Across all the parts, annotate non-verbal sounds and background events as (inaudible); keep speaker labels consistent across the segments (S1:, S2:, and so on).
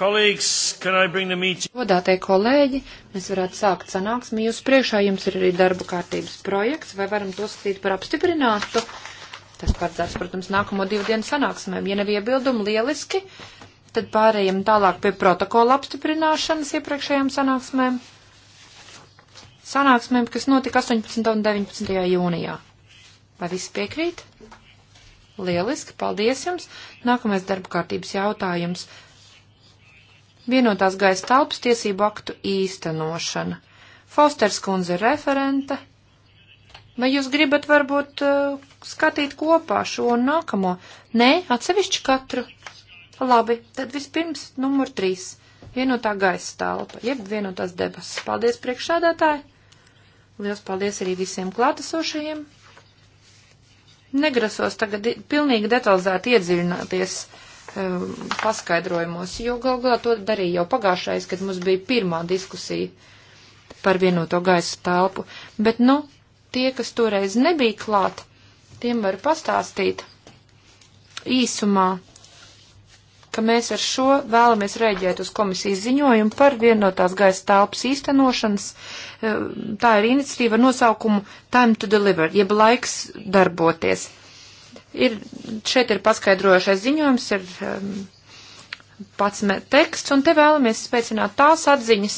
S1: Godātie kolēģi, mēs varētu sākt sanāksmi. Jūsu priekšā jums ir arī darba kārtības projekts, vai varam to skatīt par apstiprinātu? Tas paredzēts, protams, nākamo divu dienu sanāksmēm. Ja nav iebildumu, lieliski, tad pārējiem tālāk pie protokola apstiprināšanas iepriekšējām sanāksmēm. Sanāksmēm, kas notika 18. un 19. jūnijā. Vai visi piekrīt? Lieliski, paldies jums. Nākamais darba kārtības jautājums vienotās gaisa telpas tiesību aktu īstenošana. Fausters kundze ir referente. Vai jūs gribat varbūt uh, skatīt kopā šo un nākamo? Nē, atsevišķi katru. Labi, tad vispirms numur trīs. Vienotā gaisa telpa, jeb vienotās debesis. Paldies priekšādātāji. Liels paldies arī visiem klātesošajiem. Negrasos tagad pilnīgi detalizēti iedziļināties uh, um, paskaidrojumos, jo gal galā to darīja jau pagājušais, kad mums bija pirmā diskusija par vienoto gaisa telpu. Bet, nu, tie, kas toreiz nebija klāt, tiem var pastāstīt īsumā, ka mēs ar šo vēlamies rēģēt uz komisijas ziņojumu par vienotās gaisa telpas īstenošanas. Um, tā ir iniciatīva ar nosaukumu Time to Deliver, jeb laiks darboties. Ir, šeit ir paskaidrojušais ziņojums, ir um, pats teksts, un te vēlamies spēcināt tās atziņas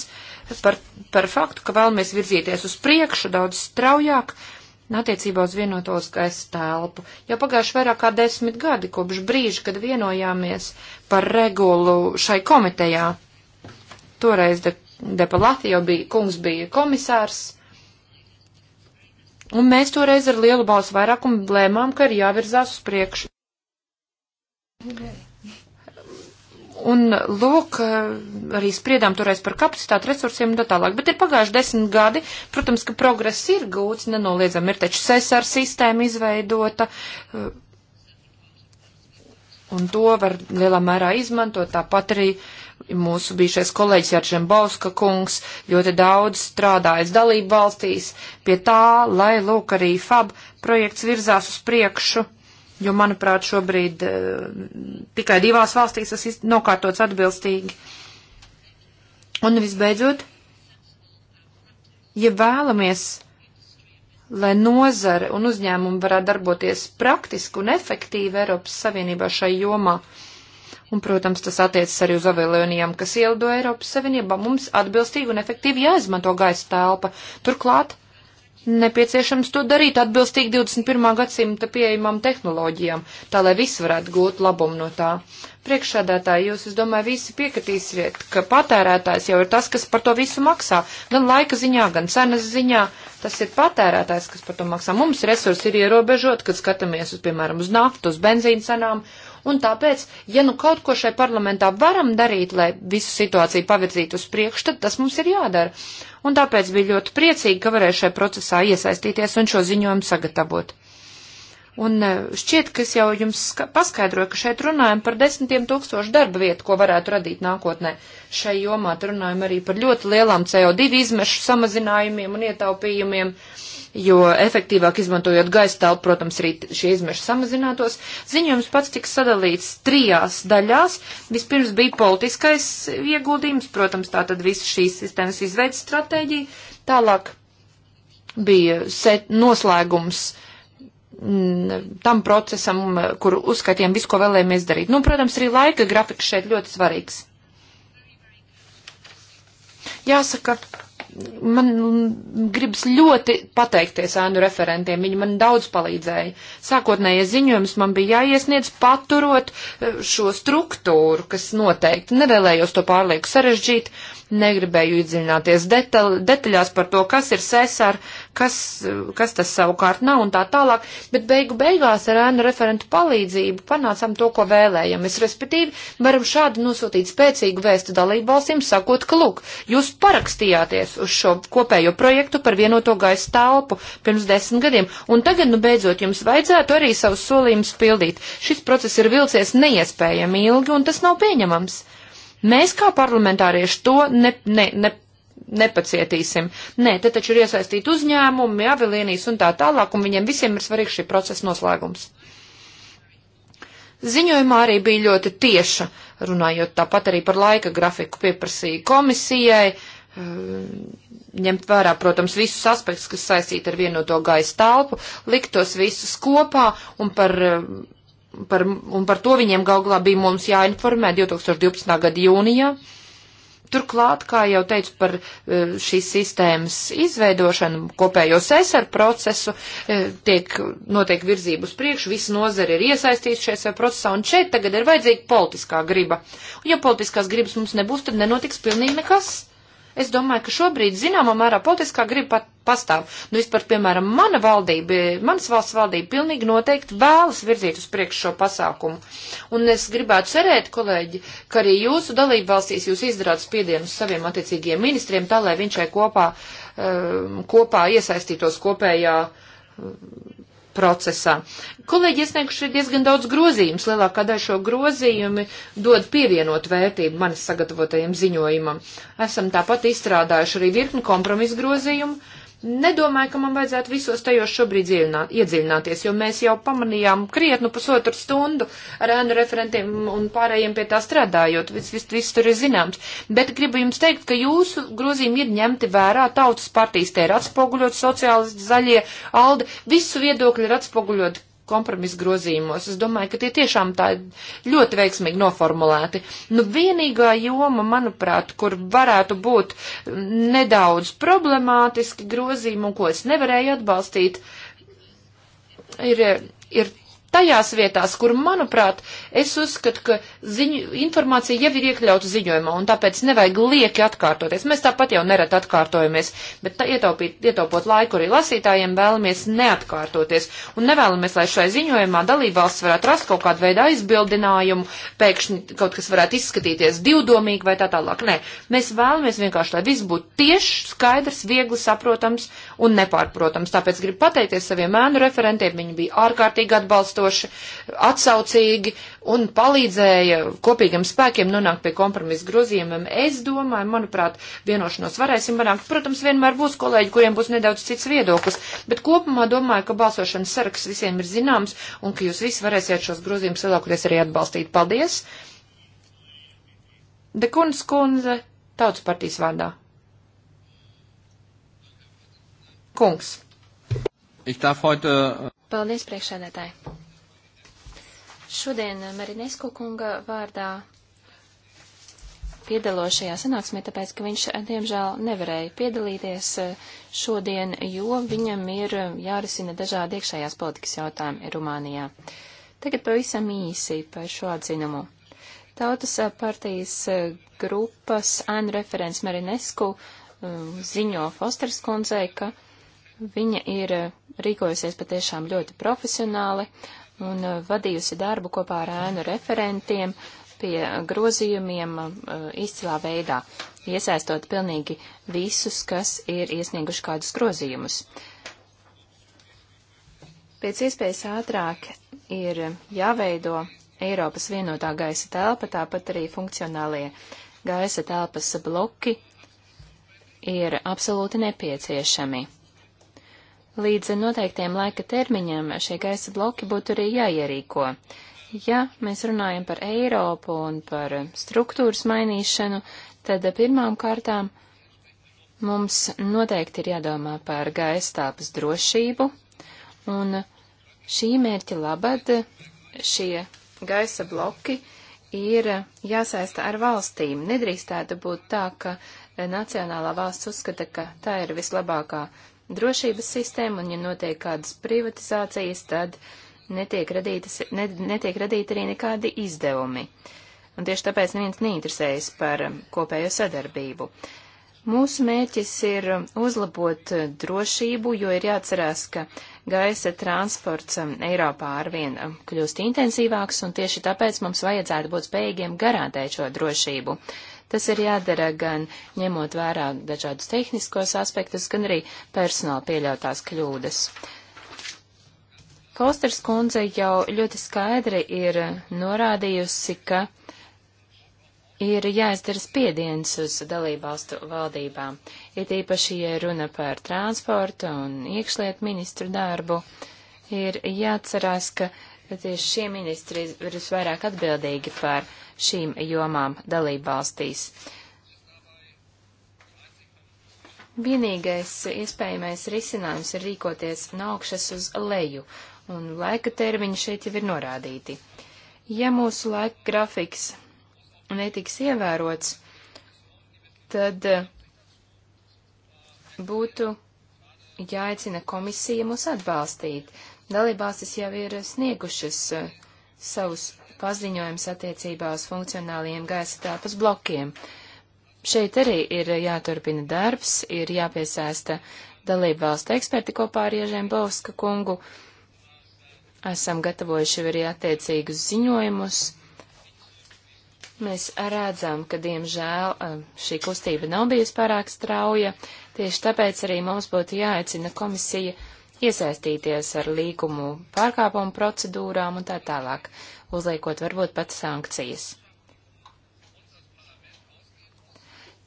S1: par, par faktu, ka vēlamies virzīties uz priekšu daudz straujāk attiecībā uz vienoto skaistu telpu. Jau pagājuši vairāk kā desmit gadi kopš brīža, kad vienojāmies par regulu šai komitejā. Toreiz de, Depalati jau bija, kungs bija komisārs Un mēs toreiz ar lielu balsu vairākumu lēmām, ka ir jāvirzās uz priekšu. Okay. Un, lūk, arī spriedām toreiz par kapacitāti, resursiem un tā tālāk. Bet ir pagājuši desmit gadi. Protams, ka progress ir gūts, nenoliedzami ir taču SSR sistēma izveidota. Un to var lielā mērā izmantot. Tāpat arī uh, Mūsu bijušais kolēģis Jāržem Bauska kungs ļoti daudz strādājas dalību valstīs pie tā, lai lūk arī FAB projekts virzās uz priekšu, jo, manuprāt, šobrīd eh, tikai divās valstīs tas nokārtots atbilstīgi. Un visbeidzot, ja vēlamies lai nozare un uzņēmumi varētu darboties praktiski un efektīvi Eiropas Savienībā šai jomā. Un, protams, tas attiecas arī uz aviolīnijām, kas ielido Eiropas Savienībā. Mums atbilstīgi un efektīvi jāizmanto gaisa telpa. Turklāt nepieciešams to darīt atbilstīgi 21. gadsimta pieejamām tehnoloģijām, tā lai visi varētu gūt labumu no tā. Priekšādātāji, jūs, es domāju, visi piekritīsiet, ka patērētājs jau ir tas, kas par to visu maksā, gan laika ziņā, gan cenas ziņā. Tas ir patērētājs, kas par to maksā. Mums resursi ir ierobežot, kad skatāmies uz, piemēram, uz naftu, uz benzīnu cenām Un tāpēc, ja nu kaut ko šai parlamentā varam darīt, lai visu situāciju pavirzītu uz priekšu, tad tas mums ir jādara. Un tāpēc bija ļoti priecīgi, ka varēju šajā procesā iesaistīties un šo ziņojumu sagatavot. Un e, šķiet, ka es jau jums paskaidroju, ka šeit runājam par desmitiem tūkstošu darba vietu, ko varētu radīt nākotnē. Šai jomā runājam arī par ļoti lielām CO2 izmešu samazinājumiem un ietaupījumiem. Uh, jo efektīvāk izmantojot gaisa telpu, protams, arī šie izmeši samazinātos. Ziņojums pats tika sadalīts trijās daļās. Vispirms bija politiskais ieguldījums, protams, tā tad visa šīs sistēmas izveids stratēģija. Tālāk bija set, noslēgums mm, tam procesam, kur uzskaitījām visu, ko vēlējāmies darīt. Nu, protams, arī laika grafiks šeit ļoti svarīgs. Jāsaka, man gribas ļoti pateikties ēnu referentiem, viņi man daudz palīdzēja. Sākotnējais ziņojums man bija jāiesniedz paturot eh, šo struktūru, kas noteikti nevēlējos to pārlieku sarežģīt. Uh, Negribēju iedziļināties detaļ, detaļās par to, kas ir sesar, kas, kas tas savukārt nav un tā tālāk, bet beigu beigās ar ēnu referentu palīdzību panācām to, ko vēlējamies. Respektīvi, varam šādi nosūtīt spēcīgu vēstu dalību valstīm, sakot, ka, lūk, jūs parakstījāties uz šo kopējo projektu par vienoto gaisa telpu pirms desmit gadiem, un tagad, nu, beidzot, jums vajadzētu arī savus solījumus pildīt. Šis process ir vilcies neiespējami ilgi, un tas nav pieņemams. Mēs kā parlamentārieši to ne, ne, ne, nepacietīsim. Nē, te taču ir iesaistīti uzņēmumi, avilīnijas un tā tālāk, un viņiem visiem ir svarīgs šī procesa noslēgums. Ziņojumā arī bija ļoti tieša, runājot tāpat arī par laika grafiku pieprasīja komisijai, eh, ņemt vērā, protams, visus aspektus, kas saistīti ar vienoto gaisa telpu, likt tos visus kopā un par eh, par, un par to viņiem galvā bija mums jāinformē 2012. gada jūnijā. Turklāt, kā jau teicu par e, šīs sistēmas izveidošanu, kopējo sesar procesu, e, tiek notiek virzību uz priekšu, visi nozari ir iesaistījušies procesā, un šeit tagad ir vajadzīga politiskā griba. Un ja politiskās gribas mums nebūs, tad nenotiks pilnīgi nekas. Es domāju, ka šobrīd, zināmā mērā, politiskā griba pat pastāv. Nu, vispār, piemēram, mana valdība, manas valsts valdība pilnīgi noteikti vēlas virzīt uz priekšu šo pasākumu. Un es gribētu cerēt, kolēģi, ka arī jūsu dalība valstīs jūs izdarāt spiedienu uz saviem attiecīgiem ministriem, tā lai viņš šai kopā, um, kopā iesaistītos kopējā procesā. Kolēģi iesnieguši diezgan daudz grozījumus. Lielākā daļa šo grozījumi dod pievienot vērtību manis sagatavotajam ziņojumam. Esam tāpat izstrādājuši arī virkni kompromisu grozījumu Nedomāju, ka man vajadzētu visos tajos šobrīd iedziļināties, jo mēs jau pamanījām krietnu pusotru stundu ar ēnu referentiem un pārējiem pie tā strādājot. Viss, viss, viss tur ir zināms. Bet gribu jums teikt, ka jūsu grozījumi ir ņemti vērā. Tautas partijas te ir atspoguļot, sociālisti, zaļie, aldi. Visu viedokļi ir atspoguļot kompromisu grozījumos. Es domāju, ka tie tiešām tā ļoti veiksmīgi noformulēti. Nu, vienīgā joma, manuprāt, kur varētu būt nedaudz problemātiski grozījumi un ko es nevarēju atbalstīt, ir, ir tajās vietās, kur, manuprāt, es uzskatu, ka ziņu, informācija jau ir iekļauta ziņojumā, un tāpēc nevajag lieki atkārtoties. Mēs tāpat jau nerad atkārtojamies, bet tā, ietaupīt, ietaupot laiku arī lasītājiem vēlamies neatkārtoties, un nevēlamies, lai šai ziņojumā dalībvalsts varētu rast kaut kādu veidu aizbildinājumu, pēkšņi kaut kas varētu izskatīties divdomīgi vai tā tālāk. Nē, mēs vēlamies vienkārši, lai viss būtu tieši skaidrs, viegli saprotams un nepārprotams. Tāpēc gribu pateikties saviem ēnu referentiem, viņi bija ārkārtīgi atbalstoši, atsaucīgi un palīdzēja kopīgiem spēkiem nonākt pie kompromisa grozījumiem. Es domāju, manuprāt, vienošanos varēsim panākt. Protams, vienmēr būs kolēģi, kuriem būs nedaudz cits viedoklis, bet kopumā domāju, ka balsošanas saraksts visiem ir zināms un ka jūs visi varēsiet šos grozījumus lielākoties arī atbalstīt. Paldies! Dekuns kundze, tautas partijas vārdā. Kungs. Ich darf heute... Paldies,
S2: priekšsēdētāji. Šodien Marinesku kunga vārdā piedalos šajā sanāksmē, tāpēc, ka viņš, diemžēl, nevarēja piedalīties eh, šodien, jo viņam ir jārisina dažādi iekšējās politikas jautājumi Rumānijā. Tagad pavisam īsi par šo atzinumu. Tautas eh, partijas eh, grupas Anna referents Marinesku ziņo Fosters kundzei, ka Viņa ir eh, rīkojusies patiešām ļoti profesionāli un eh, vadījusi darbu kopā ar ēnu referentiem pie grozījumiem eh, izcilā veidā, iesaistot pilnīgi visus, kas ir iesnieguši kādus grozījumus. Pēc iespējas ātrāk ir jāveido Eiropas vienotā gaisa telpa, tāpat arī funkcionālie gaisa telpas bloki ir absolūti nepieciešami. Līdz noteiktiem laika termiņiem šie gaisa bloki būtu arī jāierīko. Ja mēs runājam par Eiropu un par struktūras mainīšanu, tad pirmām kārtām mums noteikti ir jādomā par gaisa tāpas drošību, un šī mērķa labad šie gaisa bloki ir jāsaista ar valstīm. Nedrīkstētu būt tā, ka nacionālā valsts uzskata, ka tā ir vislabākā drošības sistēmu, un ja notiek kādas privatizācijas, tad netiek, radītas, ne, netiek radīti arī nekādi izdevumi. Un tieši tāpēc neviens neinteresējas par um, kopējo sadarbību. Mūsu mērķis ir um, uzlabot uh, drošību, jo ir jāatcerās, ka gaisa transports um, Eiropā arvien kļūst intensīvāks, un tieši tāpēc mums vajadzētu būt spējīgiem garantēt šo drošību. Uh, Tas ir jādara gan ņemot vērā dažādus tehniskos aspektus, gan arī personāla pieļautās kļūdas. Kolsters kundze jau ļoti skaidri ir norādījusi, ka ir jāizdara spiediens uz dalībvalstu valdībām, it īpaši, ja runa par transportu un iekšlietu ministru darbu, ir jāatcerās, ka ka tieši šie ministri ir visvairāk atbildīgi par šīm jomām dalībvalstīs. Vienīgais iespējamais risinājums ir rīkoties no augšas uz leju, un laika termiņi šeit jau ir norādīti. Ja mūsu laika grafiks netiks ievērots, tad eh, būtu jāaicina komisija mūs atbalstīt. Dalībāsis jau ir sniegušas eh, savus paziņojumus attiecībā uz funkcionālajiem gaisa telpas blokiem. Šeit arī ir jāturpina darbs, ir jāpiesaista dalību valstu eksperti kopā ar Iežēm Bauska kungu. Esam gatavojuši arī attiecīgus ziņojumus. Mēs redzam, ka, diemžēl, eh, šī kustība nav bijusi pārāk strauja, tieši tāpēc arī mums būtu jāaicina komisija iesaistīties ar līgumu pārkāpumu procedūrām un tā tālāk, uzliekot varbūt pat sankcijas.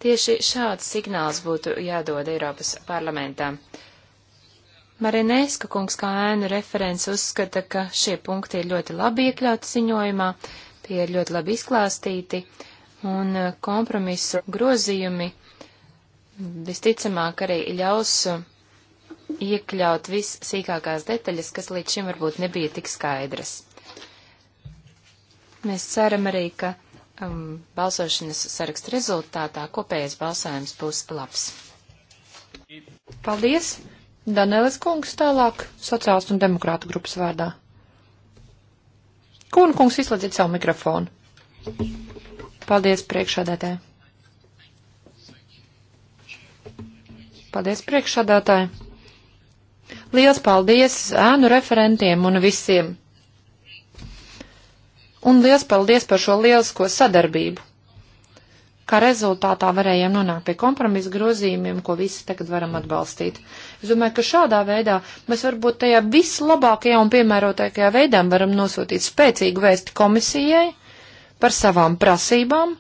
S2: Tieši šāds signāls būtu jādod Eiropas parlamentam. Marineska kungs kā ēnu referents uzskata, ka šie punkti ir ļoti labi iekļauti ziņojumā, tie ir ļoti labi izklāstīti, un kompromisu grozījumi visticamāk arī ļaus iekļaut viss sīkākās detaļas, kas līdz šim varbūt nebija tik skaidras. Mēs ceram arī, ka um, balsošanas saraksta rezultātā kopējais balsojums būs labs.
S1: Paldies! Danelis kungs tālāk, sociālistu un demokrātu grupas vārdā. Kūna kungs izslēdziet savu mikrofonu. Paldies priekšādātē. Paldies priekšādātāji. Liels paldies ēnu referentiem un visiem! Un liels paldies par šo lielisko sadarbību! Kā rezultātā varējām nonākt pie kompromisa grozījumiem, ko visi tagad varam atbalstīt. Es domāju, ka šādā veidā mēs varbūt tajā vislabākajā un piemērotākajā veidā varam nosūtīt spēcīgu vēstu komisijai par savām prasībām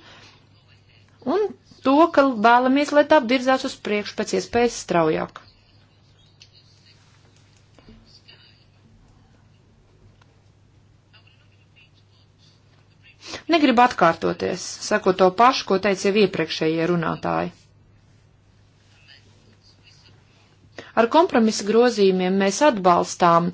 S1: un to, ka vēlamies, lai tā apdirzās uz priekšu pēc iespējas straujāk. Negribu atkārtoties, saku to pašu, ko teica jau iepriekšējie runātāji. Ar kompromisa grozījumiem mēs atbalstām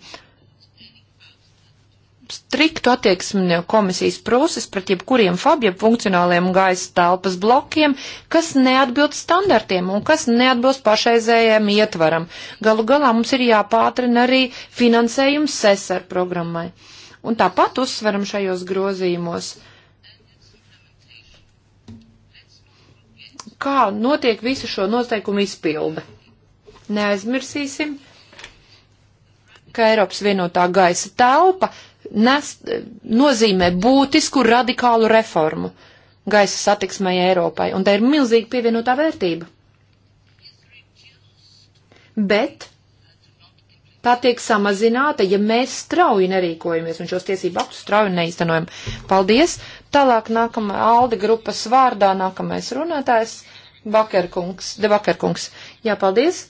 S1: striktu attieksmi no komisijas puses pret jebkuriem fabiem funkcionāliem gaisa telpas blokiem, kas neatbilst standartiem un kas neatbilst pašreizējiem ietvaram. Galu galā mums ir jāpātrina arī finansējums SESAR programmai. Un tāpat uzsveram šajos grozījumos kā notiek visu šo noteikumu izpilde. Neaizmirsīsim, ka Eiropas vienotā gaisa telpa nes, nozīmē būtisku radikālu reformu gaisa satiksmai Eiropai, un tā ir milzīga pievienotā vērtība. Bet tā tiek samazināta, ja mēs strauji nerīkojamies un šos tiesību aktus strauji neiztenojam. Paldies! Tālāk nākamā Alde grupas vārdā nākamais runātājs Bakerkungs, Debakerkungs. Jā, paldies.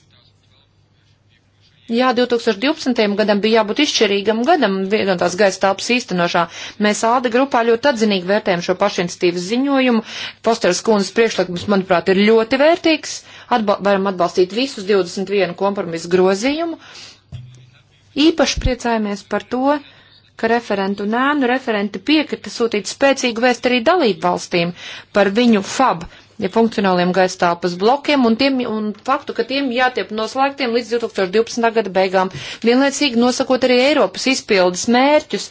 S1: Jā, 2012. gadam bija jābūt izšķirīgam gadam vienotās gaisa telpas īstenošā. Mēs āda grupā ļoti atzinīgi vērtējam šo pašinstīvas ziņojumu. Posteras kundzes priekšlikums, manuprāt, ir ļoti vērtīgs. Atba varam atbalstīt visus 21 kompromisu grozījumu. Īpaši priecājamies par to, ka referentu un ēnu referenti piekrita sūtīt spēcīgu vēstu arī dalību valstīm par viņu FAB ja funkcionāliem gaistāpas blokiem un, tiem, un faktu, ka tiem jātiek noslēgtiem līdz 2012. gada beigām, vienlaicīgi nosakot arī Eiropas izpildes mērķus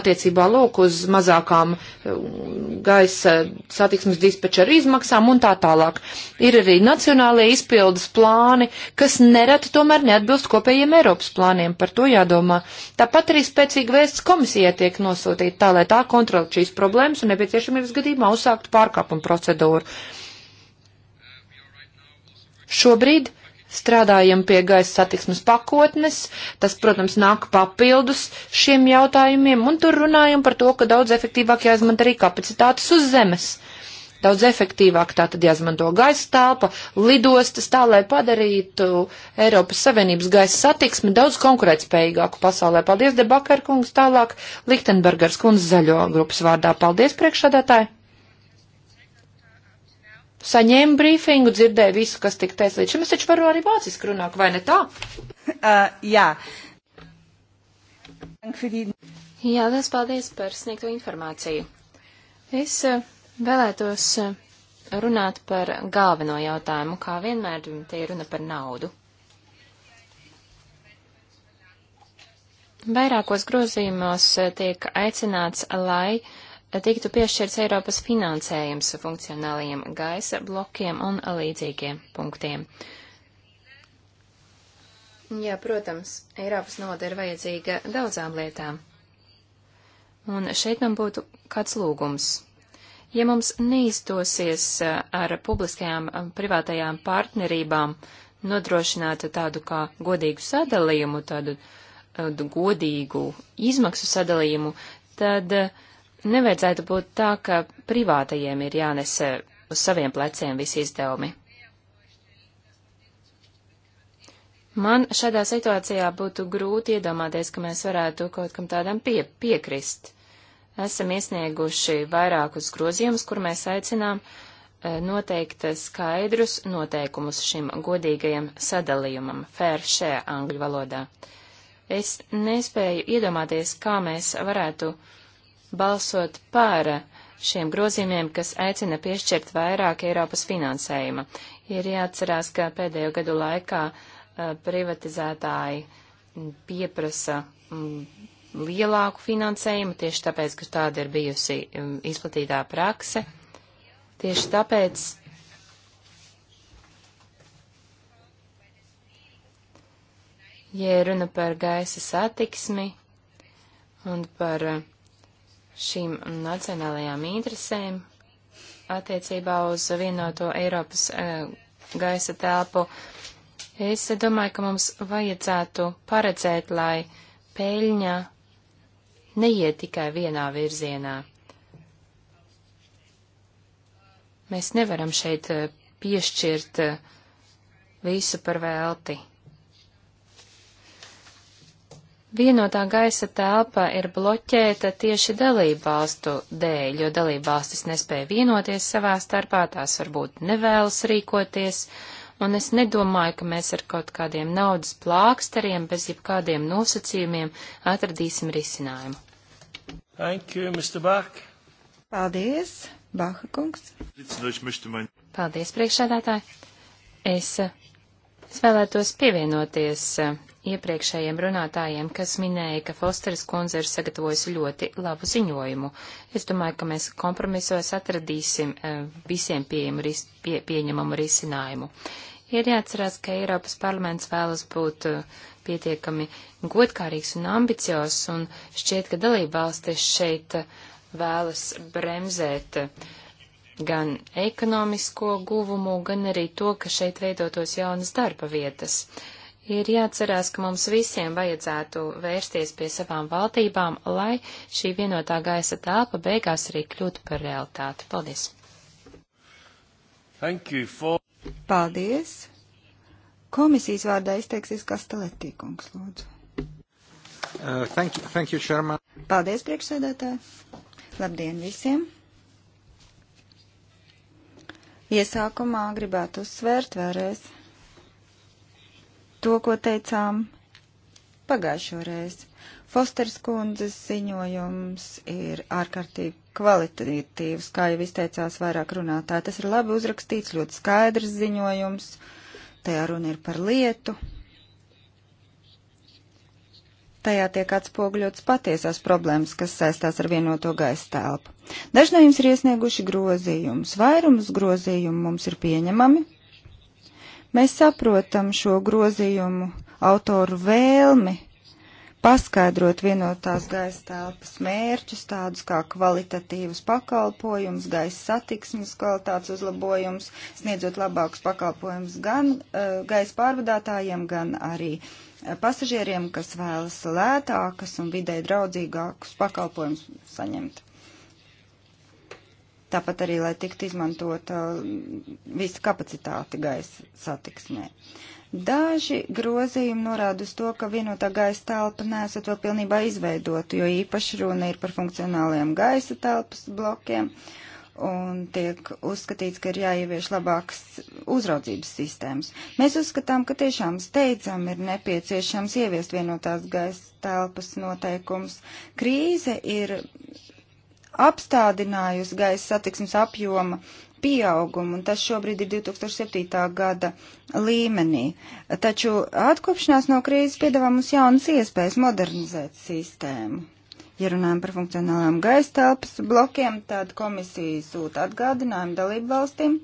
S1: attiecībā lūk uz mazākām um, gaisa satiksmes dispečeru izmaksām un tā tālāk. Ir arī nacionālie izpildes plāni, kas nereti tomēr neatbilst kopējiem Eiropas plāniem, par to jādomā. Tāpat arī spēcīga vēsts komisijai tiek nosūtīta tā, lai tā kontrolē šīs problēmas un nepieciešamības gadījumā uzsākt pārkāpumu procedūru. Šobrīd strādājam pie gaisa satiksmes pakotnes, tas, protams, nāk papildus šiem jautājumiem, un tur runājam par to, ka daudz efektīvāk jāizmanto arī kapacitātes uz zemes. Daudz efektīvāk tā tad jāizmanto gaisa telpa, lidostas tā, lai padarītu Eiropas Savienības gaisa satiksmi daudz konkurētspējīgāku pasaulē. Paldies, Debakar kungs, tālāk Lichtenbergers kungs zaļo grupas vārdā. Paldies, priekšādātāji! saņēmu brīfingu, dzirdēju visu, kas tika teikts līdz šim. Es taču varu arī vāciski runāt, vai ne tā? (laughs) Uh, jā. Jā,
S2: liels paldies par sniegto informāciju. Es uh, vēlētos uh, runāt par galveno jautājumu, kā vienmēr te ir runa par naudu. Vairākos grozījumos uh, tiek aicināts, lai uh, tiktu piešķirts Eiropas finansējums funkcionālajiem gaisa blokiem un līdzīgiem punktiem. Jā, protams, Eiropas nauda ir vajadzīga daudzām lietām. Un šeit man būtu kāds lūgums. Ja mums neizdosies eh, ar publiskajām eh, privātajām partnerībām nodrošināt tādu kā godīgu sadalījumu, tādu, tādu eh, godīgu izmaksu sadalījumu, tad uh, nevajadzētu būt tā, ka privātajiem ir jānes eh, uz saviem pleciem visi izdevumi. Man šādā situācijā būtu grūti iedomāties, ka mēs varētu kaut kam tādam pie, piekrist. Esam iesnieguši vairākus grozījumus, kur mēs aicinām eh, noteikt skaidrus noteikumus šim godīgajam sadalījumam, fair share angļu valodā. Es nespēju iedomāties, kā mēs varētu uh, balsot par šiem grozījumiem, kas aicina piešķirt vairāk Eiropas finansējuma. Ir jāatcerās, ka pēdējo gadu laikā privatizētāji pieprasa mm, lielāku finansējumu, tieši tāpēc, ka tāda ir bijusi mm, izplatītā prakse. Tieši tāpēc ja runa par gaisa satiksmi un par uh, šīm nacionālajām interesēm attiecībā uz vienoto Eiropas e, gaisa telpu. Es domāju, ka mums vajadzētu paredzēt, lai peļņa neiet tikai vienā virzienā. Mēs nevaram šeit e, piešķirt e, visu par velti. Vienotā gaisa telpa ir bloķēta tieši dalībvalstu dēļ, jo dalībvalstis nespēja vienoties savā starpā, tās varbūt nevēlas rīkoties, un es nedomāju, ka mēs ar kaut kādiem naudas plāksteriem bez jebkādiem nosacījumiem atradīsim risinājumu. Thank you, Mr. Bach. Paldies, Baha kungs. Paldies, priekšsēdētāji. Es, es vēlētos pievienoties iepriekšējiem runātājiem, kas minēja, ka Fosteris kundze ir sagatavojusi ļoti labu ziņojumu. Es domāju, ka mēs kompromisos atradīsim eh, visiem pieejamu, pie, pieņemamu risinājumu. Ir jāatcerās, ka Eiropas parlaments vēlas būt eh, pietiekami godkārīgs un ambicios, un šķiet, ka dalība valstis šeit eh, vēlas bremzēt gan ekonomisko guvumu, gan arī to, ka šeit veidotos jaunas darba vietas. Uh, Ir jāatcerās, ka mums visiem vajadzētu vērsties pie savām valdībām, lai šī vienotā gaisa telpa beigās arī kļūtu par realitāti. Paldies!
S3: For... Paldies! Komisijas vārdā izteiksies Kastaletī, kungs, lūdzu. Uh, thank you, thank you, Sherman. Paldies, priekšsēdētāji! Labdien visiem! Iesākumā gribētu uzsvērt vēlreiz to, ko teicām pagājušo reizi. Fosters kundzes ziņojums ir ārkārtīgi kvalitatīvs, kā jau izteicās vairāk runātāji. Tas ir labi uzrakstīts, ļoti skaidrs ziņojums. Tajā runa ir par lietu. Tajā tiek atspogļots patiesās problēmas, kas saistās ar vienoto gaisa telpu. Daži no jums ir iesnieguši grozījumus. Vairums grozījumu mums ir pieņemami, Mēs saprotam šo grozījumu autoru vēlmi paskaidrot vienotās gaisa telpas mērķus, tādus kā kvalitatīvus pakalpojumus, gaisa satiksmes kvalitātes uzlabojums, sniedzot labākus pakalpojumus gan uh, gaisa pārvadātājiem, gan arī eh, pasažieriem, kas vēlas lētākas un vidē draudzīgākus pakalpojumus saņemt tāpat arī, lai tiktu izmantota uh, visa kapacitāte gaisa satiksmē. Daži grozījumi norāda uz to, ka vienotā gaisa telpa nesat vēl pilnībā izveidota, jo īpaši runa ir par funkcionāliem gaisa telpas blokiem un tiek uzskatīts, ka ir jāievieš labākas uzraudzības sistēmas. Mēs uzskatām, ka tiešām steidzam ir nepieciešams ieviest vienotās gaisa telpas noteikums. Krīze ir apstādinājusi gaisa satiksmes apjoma pieaugumu, un tas šobrīd ir 2007. gada līmenī. Taču atkopšanās no krīzes piedāvā mums jaunas iespējas modernizēt sistēmu. Ja runājam par funkcionālām gaisa telpas blokiem, tad komisija sūta atgādinājumu dalību valstīm,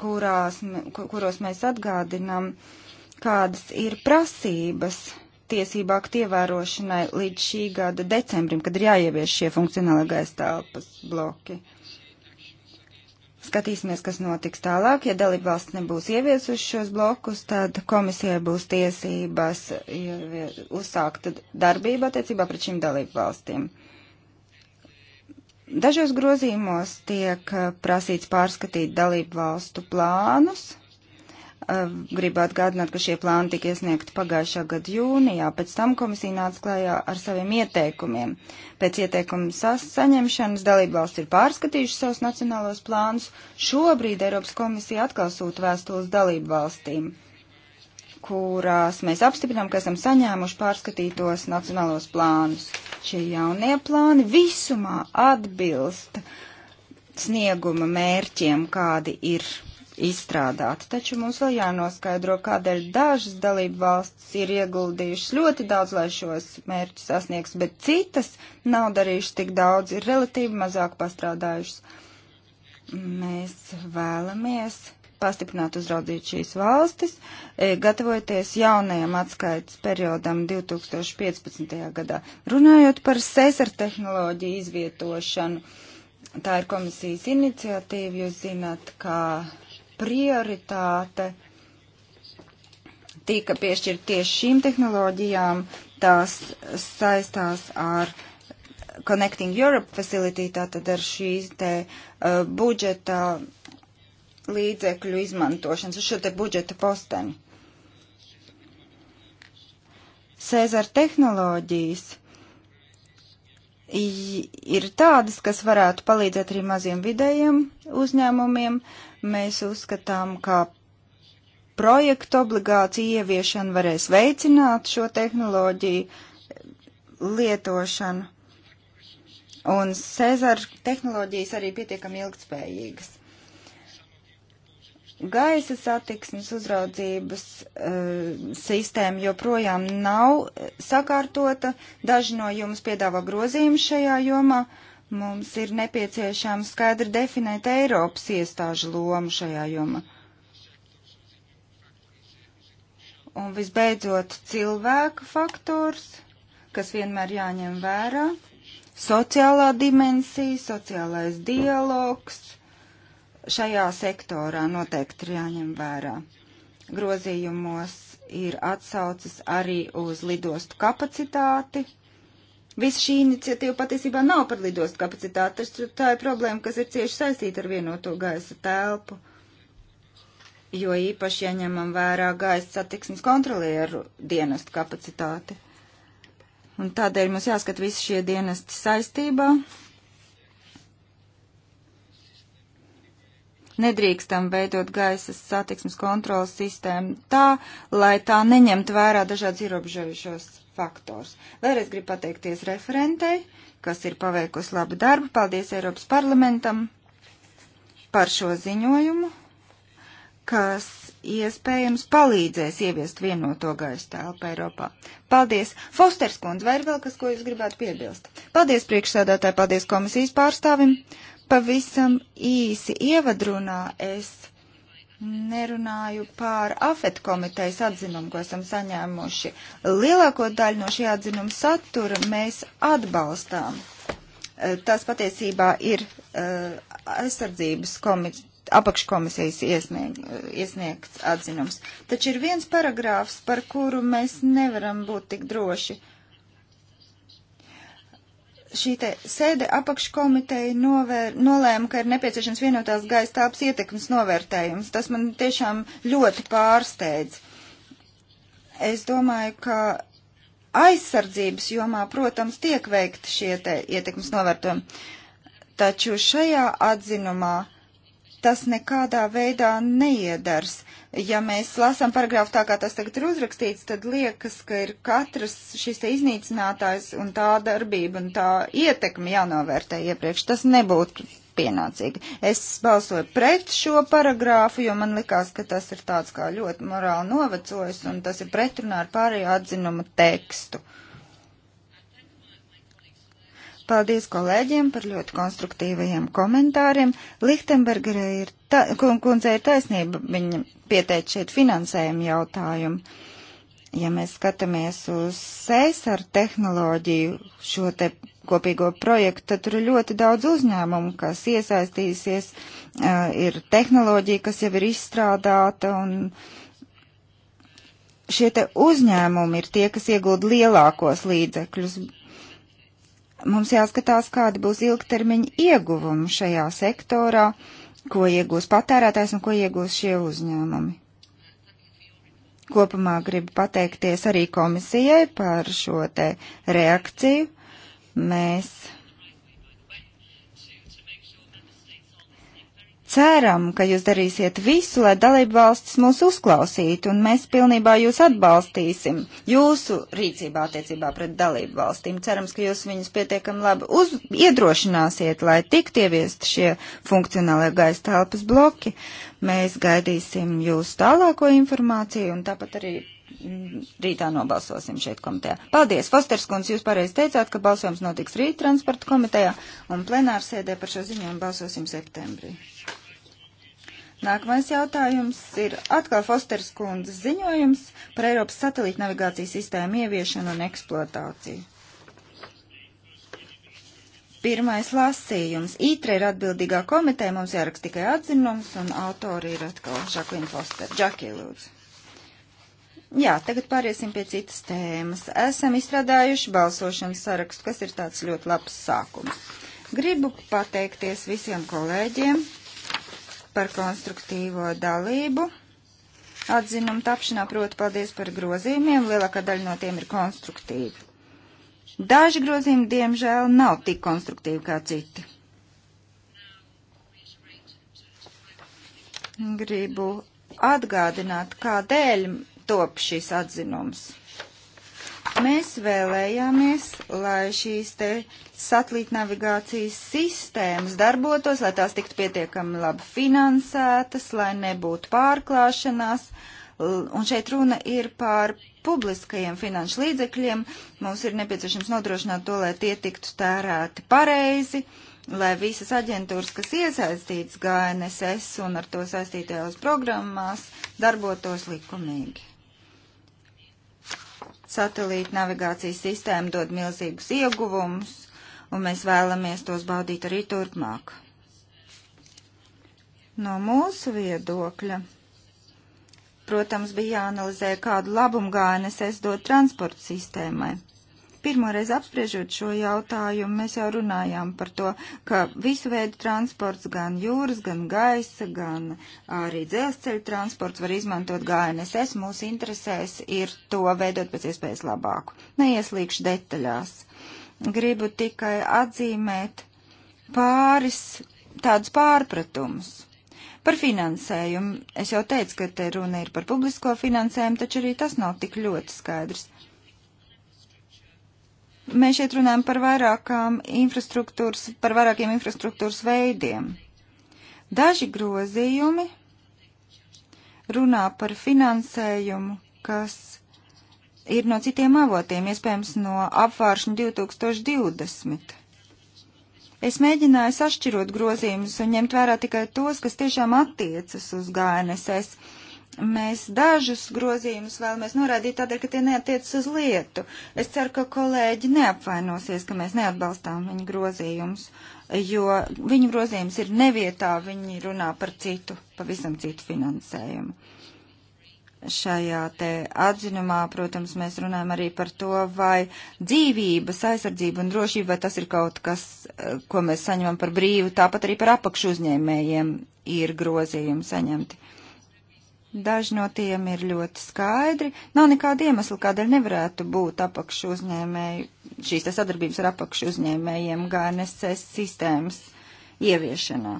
S3: kurās, kuros mēs atgādinām, kādas ir prasības tiesību aktu ievērošanai līdz šī gada decembrim, kad ir jāievieš šie funkcionālā gaisa telpas bloki. Skatīsimies, kas notiks tālāk. Ja dalība valsts nebūs ieviesuši šos blokus, tad komisijai būs tiesības uzsākt darbību attiecībā pret šīm dalību valstīm. Dažos grozījumos tiek eh, prasīts pārskatīt dalību valstu plānus Ehm, gribu atgādināt, ka šie plāni tika iesniegti pagājušā gada jūnijā, pēc tam komisija nāca klājā ar saviem ieteikumiem. Pēc ieteikumu saņemšanas dalībvalsts ir pārskatījuši savus nacionālos plānus, šobrīd Eiropas komisija atkal sūta vēstules dalībvalstīm, kurās mēs apstiprinām, ka esam saņēmuši pārskatītos nacionālos plānus. Šie jaunie plāni visumā atbilst snieguma mērķiem, kādi ir izstrādāti, taču mums vēl jānoskaidro, kādēļ dažas dalību valsts ir ieguldījušas ļoti daudz, lai šos mērķus sasniegs, bet citas nav darījušas tik daudz, ir relatīvi mazāk pastrādājušas. Mēs vēlamies pastiprināt uzraudzīt šīs valstis, e, gatavojoties jaunajam atskaites periodam 2015. gadā. Runājot par sesar tehnoloģiju izvietošanu, tā ir komisijas iniciatīva, jūs zināt, kā prioritāte tika piešķirta tieši šīm tehnoloģijām. Tās saistās ar Connecting Europe Facility, tātad ar šīs te uh, budžeta līdzekļu izmantošanas, uz šo te budžeta posteni. Cēzara tehnoloģijas ir tādas, kas varētu palīdzēt arī maziem vidējiem uzņēmumiem, uh, Mēs uzskatām, ka projektu obligāciju ieviešana varēs veicināt šo tehnoloģiju eh, lietošanu. Un Cezara tehnoloģijas arī pietiekami ilgtspējīgas. Gaisa satiksmes uzraudzības uh, sistēma joprojām nav eh, sakārtota. Daži no jums piedāvā grozījumus šajā jomā. Uh, Mums ir nepieciešams skaidri definēt Eiropas iestāžu lomu šajā jomā. Un visbeidzot, cilvēka faktors, kas vienmēr jāņem vērā, sociālā dimensija, sociālais dialogs šajā sektorā noteikti ir jāņem vērā. Grozījumos ir atsaucas arī uz lidostu kapacitāti Visa šī iniciatīva patiesībā nav par lidostu kapacitāti, taču tā ir problēma, kas ir cieši saistīta ar vienoto gaisa telpu, jo īpaši ieņemam ja vērā gaisa satiksmes kontrolieru dienestu kapacitāti. Un tādēļ mums jāskat visi šie dienesti saistībā. Nedrīkstam veidot gaisa satiksmes kontrolas sistēmu tā, lai tā neņemt vērā dažādas ierobežojušos faktors. Vēlreiz gribu pateikties referentei, kas ir paveikusi labu darbu. Paldies Eiropas parlamentam par šo ziņojumu, kas iespējams palīdzēs ieviest vienoto gaisa telpu Eiropā. Paldies! Fosters kundze, vai ir vēl kas, ko jūs gribētu piebilst? Paldies priekšsēdētāji, paldies komisijas pārstāvim. Pavisam īsi ievadrunā es nerunāju pār afet komitejas atzinumu, ko esam saņēmuši. Lielāko daļu no šī atzinuma satura mēs atbalstām. E, tas patiesībā ir e, aizsardzības komiteja apakškomisijas iesnieg, iesniegts atzinums. Taču ir viens paragrāfs, par kuru mēs nevaram būt tik droši. Uh, šī te sēde apakškomiteja novēr, nolēma, ka ir nepieciešams vienotās gaisa tāps ietekmes novērtējums. Tas man tiešām ļoti pārsteidz. Es domāju, ka aizsardzības jomā, protams, tiek veikti šie te ietekmes novērtējumi, taču šajā atzinumā tas nekādā veidā neiedars. Uh, Ja mēs lasām paragrāfu tā, kā tas tagad ir uzrakstīts, tad liekas, ka ir katrs šis te iznīcinātājs un tā darbība un tā ietekme jānovērtē iepriekš. Tas nebūtu pienācīgi. Es balsoju pret šo paragrāfu, jo man likās, ka tas ir tāds kā ļoti morāli novecojis un tas ir pretrunā ar pārējo atzinumu tekstu. Uh, Paldies kolēģiem par ļoti konstruktīvajiem komentāriem. Lichtenbergerē ir, ta, kundze ir taisnība, viņa pieteica šeit finansējumu jautājumu. Ja mēs skatāmies uz sēsar tehnoloģiju, šo te kopīgo projektu, tad tur ir ļoti daudz uzņēmumu, kas iesaistīsies, ir tehnoloģija, kas jau ir izstrādāta un šie te uzņēmumi ir tie, kas iegūda lielākos līdzekļus, Mums jāskatās, kādi būs ilgtermiņa ieguvumi šajā sektorā, ko iegūs patērētājs un ko iegūs šie uzņēmumi. Kopumā gribu pateikties arī komisijai par šo te reakciju. Mēs ceram, ka jūs darīsiet visu, lai dalību valstis mūs uzklausītu, un mēs pilnībā jūs atbalstīsim jūsu rīcībā attiecībā pret dalību valstīm. Cerams, ka jūs viņus pietiekami labi uz, iedrošināsiet, lai tikt ieviest šie funkcionālie gaisa telpas bloki. Mēs gaidīsim jūsu tālāko informāciju, un tāpat arī mm, rītā nobalsosim šeit komitejā. Paldies, Fosters kundze, jūs pareizi teicāt, ka balsojums notiks rīt transporta komitejā, un plenārsēdē par šo ziņojumu balsosim septembrī. Nākamais jautājums ir atkal Fosters kundzes ziņojums par Eiropas satelīta navigācijas sistēmu ieviešanu un eksploatāciju. Pirmais lasījums. Ītre ir atbildīgā komiteja, mums jāraksta tikai atzinums, un autori ir atkal Žaklina Foster. Džakī, lūdzu. Jā, tagad pāriesim pie citas tēmas. Esam izstrādājuši balsošanas sarakstu, kas ir tāds ļoti labs sākums. Gribu pateikties visiem kolēģiem, par konstruktīvo dalību. Atzinumu tapšanā, proti, paldies par grozījumiem. Lielākā daļa no tiem ir konstruktīvi. Daži grozījumi, diemžēl, nav tik konstruktīvi kā citi. Gribu atgādināt, kādēļ top šis atzinums. Mēs vēlējāmies, lai šīs te satelītnavigācijas sistēmas darbotos, lai tās tiktu pietiekami labi finansētas, lai nebūtu pārklāšanās. Un šeit runa ir par publiskajiem finanšu līdzekļiem. Mums ir nepieciešams nodrošināt to, lai tie tiktu tērēti pareizi, lai visas aģentūras, kas iesaistītas GNSS un ar to saistītajās programmās, darbotos likumīgi. Satelīta navigācijas sistēma dod milzīgus ieguvumus, un mēs vēlamies tos baudīt arī turpmāk. No mūsu viedokļa, protams, bija jāanalizē, kādu labumu GNSS dod transporta sistēmai. Pirmoreiz apspriežot šo jautājumu, mēs jau runājām par to, ka visu veidu transports, gan jūras, gan gaisa, gan arī dzelzceļa transports var izmantot GNSS. Mūsu interesēs ir to veidot pēc iespējas labāku. Neieslīgšu detaļās. Gribu tikai atzīmēt pāris tādus pārpratumus. Par finansējumu. Es jau teicu, ka te runa ir par publisko finansējumu, taču arī tas nav tik ļoti skaidrs. Mēs šeit runājam par vairākām infrastruktūras, par vairākiem infrastruktūras veidiem. Daži grozījumi runā par finansējumu, kas ir no citiem avotiem, iespējams no apvāršņa 2020. Es mēģināju sašķirot grozījumus un ņemt vērā tikai tos, kas tiešām attiecas uz GNSS, Mēs dažus grozījumus vēlamies norādīt tādēļ, ka tie neatiecas uz lietu. Es ceru, ka kolēģi neapvainosies, ka mēs neatbalstām viņu grozījumus, jo viņu grozījums ir nevietā, viņi runā par citu, pavisam citu finansējumu. Šajā te atzinumā, protams, mēs runājam arī par to, vai dzīvības aizsardzība un drošība, vai tas ir kaut kas, eh, ko mēs saņemam par brīvu, tāpat arī par apakšu uzņēmējiem ir grozījumi saņemti. Daži no tiem ir ļoti skaidri. Nav nekāda iemesla, kādēļ nevarētu būt apakšu uzņēmēju, šīs sadarbības ar apakšu uzņēmējiem GNSS sistēmas ieviešanā.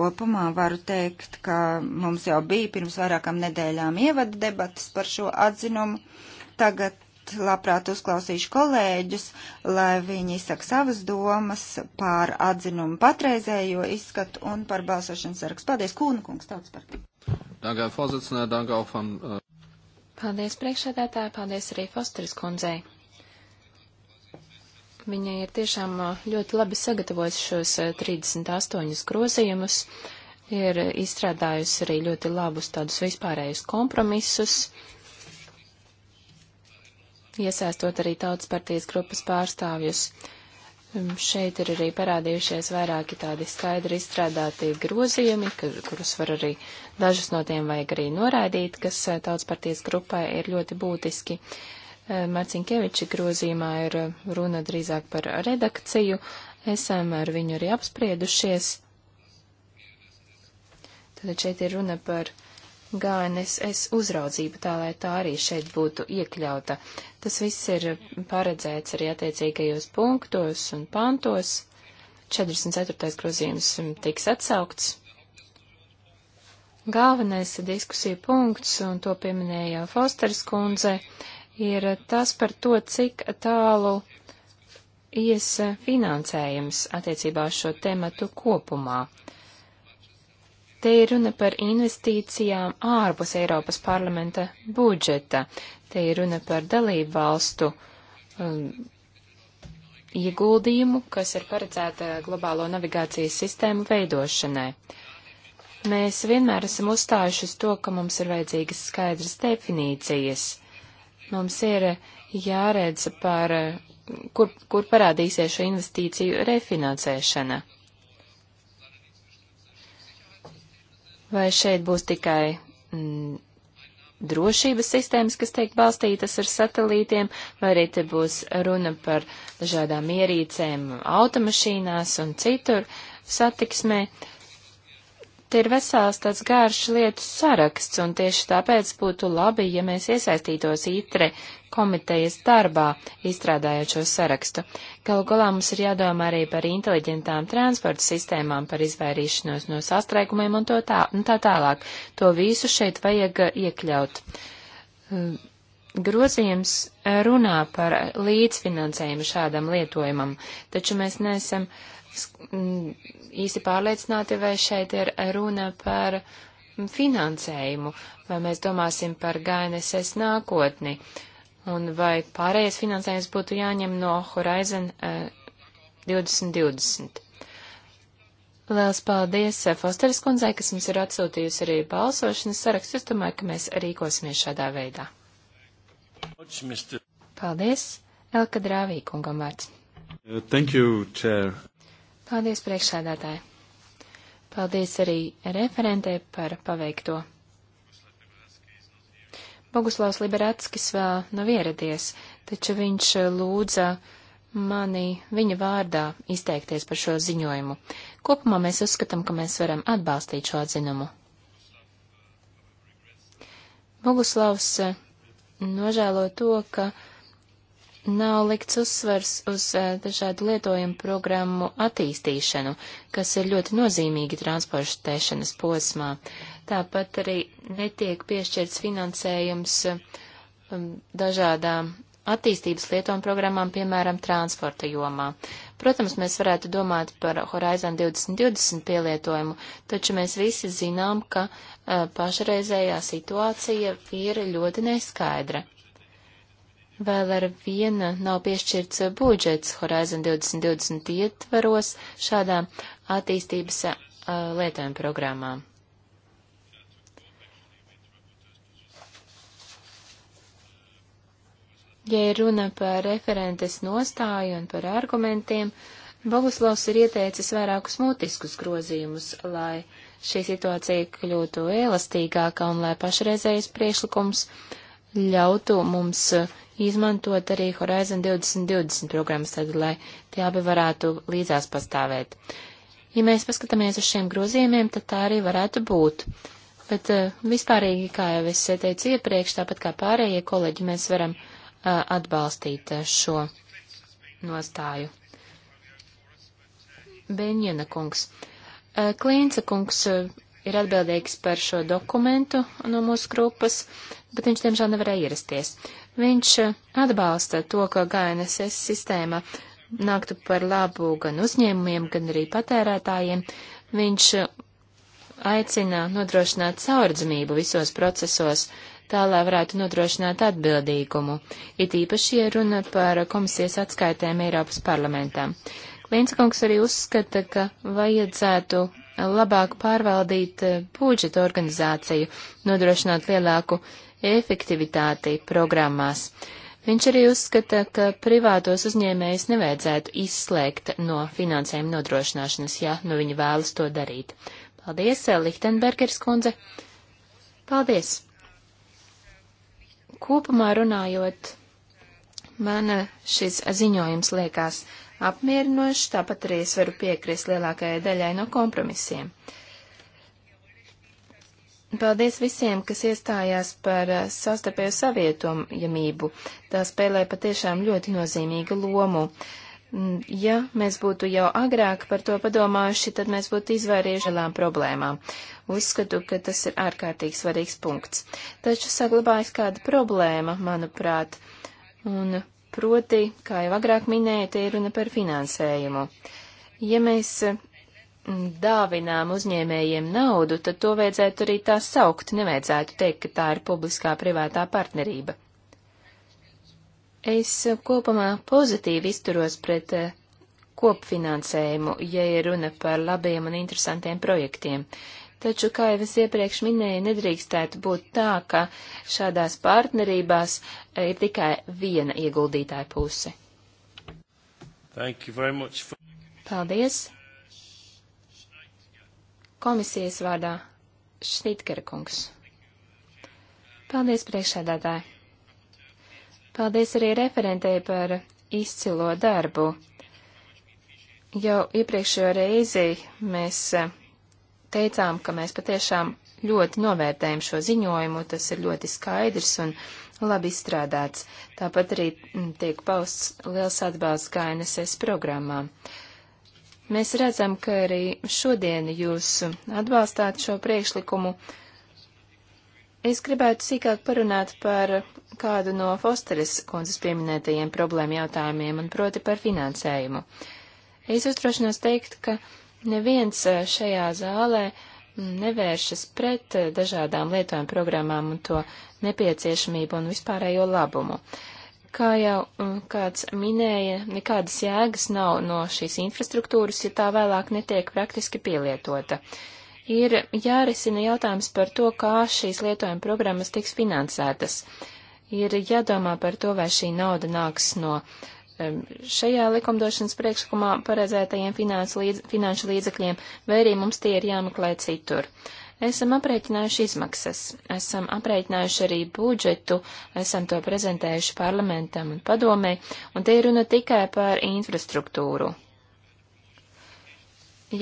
S3: Kopumā varu teikt, ka mums jau bija pirms vairākām nedēļām ievada debatas par šo atzinumu. Tagad labprāt uzklausīšu kolēģus, lai viņi izsaka savas domas pār atzinumu patreizējo izskatu un par balsošanas sarakstu. Paldies, Kūna kungs, tautas partija.
S2: Äh,
S3: paldies, priekšsēdētāji, paldies arī Fosteris kundzei.
S2: Viņa ir tiešām äh, ļoti labi sagatavojusi šos 38 äh, grozījumus, ir izstrādājusi arī ļoti labus tādus vispārējus kompromisus. Uh, iesaistot arī tautas partijas grupas pārstāvjus. Um, šeit ir arī parādījušies vairāki tādi skaidri izstrādāti grozījumi, kurus var arī dažus no tiem vajag arī noraidīt, kas uh, tautas partijas grupai ir ļoti būtiski. Uh, Marcinkeviča grozījumā ir uh, runa drīzāk par redakciju. Esam ar viņu arī apspriedušies. Tad šeit ir runa par GNSS uzraudzību, tā lai tā arī šeit būtu iekļauta. Tas viss ir paredzēts arī attiecīgajos punktos un pantos. 44. grozījums tiks atsaukts. Galvenais diskusija punkts, un to pieminēja Fosters kundze, ir tas par to, cik tālu ies finansējums attiecībā uz šo tematu kopumā. Te ir runa par investīcijām ārpus Eiropas parlamenta budžeta. Te ir runa par dalību valstu um, ieguldījumu, kas ir paredzēta globālo navigācijas sistēmu veidošanai. Mēs vienmēr esam uzstājuši uz to, ka mums ir vajadzīgas skaidras definīcijas. Mums ir jāredz par, kur, kur parādīsies šo investīciju refinansēšana. Vai šeit būs tikai mm, drošības sistēmas, kas tiek balstītas ar satelītiem, vai arī te būs runa par dažādām ierīcēm automašīnās un citur satiksmē? Uh, Te ir vesels tāds garš lietu saraksts, un tieši tāpēc būtu labi, ja mēs iesaistītos ITRE komitejas darbā, izstrādājot šo sarakstu. Galu galā mums ir jādomā arī par inteliģentām transporta sistēmām, par izvairīšanos no sastrēgumiem un, tā, un tā tālāk. To visu šeit vajag iekļaut. Hm, grozījums runā par līdzfinansējumu šādam lietojumam, taču mēs neesam. Uh, Mm, īsti pārliecināti, vai šeit ir runa par mm, finansējumu, vai mēs domāsim par GNSS nākotni, un vai pārējais finansējums būtu jāņem no Horizon 2020. Eh, Liels paldies eh, Fosteris kundzei, kas mums ir atsūtījusi arī balsošanas sarakstu. Es domāju, ka mēs rīkosimies šādā veidā. Paldies! Elka Drāvī kungam vārds.
S1: Thank you, Chair.
S2: Paldies priekšsēdētāji. Paldies arī referentē par paveikto. Boguslavs Liberatskis vēl nav ieradies, taču viņš eh, lūdza mani viņa vārdā izteikties par šo ziņojumu. Kopumā mēs uzskatām, ka mēs varam atbalstīt šo atzinumu. Boguslavs eh, nožēlo to, ka nav likts uzsvers uz eh, dažādu lietojumu programmu attīstīšanu, kas ir ļoti nozīmīgi transportēšanas posmā. Tāpat arī netiek piešķirts finansējums um, dažādām attīstības lietojumu programmām, piemēram, transporta jomā. Protams, mēs varētu domāt par Horizon 2020 pielietojumu, taču mēs visi zinām, ka eh, pašreizējā situācija ir ļoti neskaidra. Vēl ar vienu nav piešķirts budžets Horizon 2020 ietvaros šādām attīstības uh, lietojuma programmām. Ja ir runa par referentes nostāju un par argumentiem, Boguslavs ir ieteicis vairākus mutiskus grozījumus, lai šī situācija kļūtu elastīgāka un lai pašreizējais priešlikums ļautu mums izmantot arī Horizon 2020 programmas, tad, lai tie abi varētu līdzās pastāvēt. Ja mēs paskatāmies uz šiem grozījumiem, tad tā arī varētu būt. Bet uh, vispārīgi, kā jau es teicu iepriekš, tāpat kā pārējie kolēģi, mēs varam uh, atbalstīt uh, šo nostāju. Benjana kungs. Klīnca kungs ir atbildīgs par šo dokumentu no mūsu grupas, bet viņš, diemžēl, nevarēja ierasties. Viņš atbalsta to, ka GNSS sistēma nāktu par labu gan uzņēmumiem, gan arī patērētājiem. Viņš aicina nodrošināt caurdzamību visos procesos, tā lai varētu nodrošināt atbildīgumu, it īpaši, ja runa par komisijas atskaitēm Eiropas parlamentām. Klinskungs arī uzskata, ka vajadzētu labāk pārvaldīt budžeta organizāciju, nodrošināt lielāku efektivitāti programmās. Viņš arī uzskata, ka privātos uzņēmējus nevajadzētu izslēgt no finansējuma nodrošināšanas, ja nu viņi vēlas to darīt. Paldies, Lichtenbergers kundze! Paldies! Kopumā runājot, man šis ziņojums liekas apmierinošs, tāpat arī es varu piekrist lielākajai daļai no kompromisiem. Uh, Paldies visiem, kas iestājās par eh, sastarpēju savietojamību. Tā spēlē patiešām ļoti nozīmīgu lomu. Mm, ja mēs būtu jau agrāk par to padomājuši, tad mēs būtu izvairījuši lielām problēmām. Uzskatu, ka tas ir ārkārtīgi svarīgs punkts. Taču saglabājas kāda problēma, manuprāt, un proti, kā jau agrāk minēja, te ir runa par finansējumu. Ja mēs eh, dāvinām uzņēmējiem naudu, tad to vajadzētu arī tā saukt, nevajadzētu teikt, ka tā ir publiskā privātā partnerība. Es kopumā pozitīvi izturos pret eh, kopfinansējumu, ja ir runa par labiem un interesantiem projektiem. Taču, kā jau es iepriekš minēju, nedrīkstētu būt tā, ka šādās partnerībās eh, ir tikai viena ieguldītāja puse.
S3: For...
S2: Paldies! Komisijas vārdā Šnitkera kungs. Paldies priekšādātāji. Paldies arī referentei par izcilo darbu. Jau iepriekšējo reizi mēs eh, teicām, ka mēs patiešām ļoti novērtējam šo ziņojumu, tas ir ļoti skaidrs un labi izstrādāts. Tāpat arī mm, tiek pausts liels atbalsts KNSS programmām. Uh, Mēs redzam, ka arī šodien jūs atbalstāt šo priekšlikumu. Es gribētu sīkāk parunāt par kādu no Fosteres kundzes pieminētajiem problēmu jautājumiem, un proti par finansējumu. Es uzdrošinos teikt, ka neviens šajā zālē nevēršas pret dažādām lietojuma programmām un to nepieciešamību un vispārējo labumu. Kā jau mm, kāds minēja, nekādas jēgas nav no šīs infrastruktūras, ja tā vēlāk netiek praktiski pielietota. Ir jārisina jautājums par to, kā šīs lietojuma programmas tiks finansētas. Ir jādomā par to, vai šī nauda nāks no mm, šajā likumdošanas priekšlikumā paredzētajiem līdz, finanšu līdzekļiem, vai arī mums tie ir jāmeklē citur. Uh, Esam aprēķinājuši izmaksas, esam aprēķinājuši arī budžetu, esam to prezentējuši parlamentam un padomē, un te ir runa tikai par infrastruktūru.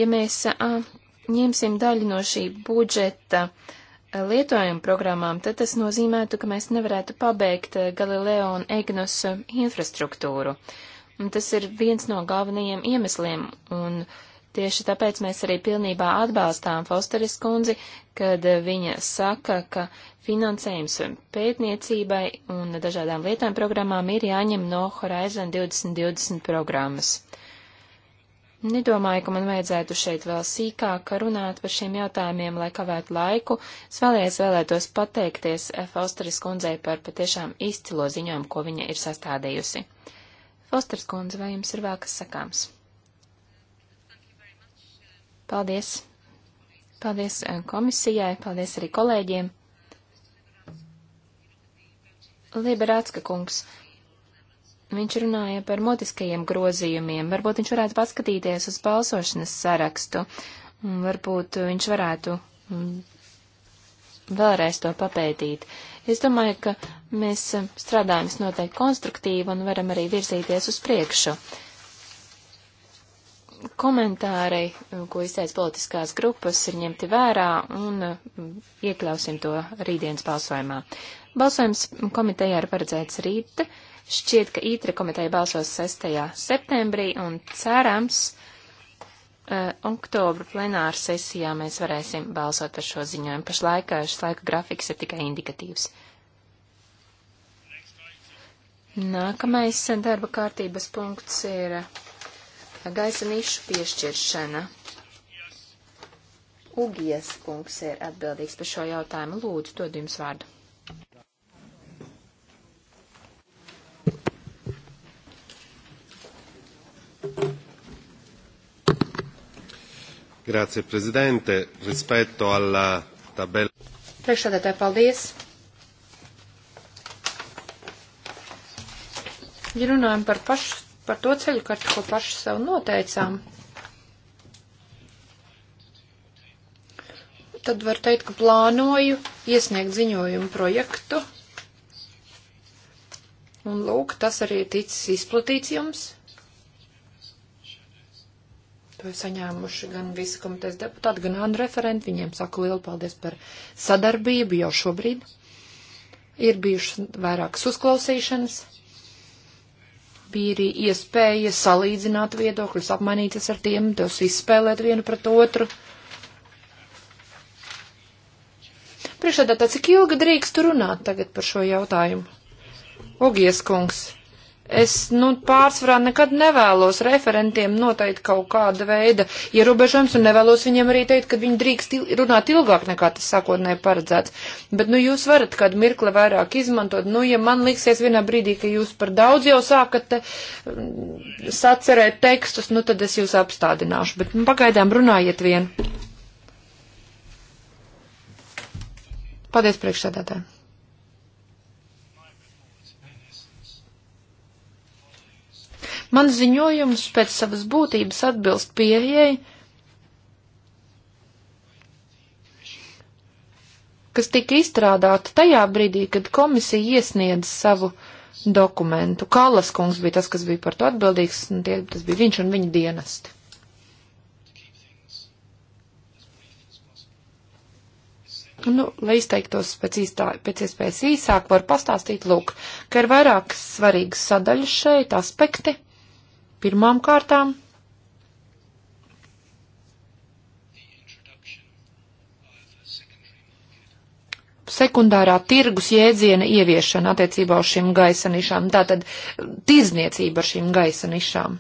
S2: Ja mēs a, ņemsim daļu no šī budžeta lietojuma programmām, tad tas nozīmētu, ka mēs nevarētu pabeigt Galileo un Egnus infrastruktūru. Un tas ir viens no galvenajiem iemesliem, un uh, Tieši tāpēc mēs arī pilnībā atbalstām Fosteris kundzi, kad eh, viņa saka, ka finansējums pētniecībai un dažādām lietām programmām ir jāņem no Horizon 2020 programmas. Nedomāju, ka man vajadzētu šeit vēl sīkāk runāt par šiem jautājumiem, lai kavētu laiku. Es vēlreiz vēlētos pateikties eh, Fosteris kundzei par patiešām izcilo ziņojumu, ko viņa ir sastādījusi. Fosters kundze, vai jums ir vēl kas sakāms? Paldies! Paldies eh, komisijai, paldies arī kolēģiem. Liberācka kungs, viņš runāja par motiskajiem grozījumiem. Varbūt viņš varētu paskatīties uz balsošanas sarakstu. Varbūt viņš varētu mm, vēlreiz to papētīt. Es domāju, ka mēs eh, strādājam noteikti konstruktīvi un varam arī virzīties uz priekšu. Uh, komentāri, eh, ko izteica politiskās grupas, ir ņemti vērā un eh, iekļausim to rītdienas balsojumā. Balsojums komiteja ir paredzēts rīt. Šķiet, ka ītra komiteja balsos 6. septembrī un cerams, uh, oktobra plenāra sesijā mēs varēsim balsot par šo ziņojumu. Pašlaik šis laika grafiks ir tikai indikatīvs. Nākamais darba kārtības punkts ir gaisa nišu piešķiršana. Ugies kungs ir atbildīgs par šo jautājumu. Lūdzu, dod jums vārdu.
S3: Grazie, prezidente. Rispetto alla tabella.
S1: Priekšsēdētāji, paldies. Ja runājam par pašu par to ceļu kartu, ko paši sev noteicām, tad var teikt, ka plānoju iesniegt ziņojumu projektu. Un lūk, tas arī ticis izplatīts jums. To ir saņēmuši gan visi komitejas deputāti, gan ANU referenti. Viņiem saku lielu paldies par sadarbību jau šobrīd. Ir bijušas vairākas uzklausīšanas bija arī iespēja salīdzināt viedokļus, apmainīties ar tiem, tos izspēlēt vienu pret otru. Priekšādā tā, cik ilgi drīkst runāt tagad par šo jautājumu? Ogies kungs. Es, nu, pārsvarā nekad nevēlos referentiem noteikt kaut kāda veida ierobežojums un nevēlos viņiem arī teikt, ka viņi drīkst il runāt ilgāk nekā tas sākotnēji paredzēts. Bet, nu, jūs varat kādu mirkli vairāk izmantot. Nu, ja man liksies vienā brīdī, ka jūs par daudz jau sākat te, mm, sacerēt tekstus, nu, tad es jūs apstādināšu. Bet, nu, pagaidām runājiet vien. Paldies priekšsēdētājiem. Man ziņojums pēc savas būtības atbilst pieejai, kas tika izstrādāta tajā brīdī, kad komisija iesniedz savu dokumentu. Kallas kungs bija tas, kas bija par to atbildīgs, un tie, tas bija viņš un viņa dienesti. Nu, lai izteiktos pēc, īstā, pēc iespējas īsāk, var pastāstīt, lūk, ka ir vairākas svarīgas sadaļas šeit, aspekti. Pirmām kārtām sekundārā tirgus jēdziena ieviešana attiecībā uz šīm gaisanišām, tātad tirzniecība ar šīm gaisanišām.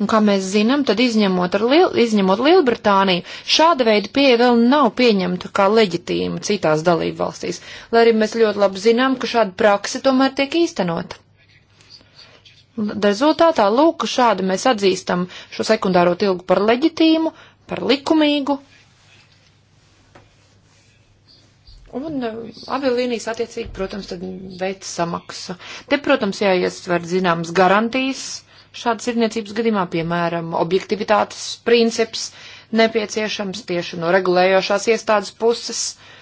S1: Un kā mēs zinām, tad izņemot, liel, izņemot Lielbritāniju, šāda veida pieeja vēl nav pieņemta kā leģitīma citās dalību valstīs, lai arī mēs ļoti labi zinām, ka šāda praksa tomēr tiek īstenota. Rezultātā, lūk, šādi mēs atzīstam šo sekundāro tilgu par leģitīmu, par likumīgu. Un eh, aviolīnijas attiecīgi, protams, tad veic samaksu. Te, protams, jāiesver zināmas garantijas šādas irniecības gadījumā, piemēram, objektivitātes princips nepieciešams tieši no regulējošās iestādes puses. Uh,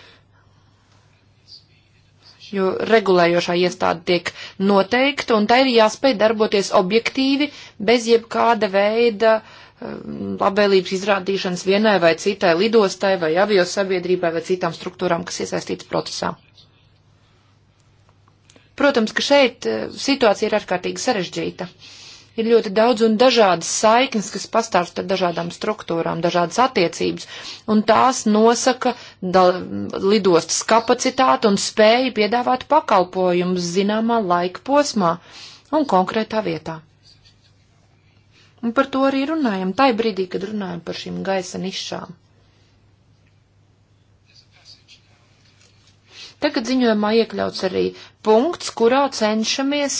S1: jo regulējošā iestāde tiek noteikta, un tai ir jāspēj darboties objektīvi, bez jebkāda veida um, labvēlības izrādīšanas vienai vai citai lidostai vai aviosabiedrībai vai citām struktūrām, kas iesaistīts procesā. Protams, ka šeit uh, situācija ir ārkārtīgi sarežģīta. Uh, ir ļoti daudz un dažādas saiknes, kas pastāv starp dažādām struktūrām, dažādas attiecības, un tās nosaka da, lidostas kapacitāti un spēju piedāvāt pakalpojumus zināmā laika posmā un konkrētā vietā. Un par to arī runājam, tai brīdī, kad runājam par šīm gaisa nišām. Tagad ziņojumā iekļauts arī punkts, kurā cenšamies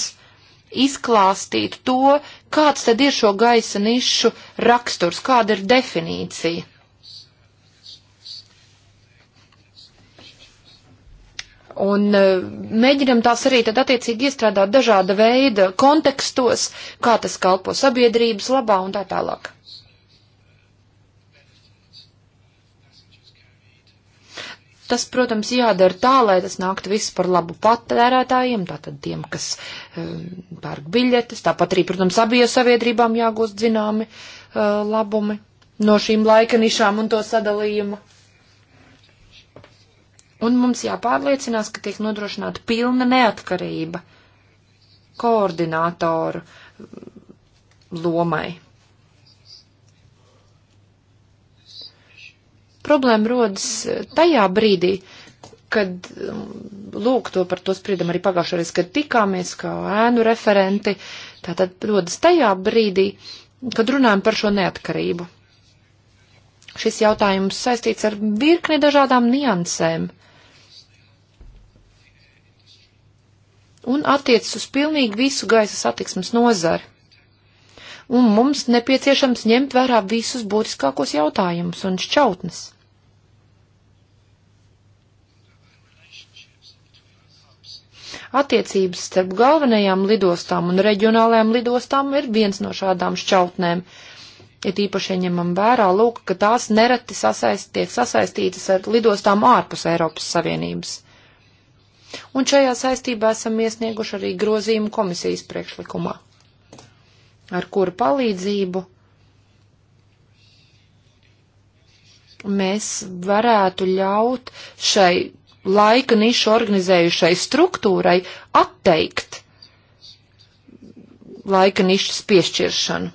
S1: izklāstīt to, kāds tad ir šo gaisa nišu raksturs, kāda ir definīcija. Un e, mēģinam tās arī tad attiecīgi iestrādāt dažāda veida kontekstos, kā tas kalpo sabiedrības labā un tā tālāk. Tas, protams, jādara tā, lai tas nāktu viss par labu patērētājiem, tātad tiem, kas um, pērk biļetes, tāpat arī, protams, abiem saviedrībām jāgūst zināmi uh, labumi no šīm laika nišām un to sadalījuma. Un mums jāpārliecinās, ka tiek nodrošināta pilna neatkarība koordinātoru lomai. Problēma rodas eh, tajā brīdī, kad, um, lūk, to par to spriedam arī pagājušajā reizē, kad tikāmies kā ēnu referenti, tātad rodas tajā brīdī, kad runājam par šo neatkarību. Šis jautājums saistīts ar virkni dažādām niansēm un attiecas uz pilnīgi visu gaisa satiksmes nozari. Un mums nepieciešams ņemt vērā visus būtiskākos jautājumus un šķautnes. Attiecības starp galvenajām lidostām un reģionālajām lidostām ir viens no šādām šķautnēm. Ir ja īpaši ņemam vērā, lūk, ka tās nereti sasaist, tiek sasaistītas ar lidostām ārpus Eiropas Savienības. Un šajā saistībā esam iesnieguši arī grozījumu komisijas priekšlikumā, ar kuru palīdzību mēs varētu ļaut šai laika nišu organizējušai struktūrai atteikt laika nišas piešķiršanu.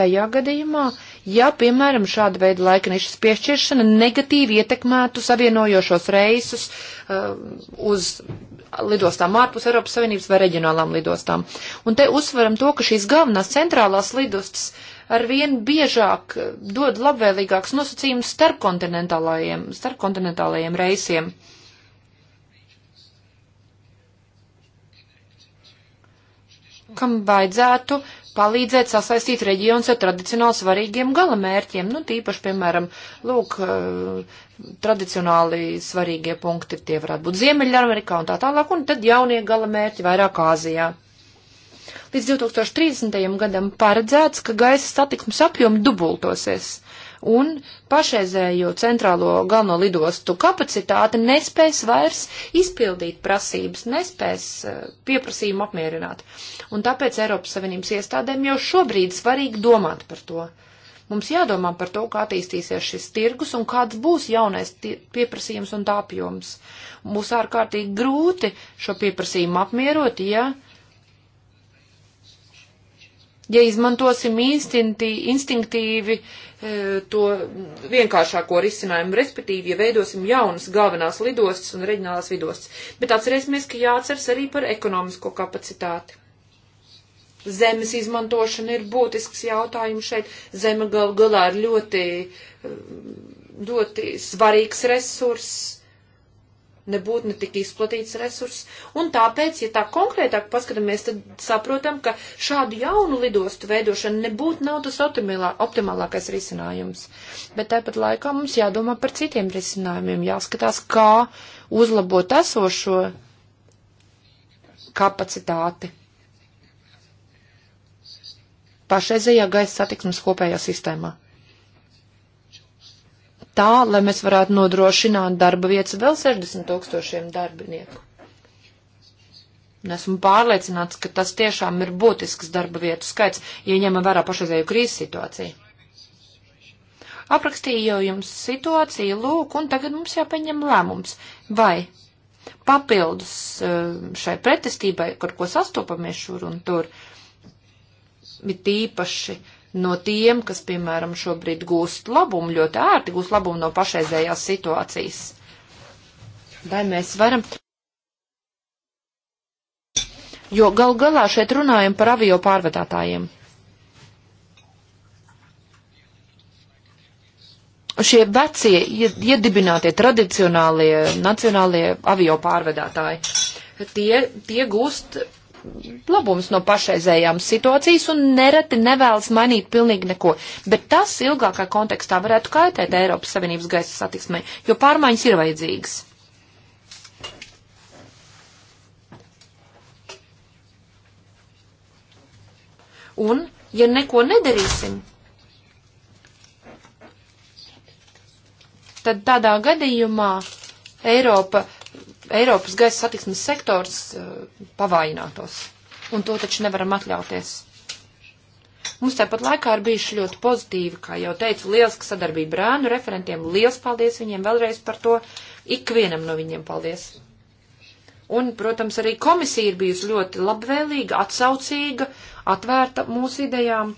S1: Tajā gadījumā, ja, piemēram, šāda veida laika nišas piešķiršana negatīvi ietekmētu savienojošos reisus uh, uz lidostām ārpus Eiropas Savienības vai reģionālām lidostām. Un te uzsveram to, ka šīs galvenās centrālās lidostas uh, arvien biežāk dod labvēlīgāks nosacījums starpkontinentālajiem, starpkontinentālajiem reisiem. kam vajadzētu palīdzēt sasaistīt reģionus ar tradicionāli svarīgiem galamērķiem. Nu, tīpaši, piemēram, lūk, eh, tradicionāli svarīgie punkti tie varētu būt Ziemeļamerikā un tā tālāk, un tad jaunie galamērķi vairāk Āzijā. Līdz 2030. gadam paredzēts, ka gaisa satiksmes apjomi dubultosies un pašreizējo centrālo galveno lidostu kapacitāte nespēs vairs izpildīt prasības, nespēs eh, pieprasījumu apmierināt. Un tāpēc Eiropas Savienības iestādēm jau šobrīd svarīgi domāt par to. Mums jādomā par to, kā attīstīsies šis tirgus un kāds būs jaunais pieprasījums un tā apjoms. Būs ārkārtīgi grūti šo pieprasījumu apmierot, ja ja izmantosim instinktīvi e, to vienkāršāko risinājumu, respektīvi, ja veidosim jaunas galvenās lidostas un reģionālās lidostas. Bet atcerēsimies, ka jāatceras arī par ekonomisko kapacitāti. Zemes izmantošana ir būtisks jautājums šeit. Zeme gal galā ir ļoti, e, ļoti svarīgs resurss nebūtu ne tik izplatīts resurss. Un tāpēc, ja tā konkrētāk paskatāmies, tad saprotam, ka šādu jaunu lidostu veidošana nebūtu nav tas optimālākais risinājums. Bet tāpat laikā mums jādomā par citiem risinājumiem, jāskatās, kā uzlabot esošo kapacitāti pašreizējā gaisa satiksmes kopējā sistēmā tā, lai mēs varētu nodrošināt darba vietas vēl 60 tūkstošiem darbinieku. Un esmu pārliecināts, ka tas tiešām ir būtisks darba vietu skaits, ja ņemam vērā pašreizēju krīzes situāciju. Aprakstīju jau jums situāciju, lūk, un tagad mums jāpieņem lēmums, vai papildus eh, šai pretestībai, ar ko sastopamies šur un tur, ir tīpaši uh, no tiem, kas, piemēram, šobrīd gūst labumu, ļoti ērti gūst labumu no pašreizējās situācijas. Vai mēs varam? Jo gal galā šeit runājam par avio pārvadātājiem. Šie vecie, iedibinātie, tradicionālie, nacionālie avio pārvadātāji, tie, tie gūst labums no pašreizējām situācijas un nereti nevēlas mainīt pilnīgi neko. Bet tas ilgākā kontekstā varētu kaitēt Eiropas Savienības gaisa satiksmai, jo pārmaiņas ir vajadzīgas. Un, ja neko nedarīsim, tad tādā gadījumā Eiropa Eiropas gaisa satiksmes sektors eh, pavājinātos. Un to taču nevaram atļauties. Mums tāpat laikā ir bijuši ļoti pozitīvi, kā jau teicu, lieliska sadarbība brānu referentiem. Liels paldies viņiem vēlreiz par to. Ikvienam no viņiem paldies. Un, protams, arī komisija ir bijusi ļoti labvēlīga, atsaucīga, atvērta mūsu idejām.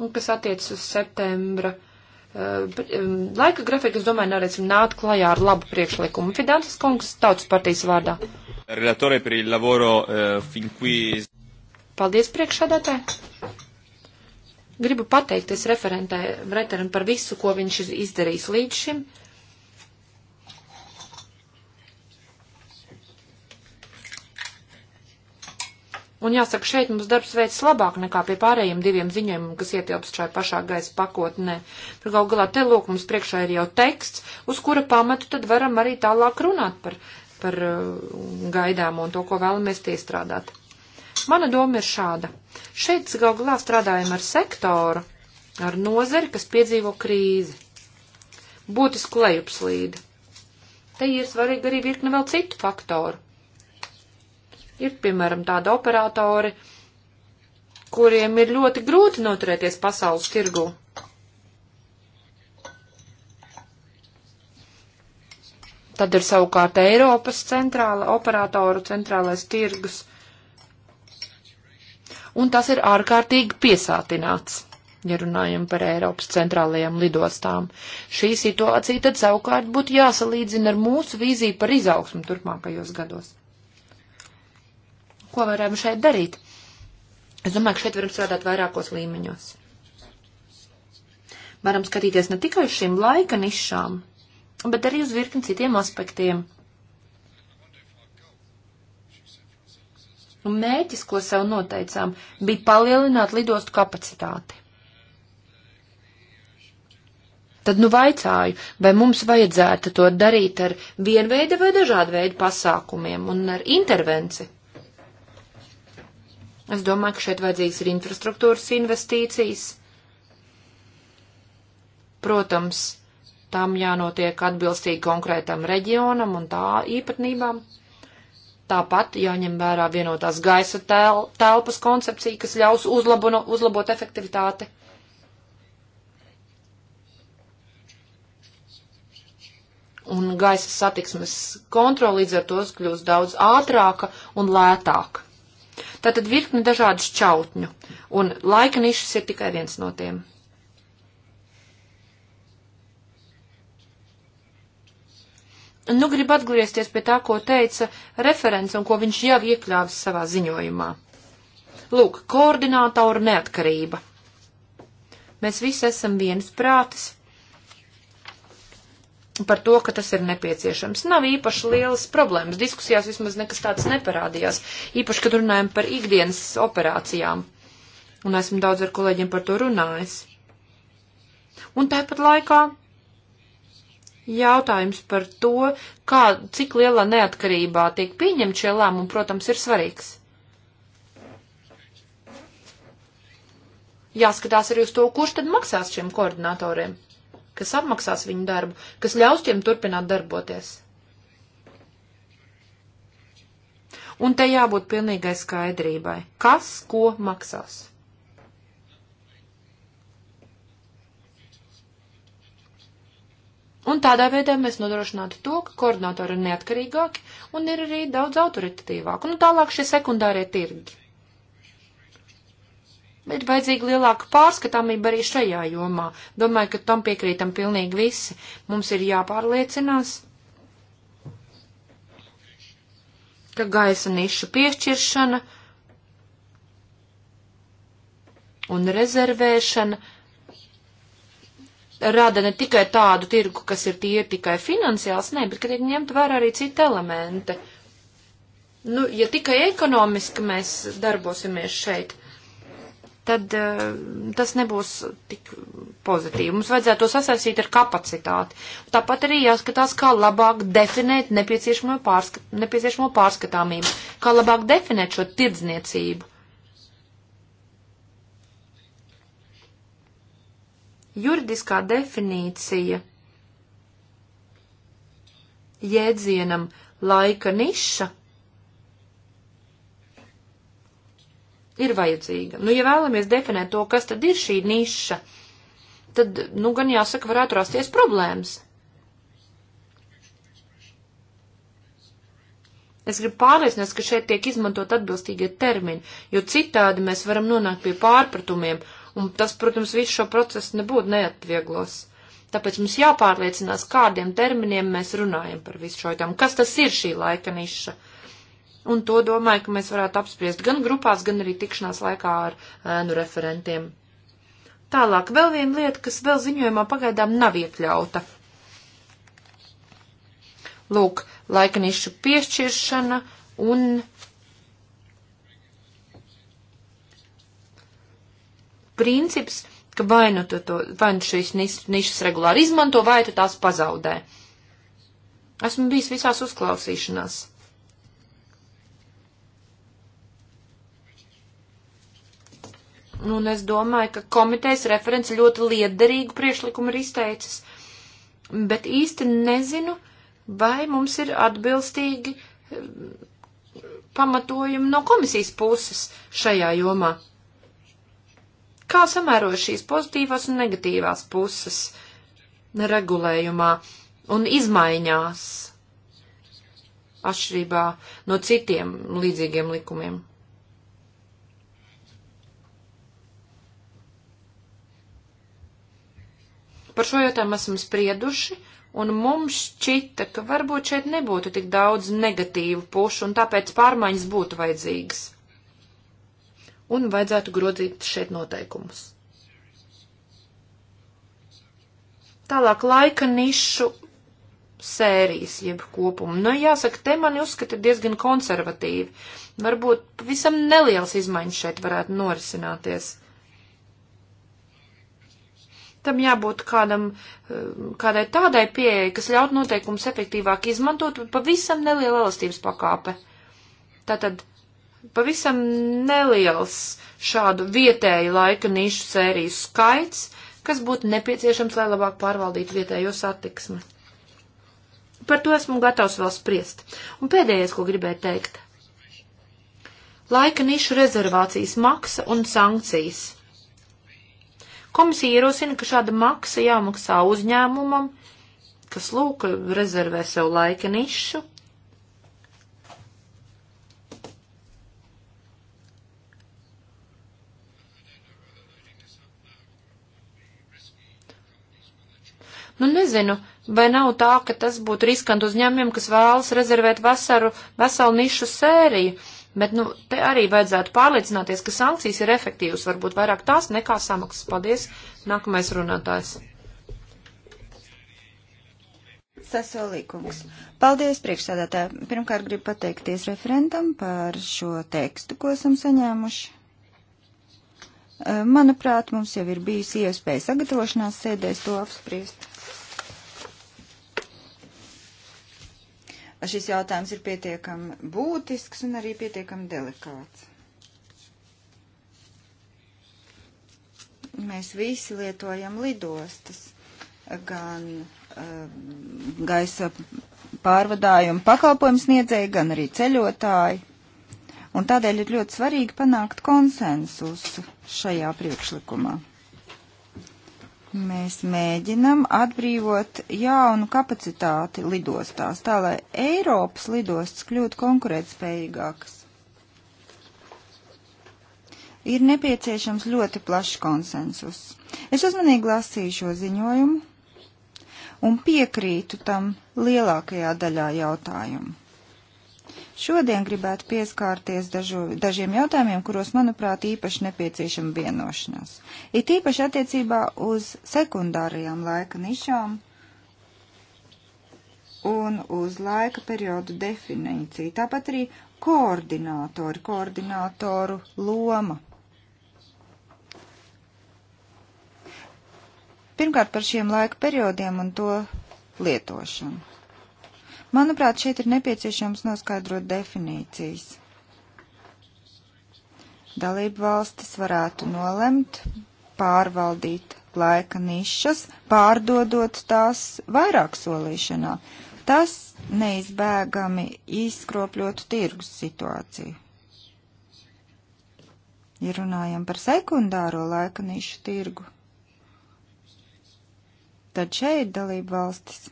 S1: un kas attiec uz septembra eh, laika grafiku, es domāju, varēsim nākt klajā ar labu priekšlikumu. Fidanses kungs, tautas partijas vārdā.
S3: Relatore per il lavoro uh, fin qui.
S1: Paldies priekšādātē. Gribu pateikties referentē Breteram par visu, ko viņš ir izdarījis līdz šim. Uh, Un jāsaka, šeit mums darbs veids labāk nekā pie pārējiem diviem ziņojumiem, kas ietilpst šai pašā gaisa pakotnē. Tur gal galā te lūk, mums priekšā ir jau teksts, uz kura pamatu tad varam arī tālāk runāt par, par uh, gaidām un to, ko vēlamies iestrādāt. Mana doma ir šāda. Šeit gal galā strādājam ar sektoru, ar nozari, kas piedzīvo krīzi. Būtisku lejupslīdi. Te ir svarīgi arī virkne vēl citu faktoru Ir, piemēram, tādi operatori, kuriem ir ļoti grūti noturēties pasaules tirgu. Tad ir savukārt Eiropas centrāla operatoru centrālais tirgus. Un tas ir ārkārtīgi piesātināts, ja runājam par Eiropas centrālajām lidostām. Šī situācija tad savukārt būtu jāsalīdzina ar mūsu vīziju par izaugsmu turpmākajos gados ko varam šeit darīt? Es domāju, ka šeit varam strādāt vairākos līmeņos. Varam skatīties ne tikai uz šīm laika nišām, bet arī uz virkni citiem aspektiem. Un mērķis, ko sev noteicām, bija palielināt lidostu kapacitāti. Tad nu vaicāju, vai mums vajadzētu to darīt ar vienveida vai dažādu veidu pasākumiem un ar intervenciju. Es domāju, ka šeit vajadzīgs ir infrastruktūras investīcijas. Protams, tam jānotiek atbilstīgi konkrētam reģionam un tā īpatnībām. Tāpat jāņem vērā vienotās gaisa tel, telpas koncepcija, kas ļaus uzlabono, uzlabot efektivitāti. Un gaisa satiksmes kontrola līdz ar to kļūst daudz ātrāka un lētāka. Tātad virkni dažādu šķautņu, un laika nišas ir tikai viens no tiem. Nu, gribu atgriezties pie tā, ko teica referents un ko viņš jau iekļāvis savā ziņojumā. Lūk, koordinātoru neatkarība. Mēs visi esam viens prātis par to, ka tas ir nepieciešams. Nav īpaši lielas problēmas. Diskusijās vismaz nekas tāds neparādījās. Īpaši, kad runājam par ikdienas operācijām. Un esmu daudz ar kolēģiem par to runājis. Un tāpat laikā jautājums par to, kā, cik lielā neatkarībā tiek pieņemt šie lēmumi, protams, ir svarīgs. Jāskatās arī uz to, kurš tad maksās šiem koordinatoriem kas apmaksās viņu darbu, kas ļaus tiem turpināt darboties. Un te jābūt pilnīgai skaidrībai, kas ko maksās. Un tādā veidā mēs nodrošinātu to, ka koordinatori ir neatkarīgāki un ir arī daudz autoritatīvāki. Un nu, tālāk šie sekundārie tirgi bet vajadzīga lielāka pārskatāmība arī šajā jomā. Domāju, ka tam piekrītam pilnīgi visi. Mums ir jāpārliecinās, ka gaisa nišu piešķiršana un rezervēšana rada ne tikai tādu tirgu, kas ir tie tikai finansiāls, ne, bet ka tiek ņemt vērā arī citi elementi. Nu, ja tikai ekonomiski mēs darbosimies šeit, tad e, tas nebūs tik pozitīvi. Mums vajadzētu to sasaistīt ar kapacitāti. Tāpat arī jāskatās, kā labāk definēt nepieciešamo, pārska nepieciešamo pārskatāmību, kā labāk definēt šo tirdzniecību. Juridiskā definīcija jēdzienam laika niša ir vajadzīga. Nu, ja vēlamies definēt to, kas tad ir šī niša, tad, nu, gan jāsaka, varētu rasties problēmas. Es gribu pārliecināties, ka šeit tiek izmantot atbilstīgie termini, jo citādi mēs varam nonākt pie pārpratumiem, un tas, protams, visu šo procesu nebūtu neatvieglos. Tāpēc mums jāpārliecinās, kādiem terminiem mēs runājam par visu šo jautājumu. Kas tas ir šī laika niša? Uh, Un to domāju, ka mēs varētu apspriest gan grupās, gan arī tikšanās laikā ar ēnu referentiem. Tālāk, vēl viena lieta, kas vēl ziņojumā pagaidām nav iekļauta. Lūk, laikanišu piešķiršana un princips, ka vai nu, to, to, vai nu šīs nišas regulāri izmanto, vai tu tās pazaudē. Esmu bijis visās uzklausīšanās. Nu, un es domāju, ka komitejas referents ļoti liederīgu priešlikumu ir izteicis, bet īsti nezinu, vai mums ir atbilstīgi eh, pamatojumi no komisijas puses šajā jomā. Kā samēroja šīs pozitīvās un negatīvās puses regulējumā un izmaiņās atšķirībā no citiem līdzīgiem likumiem? Par šo jautājumu esam sprieduši, un mums šķita, ka varbūt šeit nebūtu tik daudz negatīvu pušu, un tāpēc pārmaiņas būtu vajadzīgas. Un vajadzētu grozīt šeit noteikumus. Tālāk laika nišu sērijas, jeb kopumu. Nu, jāsaka, te mani uzskata diezgan konservatīvi. Varbūt pavisam neliels izmaiņas šeit varētu norisināties. Tam jābūt kādam, eh, kādai tādai pieejai, kas ļaut noteikumus efektīvāk izmantot, pavisam neliela elastības pakāpe. Tātad pavisam neliels šādu vietēju laika nišu sēriju skaits, kas būtu nepieciešams, lai labāk pārvaldītu vietējo satiksmi. Par to esmu gatavs vēl spriest. Un pēdējais, ko gribēju teikt. Laika nišu rezervācijas maksa un sankcijas. Komisija ierosina, ka šāda maksa jāmaksā uzņēmumam, kas lūk rezervē sev laika nišu. Nu, nezinu, vai nav tā, ka tas būtu riskanti uzņēmumiem, kas vēlas rezervēt vasaru veselu nišu sēriju. Bet, nu, te arī vajadzētu pārliecināties, ka sankcijas ir efektīvas, varbūt vairāk tās nekā samaksas. Paldies. Nākamais runātājs.
S3: Sasolīkums. Paldies, priekšsādātāji. Pirmkārt, gribu pateikties referentam par šo tekstu, ko esam saņēmuši. Manuprāt, mums jau ir bijusi iespēja sagatavošanās sēdēs to apspriest. šis jautājums ir pietiekami būtisks un arī pietiekami delikāts. Mēs visi lietojam lidostas, gan um, gaisa pārvadājumu pakalpojumu sniedzēji, gan arī ceļotāji. Un tādēļ ir ļoti svarīgi panākt konsensus šajā priekšlikumā. Mēs mēģinam atbrīvot jaunu kapacitāti lidostās, tā lai Eiropas lidostas kļūtu konkurētspējīgākas. Ir nepieciešams ļoti plašs konsensus. Es uzmanīgi lasīju šo ziņojumu un piekrītu tam lielākajā daļā jautājumu. Šodien gribētu pieskārties dažu, dažiem jautājumiem, kuros, manuprāt, īpaši nepieciešama vienošanās. It īpaši attiecībā uz sekundārajām laika nišām un uz laika periodu definīciju. Tāpat arī koordinātori, koordinātoru loma. Pirmkārt par šiem laika periodiem un to lietošanu. Manuprāt, šeit ir nepieciešams noskaidrot definīcijas. Dalību valstis varētu nolemt pārvaldīt laika nišas, pārdodot tās vairāk solīšanā. Tas neizbēgami izskropļotu tirgus situāciju. Ja runājam par sekundāro laika nišu tirgu, tad šeit dalību valstis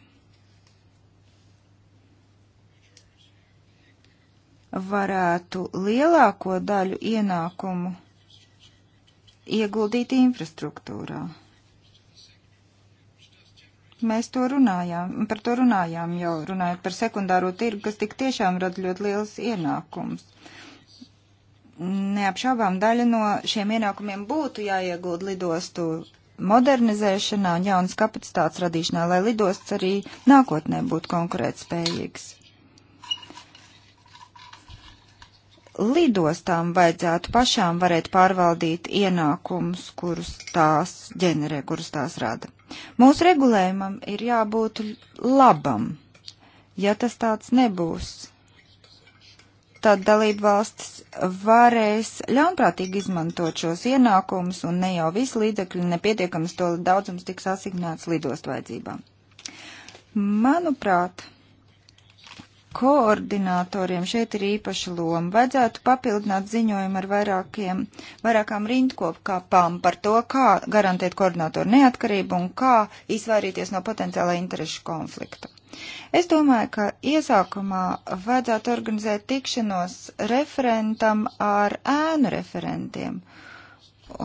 S3: varētu lielāko daļu ienākumu ieguldīt infrastruktūrā. Mēs to runājām, par to runājām jau runājot par sekundāro tirgu, kas tik tiešām rada ļoti liels ienākums. Neapšaubām daļa no šiem ienākumiem būtu jāiegūda lidostu modernizēšanā un jaunas kapacitātes radīšanā, lai lidosts arī nākotnē būtu konkurētspējīgs. lidostām vajadzētu pašām varēt pārvaldīt ienākumus, kurus tās ģenerē, kurus tās rada. Mūsu regulējumam ir jābūt labam. Ja tas tāds nebūs, tad dalību valstis varēs ļaunprātīgi izmantot šos ienākumus un ne jau visi līdzekļi nepietiekams to daudzums tiks asignēts lidostu vajadzībām. Manuprāt, koordinatoriem šeit ir īpaša loma. Vajadzētu papildināt ziņojumu ar vairākiem, vairākām rindkopkāpām par to, kā garantēt koordinatoru neatkarību un kā izvairīties no potenciāla interešu konflikta. Es domāju, ka iesākumā vajadzētu organizēt tikšanos referentam ar ēnu referentiem.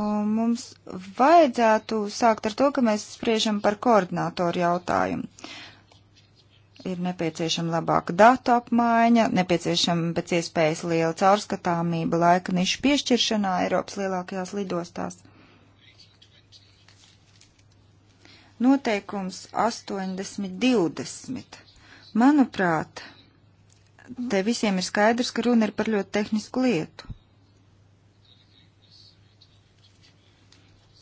S3: Un mums vajadzētu sākt ar to, ka mēs spriežam par koordinātoru jautājumu ir nepieciešama labāka datu apmaiņa, nepieciešama pēc iespējas liela caurskatāmība laika nišu piešķiršanā Eiropas lielākajās lidostās. Noteikums 80-20. Manuprāt, te visiem ir skaidrs, ka runa ir par ļoti tehnisku lietu.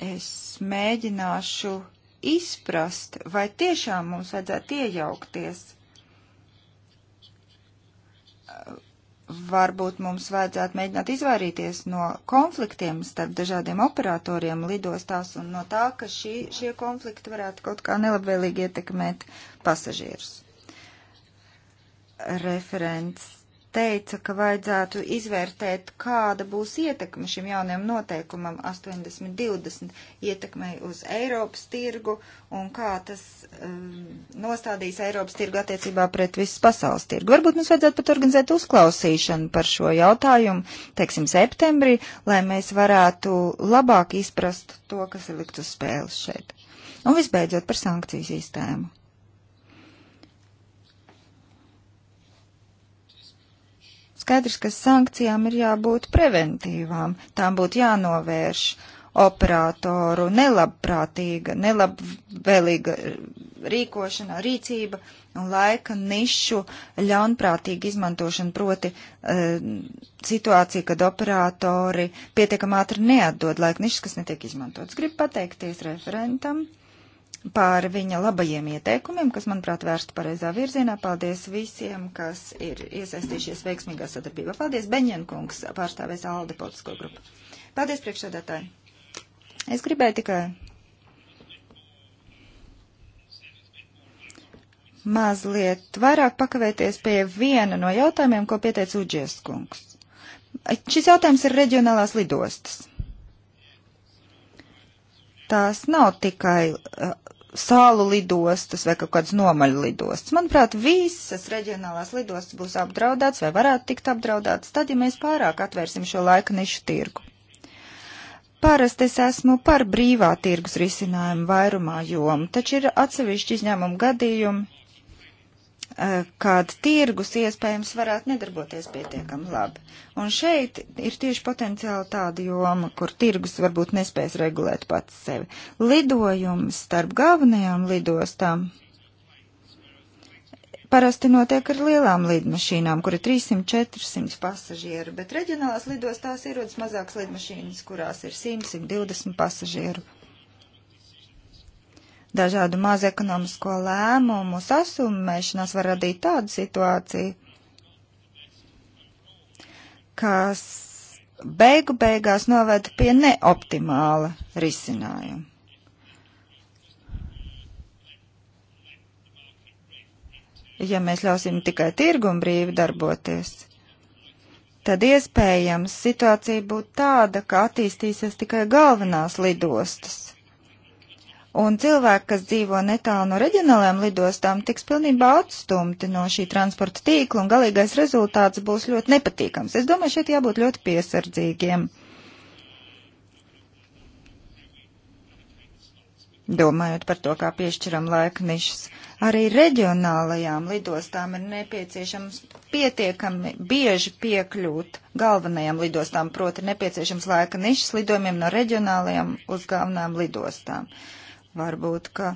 S3: Es mēģināšu izprast, vai tiešām mums vajadzētu iejaukties. Varbūt mums vajadzētu mēģināt izvairīties no konfliktiem starp dažādiem operatoriem lidostās un no tā, ka šī, šie konflikti varētu kaut kā nelabvēlīgi ietekmēt pasažierus. Referents teica, ka vajadzētu izvērtēt, kāda būs ietekme šim jaunajam noteikumam 80-20 ietekmei uz Eiropas tirgu un kā tas um, nostādīs Eiropas tirgu attiecībā pret visas pasaules tirgu. Varbūt mums vajadzētu pat organizēt uzklausīšanu par šo jautājumu, teiksim, septembrī, lai mēs varētu labāk izprast to, kas ir likt uz spēles šeit. Un visbeidzot par sankciju sistēmu. Skaidrs, ka sankcijām ir jābūt preventīvām, tām būtu jānovērš operatoru nelabprātīga, nelabvēlīga rīkošana, rīcība un laika nišu ļaunprātīga izmantošana, proti e, situācija, kad operatori pietiekam ātri neatdod laika nišas, kas netiek izmantotas. Gribu pateikties referentam par viņa labajiem ieteikumiem, kas, manuprāt, vērstu pareizā virzienā. Paldies visiem, kas ir iesaistījušies veiksmīgā sadarbībā. Paldies, Beņenkungs, pārstāvēs Alde politisko grupu. Paldies, priekšsēdētāji. Es gribēju tikai mazliet vairāk pakavēties pie viena no jautājumiem, ko pieteica Uģieskungs. Šis jautājums ir reģionālās lidostas. Tās nav tikai uh, eh, sālu lidostas vai kaut kādas nomaļu lidostas. Manuprāt, visas reģionālās lidostas būs apdraudētas vai varētu tikt apdraudētas, tad, ja mēs pārāk atvērsim šo laika nišu tirgu. Parasti es esmu par brīvā tirgus risinājumu vairumā jomu, taču ir atsevišķi izņēmumu gadījumi, Eh, kad tirgus iespējams varētu nedarboties pietiekami labi. Un šeit ir tieši potenciāli tāda joma, kur tirgus varbūt nespēs regulēt pats sevi. Lidojums starp galvenajām lidostām parasti notiek ar lielām lidmašīnām, kur ir 300-400 pasažieru, bet reģionālās lidostās ierodas mazākas lidmašīnas, kurās ir 100-120 pasažieru. Dažādu mazu ekonomisko lēmumu sasummēšanās var radīt tādu situāciju, kas beigu beigās noved pie neoptimāla risinājuma. Ja mēs ļausim tikai tirgum brīvi darboties, tad iespējams situācija būtu tāda, ka attīstīsies tikai galvenās lidostas un cilvēki, kas dzīvo netālu no reģionālajām lidostām, tiks pilnībā atstumti no šī transporta tīkla, un galīgais rezultāts būs ļoti nepatīkams. Es domāju, šeit jābūt ļoti piesardzīgiem. Domājot par to, kā piešķiram laika nišas, arī reģionālajām lidostām ir nepieciešams pietiekami bieži piekļūt galvenajām lidostām, proti nepieciešams laika nišas lidojumiem no reģionālajām uz galvenām lidostām. Uh, Varbūt, ka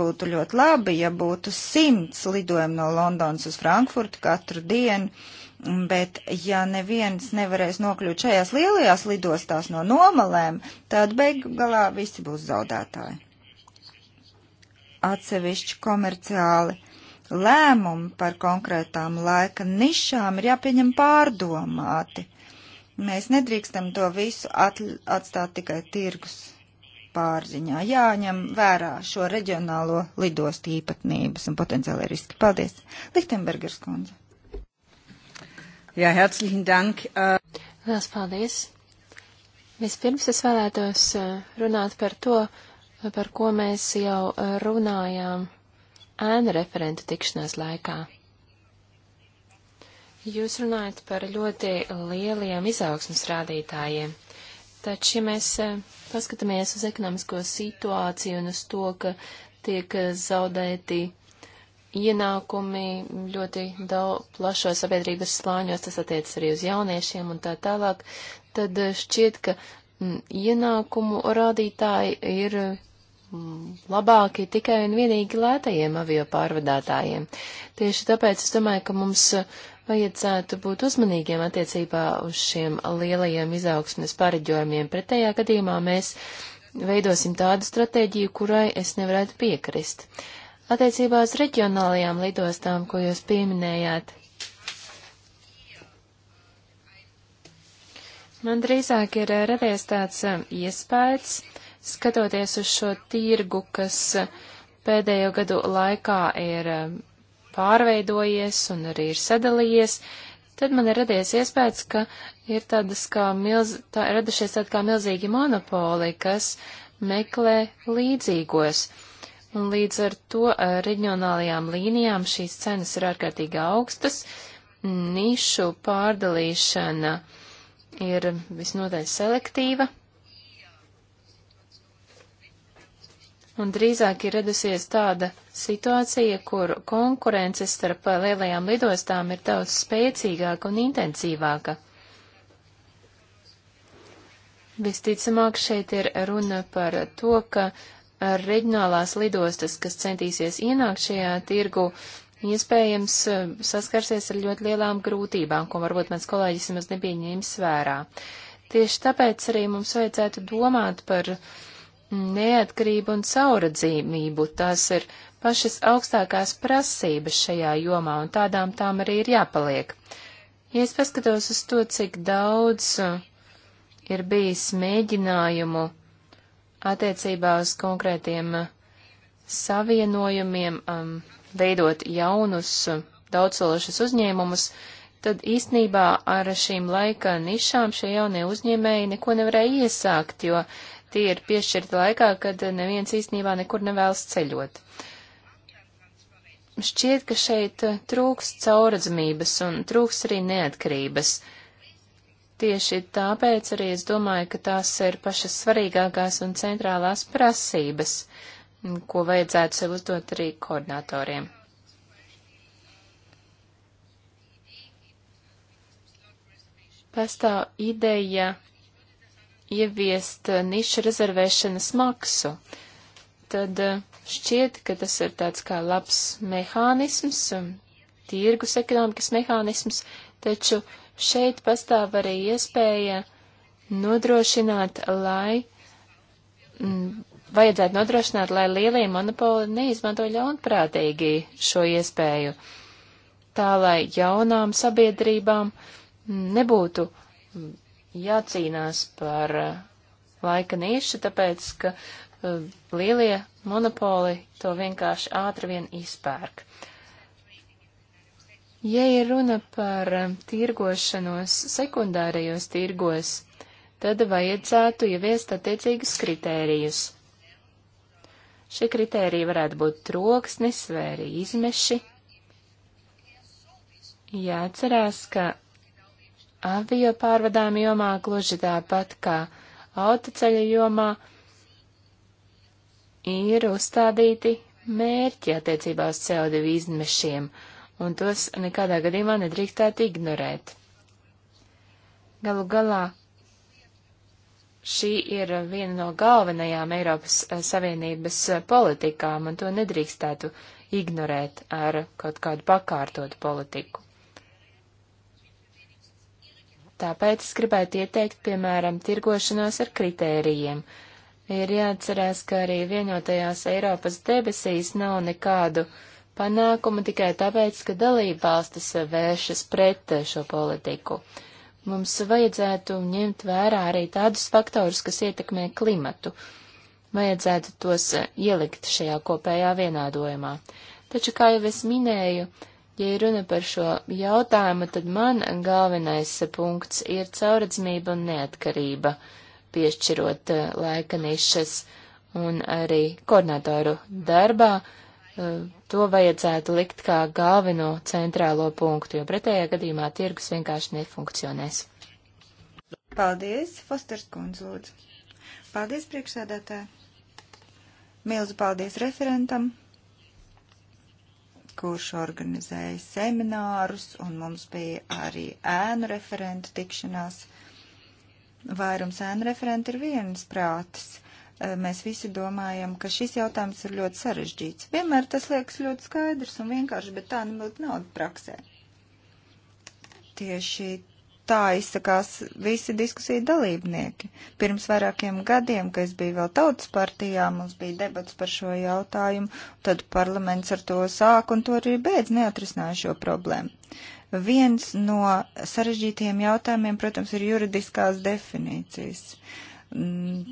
S3: būtu ļoti labi, ja būtu simts lidojumu no Londonas uz Frankfurtu katru dienu, bet ja neviens nevarēs nokļūt šajās lielajās lidostās no nomalēm, tad beigu galā visi būs zaudētāji. Atsevišķi komerciāli lēmumi par konkrētām laika nišām ir jāpieņem pārdomāti. Mēs nedrīkstam to visu atstāt tikai tirgus pārziņā. Jāņem vērā šo reģionālo lidostu īpatnības un potenciālai riski. Paldies. Lichtenbergers kundze. Jā,
S2: herzlichen dank. Uh, Lielas uh... paldies. Vispirms es vēlētos uh, runāt par to, par ko mēs jau uh, runājām ēnu referentu tikšanās laikā. Jūs runājat par ļoti lieliem izaugsmas rādītājiem. Taču, ja mēs e, paskatāmies uz ekonomisko situāciju un uz to, ka tiek e, zaudēti ienākumi ļoti daudz plašos sabiedrības slāņos, tas attiecas arī uz jauniešiem un tā tālāk, tad e, šķiet, ka ienākumu rādītāji ir labāki tikai un vienīgi lētajiem avio pārvadātājiem. Tieši tāpēc es domāju, ka mums vajadzētu būt uzmanīgiem attiecībā uz šiem lielajiem izaugsmes pareģojumiem. Pretējā gadījumā mēs veidosim tādu stratēģiju, kurai es nevarētu piekrist. Attiecībā uz reģionālajām lidostām, ko jūs pieminējāt, man drīzāk ir radies tāds um, iespējas, skatoties uz šo tirgu, kas pēdējo gadu laikā ir um, pārveidojies un arī ir sadalījies, tad man ir radies iespējas, ka ir tādas kā milz, tā, radušies tādi kā milzīgi monopoli, kas meklē līdzīgos. Un līdz ar to reģionālajām līnijām šīs cenas ir ārkārtīgi augstas, nišu pārdalīšana ir visnotaļ selektīva, un drīzāk ir redusies tāda situācija, kur konkurence starp lielajām lidostām ir daudz spēcīgāka un intensīvāka. Visticamāk šeit ir runa par to, ka reģionālās lidostas, kas centīsies ienākt šajā tirgu, iespējams saskarsies ar ļoti lielām grūtībām, ko varbūt mans kolēģis nemaz nebija ņēmis vērā. Tieši tāpēc arī mums vajadzētu domāt par uh, neatkarību un sauradzījumību. Tās ir pašas augstākās prasības šajā jomā, un tādām tām arī ir jāpaliek. Ja es paskatos uz to, cik daudz uh, ir bijis mēģinājumu attiecībā uz konkrētiem uh, savienojumiem, um, veidot jaunus uh, daudzsološus uzņēmumus, tad īstenībā ar šīm laika nišām šie jaunie uzņēmēji neko nevarēja iesākt, jo Tie ir piešķirti laikā, kad neviens īstenībā nekur nevēlas ceļot. Šķiet, ka šeit trūks cauradzamības un trūks arī neatkarības. Tieši tāpēc arī es domāju, ka tās ir pašas svarīgākās un centrālās prasības, ko vajadzētu sev uzdot arī koordinatoriem. pastāv ideja ieviest eh, niša rezervēšanas maksu, tad eh, šķiet, ka tas ir tāds kā labs mehānisms, eh, tirgus ekonomikas mehānisms, taču šeit pastāv arī iespēja nodrošināt, lai mm, vajadzētu nodrošināt, lai lielie monopoli neizmanto ļaunprātīgi šo iespēju, tā lai jaunām sabiedrībām mm, nebūtu mm, jācīnās par uh, laika nišu, tāpēc, ka uh, lielie monopoli to vienkārši ātri vien izpērk. Ja ir runa par um, tirgošanos sekundārajos tirgos, tad vajadzētu ieviest attiecīgus kritērijus. Šie kritēriji varētu būt troksnis vai arī izmeši. Jāatcerās, ka avio pārvadājuma jomā, gluži tāpat kā autoceļa jomā, ir uzstādīti mērķi attiecībā uz CO2 izmešiem, un tos nekādā gadījumā nedrīkstētu ignorēt. Galu galā šī ir viena no galvenajām Eiropas Savienības politikām, un to nedrīkstētu ignorēt ar kaut kādu pakārtotu politiku. Tāpēc es gribētu ieteikt, piemēram, tirgošanos ar kritērijiem. Ir jāatcerās, ka arī vienotajās Eiropas debesīs nav nekādu panākumu tikai tāpēc, ka dalībvalstis vēršas pret šo politiku. Mums vajadzētu ņemt vērā arī tādus faktorus, kas ietekmē klimatu. Vajadzētu tos ielikt šajā kopējā vienādojumā. Taču, kā jau es minēju, Ja runa par šo jautājumu, tad man galvenais punkts ir caurredzamība un neatkarība, piešķirot eh, laika nišas un arī koordinatoru darbā. Eh, to vajadzētu likt kā galveno centrālo punktu, jo pretējā gadījumā tirgus vienkārši
S3: nefunkcionēs. Paldies, Fosters kundze, lūdzu. Paldies, priekšsēdētāji. Milzu paldies referentam kurš organizēja seminārus, un mums bija arī ēnu referentu tikšanās. Vairums ēnu referentu ir vienas prātas. E, mēs visi domājam, ka šis jautājums ir ļoti sarežģīts. Vienmēr tas liekas ļoti skaidrs un vienkārši, bet tā nebūtu nav praksē. Tieši tā izsakās visi diskusiju dalībnieki. Pirms vairākiem gadiem, kad es biju vēl tautas partijā, mums bija debats par šo jautājumu, tad parlaments ar to sāk un to arī beidz neatrisināja šo problēmu. Viens no sarežģītiem jautājumiem, protams, ir juridiskās definīcijas. Uh, Mm,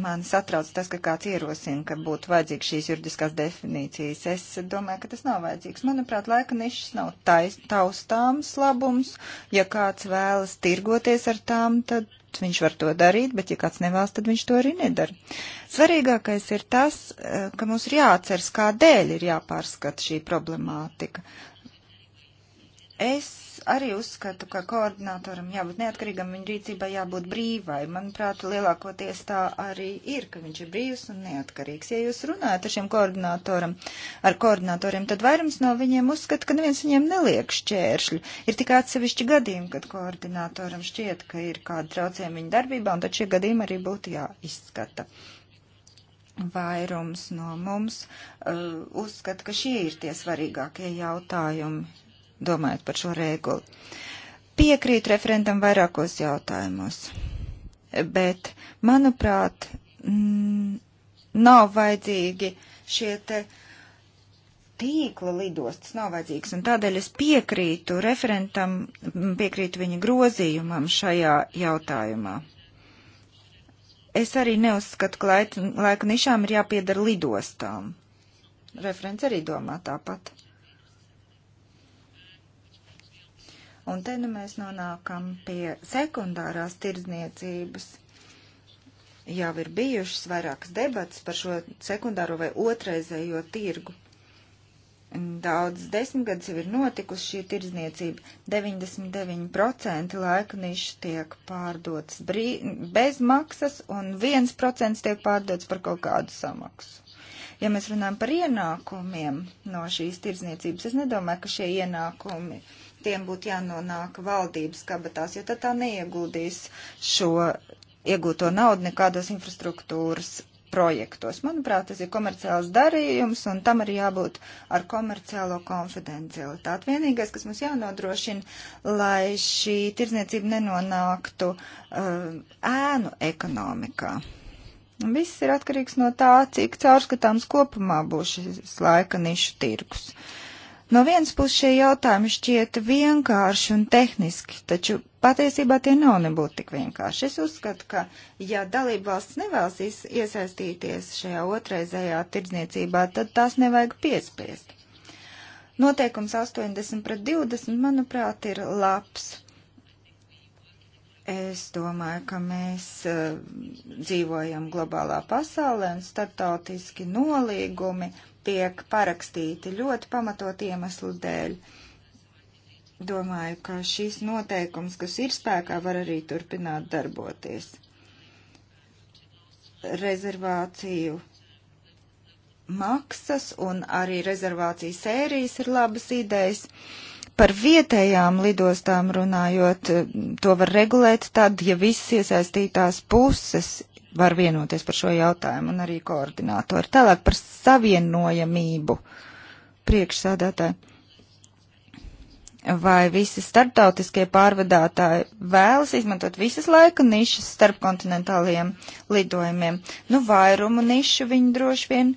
S3: man satrauc tas, ka kāds ierosina, ka būtu vajadzīgs šīs juridiskās definīcijas. Es domāju, ka tas nav vajadzīgs. Manuprāt, laika nišas nav tais, taustāms labums. Ja kāds vēlas tirgoties ar tām, tad viņš var to darīt, bet ja kāds nevēlas, tad viņš to arī nedara. Svarīgākais ir tas, eh, ka mums ir jāatceras, kādēļ ir jāpārskata šī problemātika. Es arī uzskatu, ka koordinatoram jābūt neatkarīgam, viņa rīcībai jābūt brīvai. Manuprāt, lielākoties tā arī ir, ka viņš ir brīvs un neatkarīgs. Ja jūs runājat ar šiem koordinatoram, ar koordinatoriem, tad vairums no viņiem uzskata, ka neviens viņiem neliek šķēršļu. Ir tikai atsevišķi gadījumi, kad koordinatoram šķiet, ka ir kāda traucējuma viņa darbībā, un tad šie gadījumi arī būtu jāizskata vairums no mums uh, uzskata, ka šie ir tie svarīgākie jautājumi domājot par šo regulu. Piekrītu referentam vairākos jautājumos, bet, manuprāt, mm, nav vajadzīgi šie te tīkla lidostas, nav vajadzīgs, un tādēļ es piekrītu referentam, mm, piekrītu viņa grozījumam šajā jautājumā. Es arī neuzskatu, ka laika nišām ir jāpiedara lidostām. Referents arī domā tāpat. Un te nu mēs nonākam pie sekundārās tirdzniecības. Jau ir bijušas vairākas debatas par šo sekundāro vai otraizējo tirgu. Daudz desmitgadus jau ir notikusi šī tirdzniecība. 99% laika nišas tiek pārdotas brī... bez maksas un 1% tiek pārdotas par kaut kādu samaksu ja mēs runājam par ienākumiem no šīs tirdzniecības, es nedomāju, ka šie ienākumi tiem būtu jānonāk valdības kabatās, jo tad tā neieguldīs šo iegūto naudu nekādos infrastruktūras projektos. Manuprāt, tas ir komerciāls darījums, un tam arī jābūt ar komerciālo konfidencialitāti. Vienīgais, kas mums jānodrošina, lai šī tirdzniecība nenonāktu uh, ēnu ekonomikā. Viss ir atkarīgs no tā, cik caurskatāms kopumā būs šis laika nišu tirgus. Uh, No vienas puses šie jautājumi šķiet vienkārši un tehniski, taču patiesībā tie nav nebūtu tik vienkārši. Es uzskatu, ka ja dalība valsts nevēlas iesaistīties šajā otraizējā tirdzniecībā, tad tās nevajag piespiest. Noteikums 80 pret 20, manuprāt, ir labs. Es domāju, ka mēs uh, dzīvojam globālā pasaulē un startautiski nolīgumi tiek parakstīti ļoti pamatot iemeslu dēļ. Domāju, ka šīs noteikums, kas ir spēkā, var arī turpināt darboties. Rezervāciju maksas un arī rezervācijas sērijas ir labas idejas. Par vietējām lidostām runājot, to var regulēt tad, ja visas iesaistītās puses var vienoties par šo jautājumu un arī koordinātori. Tālāk par savienojamību priekšsādātāji. Vai visi starptautiskie pārvadātāji vēlas izmantot visas laika nišas starp kontinentāliem lidojumiem? Nu, vairumu nišu viņi droši vien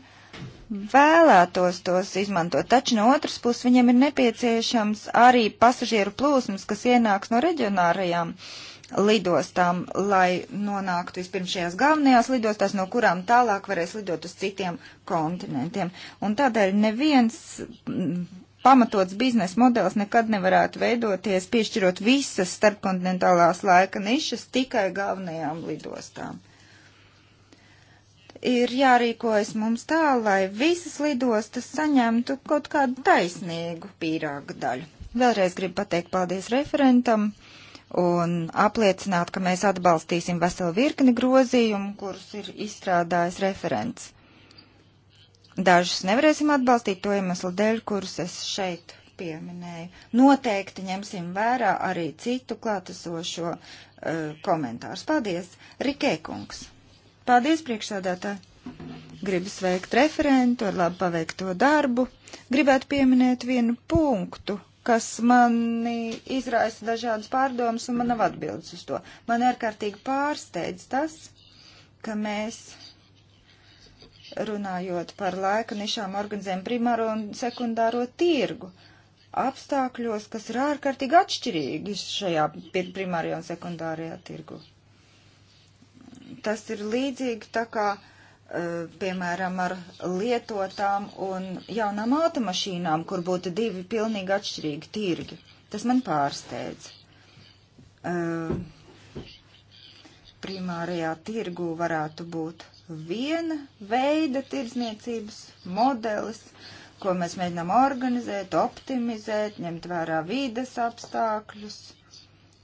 S3: vēlētos tos izmantot, taču no otras puses viņiem ir nepieciešams arī pasažieru plūsmas, kas ienāks no reģionārajām uh, lidostām, lai nonāktu vispirms šajās galvenajās lidostās, no kurām tālāk varēs lidot uz citiem kontinentiem. Un tādēļ neviens mm, pamatots biznesa modelis nekad nevarētu veidoties, piešķirot visas starpkontinentālās laika nišas tikai galvenajām lidostām. Ir jārīkojas mums tā, lai visas lidostas saņemtu kaut kādu taisnīgu pīrāga daļu. Vēlreiz gribu pateikt paldies referentam un apliecināt, ka mēs atbalstīsim veselu virkni grozījumu, kurus ir izstrādājis referents. Dažus nevarēsim atbalstīt to iemeslu dēļ, kurus es šeit pieminēju. Noteikti ņemsim vērā arī citu klātesošo uh, komentārus. Paldies, Rikē kungs! Paldies, priekšsādātāji! Gribu sveikt referentu ar labu paveikto darbu. Gribētu pieminēt vienu punktu, kas mani izraisa dažādas pārdomas, un man nav atbildes uz to. Man ārkārtīgi pārsteidz tas, ka mēs runājot par laika nišām organizējam primāro un sekundāro tirgu apstākļos, kas ir ārkārtīgi atšķirīgi šajā primārajā un sekundārajā tirgu. Tas ir līdzīgi tā kā uh, Eh, piemēram, ar lietotām un jaunām automašīnām, kur būtu divi pilnīgi atšķirīgi tirgi. Tas man pārsteidz. Eh, primārajā tirgu varētu būt viena veida tirdzniecības modelis, ko mēs mēģinām organizēt, optimizēt, ņemt vērā vīdes apstākļus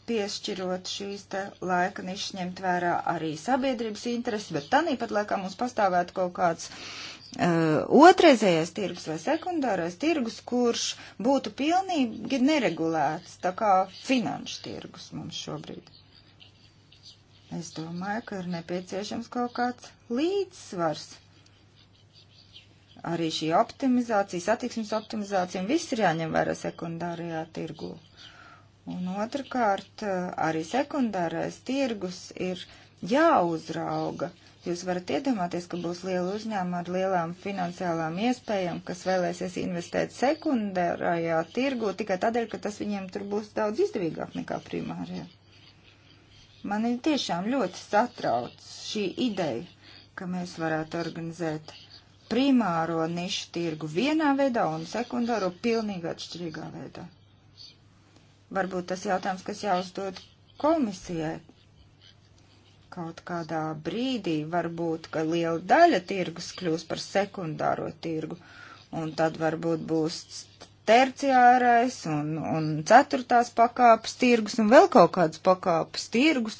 S3: piešķirot šīs te laika nišas, ņemt vērā arī sabiedrības interesi, bet tanīpat laikā mums pastāvētu kaut kāds uh, otrreizējais tirgus vai sekundārais tirgus, kurš būtu pilnīgi neregulēts, tā kā finanšu tirgus mums šobrīd. Es domāju, ka ir nepieciešams kaut kāds līdzsvars. Arī šī optimizācija, satiksmes optimizācija, un viss ir jāņem vērā sekundārajā tirgū. Uh, Un otrkārt, arī sekundārais tirgus ir jāuzrauga. Jūs varat iedomāties, ka būs liela uzņēma ar lielām finansiālām iespējām, kas vēlēsies investēt sekundārajā tirgu tikai tādēļ, ka tas viņiem tur būs daudz izdevīgāk nekā primārajā. Mani tiešām ļoti satrauc šī ideja, ka mēs varētu organizēt primāro nišu tirgu vienā veidā un sekundāro pilnīgi atšķirīgā veidā. Varbūt tas jautājums, kas jāuzdod komisijai. Kaut kādā brīdī varbūt, ka liela daļa tirgus kļūs par sekundāro tirgu, un tad varbūt būs terciārais un, un ceturtās pakāpes tirgus un vēl kaut kādas pakāpes tirgus.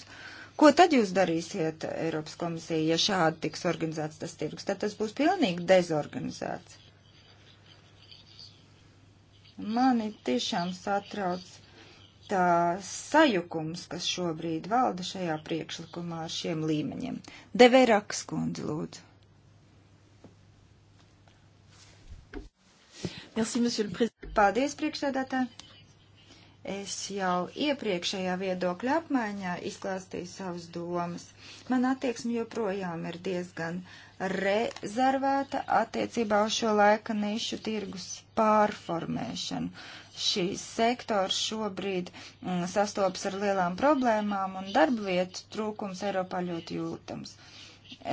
S3: Ko tad jūs darīsiet, Eiropas komisija, ja šādi tiks organizēts tas tirgus? Tad tas būs pilnīgi dezorganizēts. Mani tiešām satrauc vietā sajukums, kas šobrīd valda šajā priekšlikumā ar šiem līmeņiem. Deveraks kundze, lūdzu. Merci, Paldies, priekšsēdētāji! Es jau iepriekšējā viedokļa apmaiņā izklāstīju savas domas. Man attieksme joprojām ir diezgan rezervēta attiecībā uz šo laika nišu tirgus pārformēšanu šīs sektors šobrīd mm, sastopas ar lielām problēmām un darba vietu trūkums Eiropā ļoti jūtams.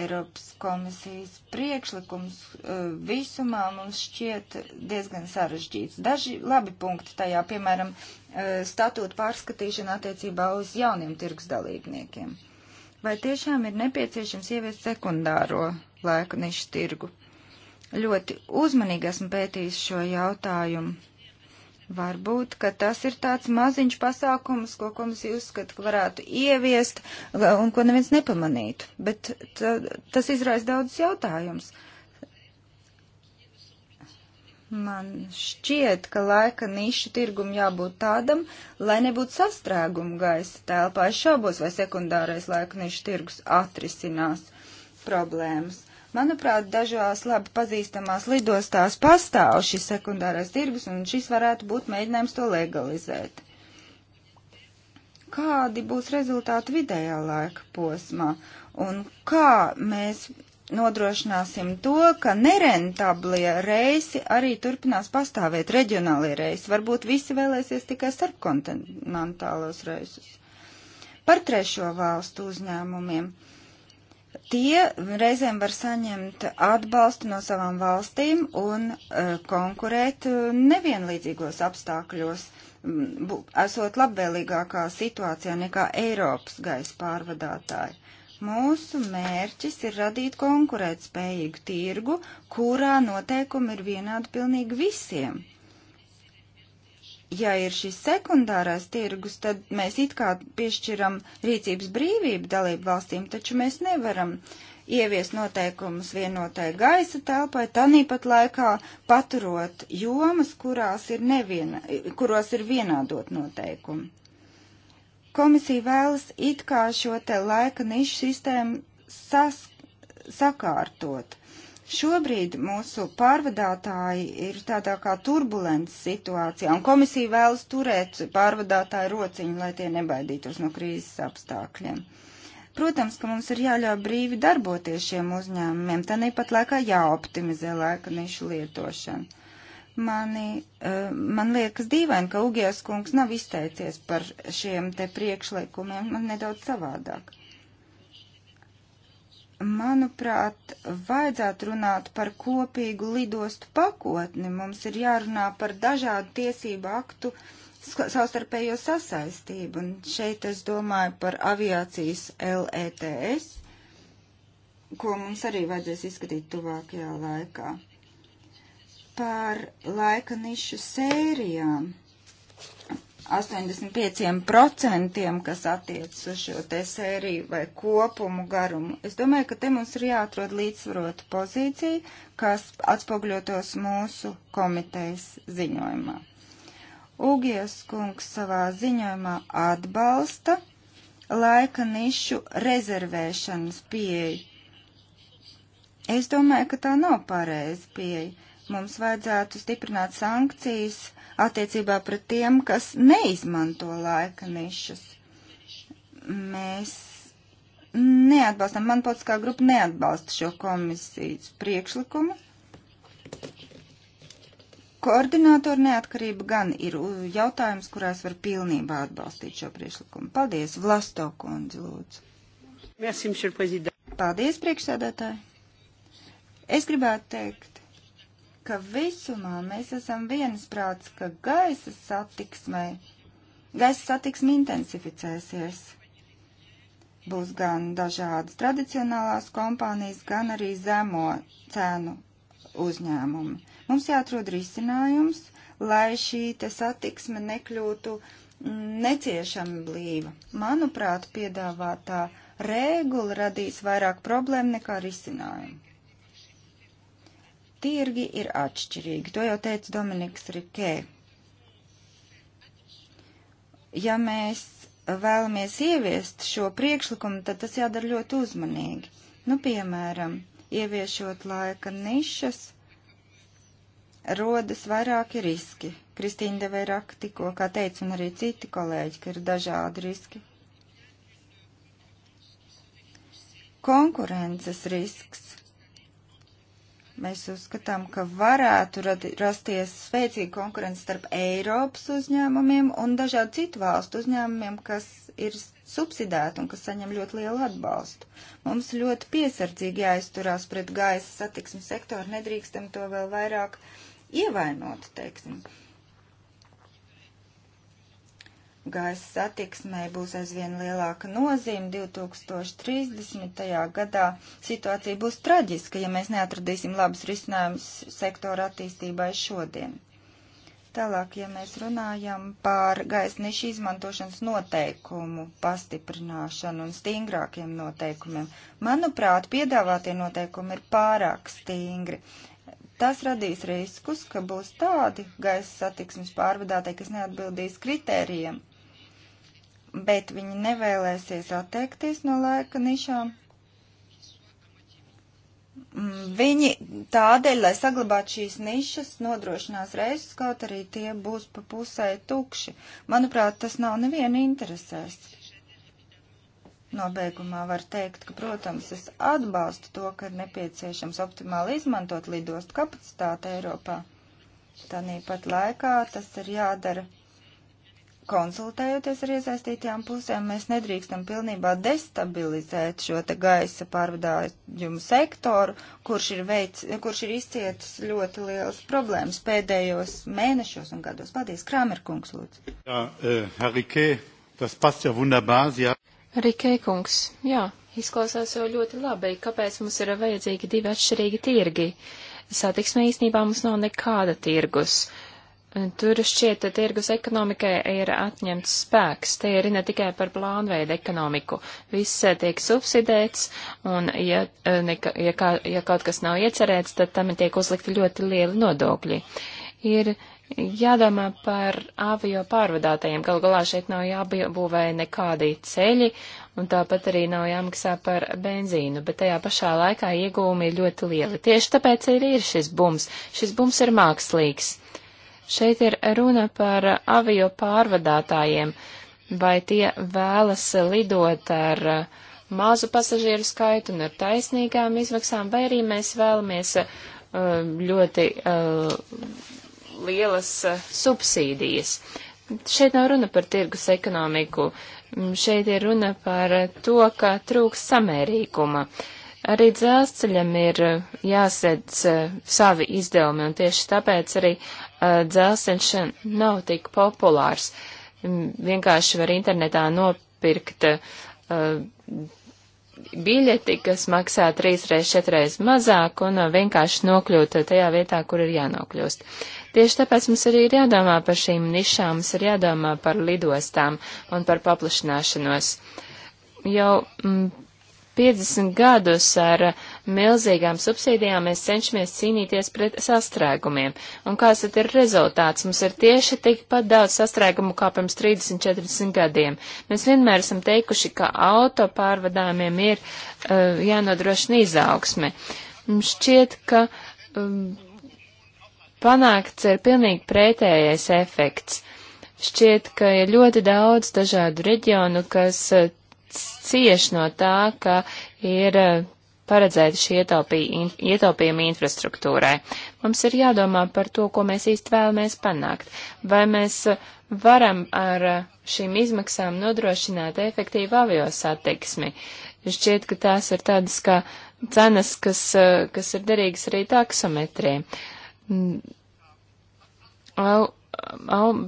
S3: Eiropas komisijas priekšlikums e, visumā mums šķiet diezgan sarežģīts. Daži labi punkti tajā, piemēram, e, statūtu pārskatīšana attiecībā uz jauniem tirgus dalībniekiem. Vai tiešām ir nepieciešams ieviest sekundāro laiku nišu tirgu? Ļoti uzmanīgi esmu pētījis šo jautājumu Varbūt, ka tas ir tāds maziņš pasākums, ko komisija uzskata, ka varētu ieviest un ko neviens nepamanītu. Bet tas izraisa daudz jautājumus. Man šķiet, ka laika niša tirgum jābūt tādam, lai nebūtu sastrēgumu gaisa telpā. Es šaubos, vai sekundārais laika niša tirgus atrisinās problēmas. Manuprāt, dažās labi pazīstamās lidostās pastāv šis sekundārais tirgus, un šis varētu būt mēģinājums to legalizēt. Kādi būs rezultāti vidējā laika posmā, un kā mēs nodrošināsim to, ka nerentablie reisi arī turpinās pastāvēt, reģionālie reisi. Varbūt visi vēlēsies tikai starpkontinentālos reisus. Par trešo valstu uzņēmumiem. Tie reizēm var saņemt atbalstu no savām valstīm un uh, konkurēt e, nevienlīdzīgos apstākļos, bu, esot labvēlīgākā situācijā nekā Eiropas gaisa pārvadātāji. Mūsu mērķis ir radīt konkurētspējīgu tirgu, kurā noteikumi ir vienādi pilnīgi visiem. Uh, ja ir šis sekundārais tirgus, tad mēs it kā piešķiram rīcības brīvību dalību valstīm, taču mēs nevaram ieviest noteikumus vienotai gaisa telpai, tanīpat laikā paturot jomas, kurās ir neviena, kuros ir vienādot noteikumi. Komisija vēlas it kā šo te laika nišu sistēmu sas, sakārtot Šobrīd mūsu pārvadātāji ir tādā kā turbulents situācijā, un komisija vēlas turēt pārvadātāju rociņu, lai tie nebaidītos no krīzes apstākļiem. Protams, ka mums ir jāļauj brīvi darboties šiem uzņēmumiem, tā nepat laikā jāoptimizē laika nišu lietošana. Mani, eh, man liekas dīvaini, ka Ugies kungs nav izteicies par šiem te priekšlikumiem, man nedaudz savādāk manuprāt, vajadzētu runāt par kopīgu lidostu pakotni. Mums ir jārunā par dažādu tiesību aktu savstarpējo sasaistību. Un šeit es domāju par aviācijas LETS, ko mums arī vajadzēs izskatīt tuvākajā laikā. Par laika nišu sērijām 85%, kas attiecas uz šo te sēriju vai kopumu garumu. Es domāju, ka te mums ir jāatrod līdzsvarota pozīcija, kas atspogļotos mūsu komitejas ziņojumā. Ugies kungs savā ziņojumā atbalsta laika nišu rezervēšanas pieeju. Es domāju, ka tā nav pareiza pieeja. Mums vajadzētu stiprināt sankcijas attiecībā pret tiem, kas neizmanto laika nišas. Mēs neatbalstam, man politiskā grupa neatbalsta šo komisijas priekšlikumu. Koordinātoru neatkarība gan ir jautājums, kurās var pilnībā atbalstīt šo priekšlikumu. Paldies, Vlasto kundze, lūdzu. Merci, Paldies, priekšsēdētāji. Es gribētu teikt, ka visumā mēs esam viensprāts, ka gaisa satiksmē, gaisa satiksme intensificēsies. Būs gan dažādas tradicionālās kompānijas, gan arī zemo cēnu uzņēmumi. Mums jāatrod risinājums, lai šī te satiksme nekļūtu mm, neciešami blīva. Manuprāt, piedāvātā regula radīs vairāk problēmu nekā risinājumu. Tirgi ir atšķirīgi, to jau teica Dominiks Rikē. Ja mēs vēlamies ieviest šo priekšlikumu, tad tas jādara ļoti uzmanīgi. Nu, piemēram, ieviešot laika nišas, rodas vairāki riski. Kristīna Deverak tikko, kā teica, un arī citi kolēģi, ka ir dažādi riski. Konkurences risks Mēs uzskatām, ka varētu rasties spēcīga konkurence starp Eiropas uzņēmumiem un dažādu citu valstu uzņēmumiem, kas ir subsidēti un kas saņem ļoti lielu atbalstu. Mums ļoti piesardzīgi jāizturās pret gaisa satiksmes sektoru, nedrīkstam to vēl vairāk ievainot, teiksim. Uh, gaisa satiksmē būs aizvien lielāka nozīme. 2030. gadā situācija būs traģiska, ja mēs neatradīsim labus risinājumus sektora attīstībai šodien. Tālāk, ja mēs runājam par gaisnišu izmantošanas noteikumu pastiprināšanu un stingrākiem noteikumiem, manuprāt, piedāvātie noteikumi ir pārāk stingri. Tas radīs riskus, ka būs tādi gaisa satiksmes pārvadātāji, kas neatbildīs kritērijiem bet viņi nevēlēsies atteikties no laika nišām. Mm, viņi tādēļ, lai saglabātu šīs nišas, nodrošinās reisus, kaut arī tie būs pa pusē tukši. Manuprāt, tas nav neviena interesēs. Nobeigumā var teikt, ka, protams, es atbalstu to, ka ir nepieciešams optimāli izmantot lidostu kapacitāti Eiropā. Tanīpat laikā tas ir jādara konsultējoties ar iesaistītajām pusēm, mēs nedrīkstam pilnībā destabilizēt šo te gaisa pārvadājumu sektoru, kurš ir, veic, kurš ir izcietis ļoti liels problēmas pēdējos mēnešos un gados. Paldies, Krāmer kungs, lūdzu.
S1: Jā, eh, Rikē, tas pats jau wunderbār, jā.
S2: Rikē kungs, jā, izklausās jau ļoti labi. Kāpēc mums ir vajadzīgi divi atšķirīgi tirgi? Satiksmē īstenībā mums nav nekāda tirgus. Uh, Tur šķiet, ka tirgus ekonomikai ir atņemts spēks. Te ir ne tikai par plānveidu ekonomiku. Viss eh, tiek subsidēts, un ja, eh, neka, ja, kā, ja kaut kas nav iecerēts, tad tam tiek uzlikti ļoti lieli nodokļi. Ir jādomā par avio pārvadātajiem. Galu galā šeit nav jābūvē nekādi ceļi, un tāpat arī nav jāmaksā par benzīnu, bet tajā pašā laikā iegūmi ir ļoti lieli. Tieši tāpēc ir, ir šis bums. Šis bums ir mākslīgs. Šeit ir runa par avio pārvadātājiem, vai tie vēlas lidot ar uh, mazu pasažieru skaitu un ar taisnīgām izmaksām, vai arī mēs vēlamies uh, ļoti uh, lielas subsīdijas. Šeit nav runa par tirgus ekonomiku, mm, šeit ir runa par to, ka trūks samērīguma. Arī dzelzceļam ir jāsedz savi izdevumi, un tieši tāpēc arī Eh, dzelzceļš nav tik populārs. Vienkārši var internetā nopirkt eh, biļeti, kas maksā 3-4 mazāk un eh, vienkārši nokļūt tajā vietā, kur ir jānokļūst. Tieši tāpēc mums arī ir jādomā par šīm nišām, mums ir jādomā par lidostām un par paplašināšanos. Jau mm, 50 gadus ar milzīgām subsīdijām mēs cenšamies cīnīties pret sastrēgumiem. Un kāds tad ir rezultāts? Mums ir tieši tikpat daudz sastrēgumu kā pirms 30-40 gadiem. Mēs vienmēr esam teikuši, ka auto pārvadājumiem ir uh, jānodrošina izaugsme. Mums šķiet, ka um, panākts ir pilnīgi pretējais efekts. Šķiet, ka ir ļoti daudz dažādu reģionu, kas uh, eh, cieš no tā, ka ir uh, paredzēti šie ietaupījumi infrastruktūrai. Mums ir jādomā par to, ko mēs īsti vēlamies panākt. Vai mēs varam ar šīm izmaksām nodrošināt efektīvu aviosatiksmi? Šķiet, ka tās ir tādas kā cenas, kas, kas ir derīgas arī taksometriem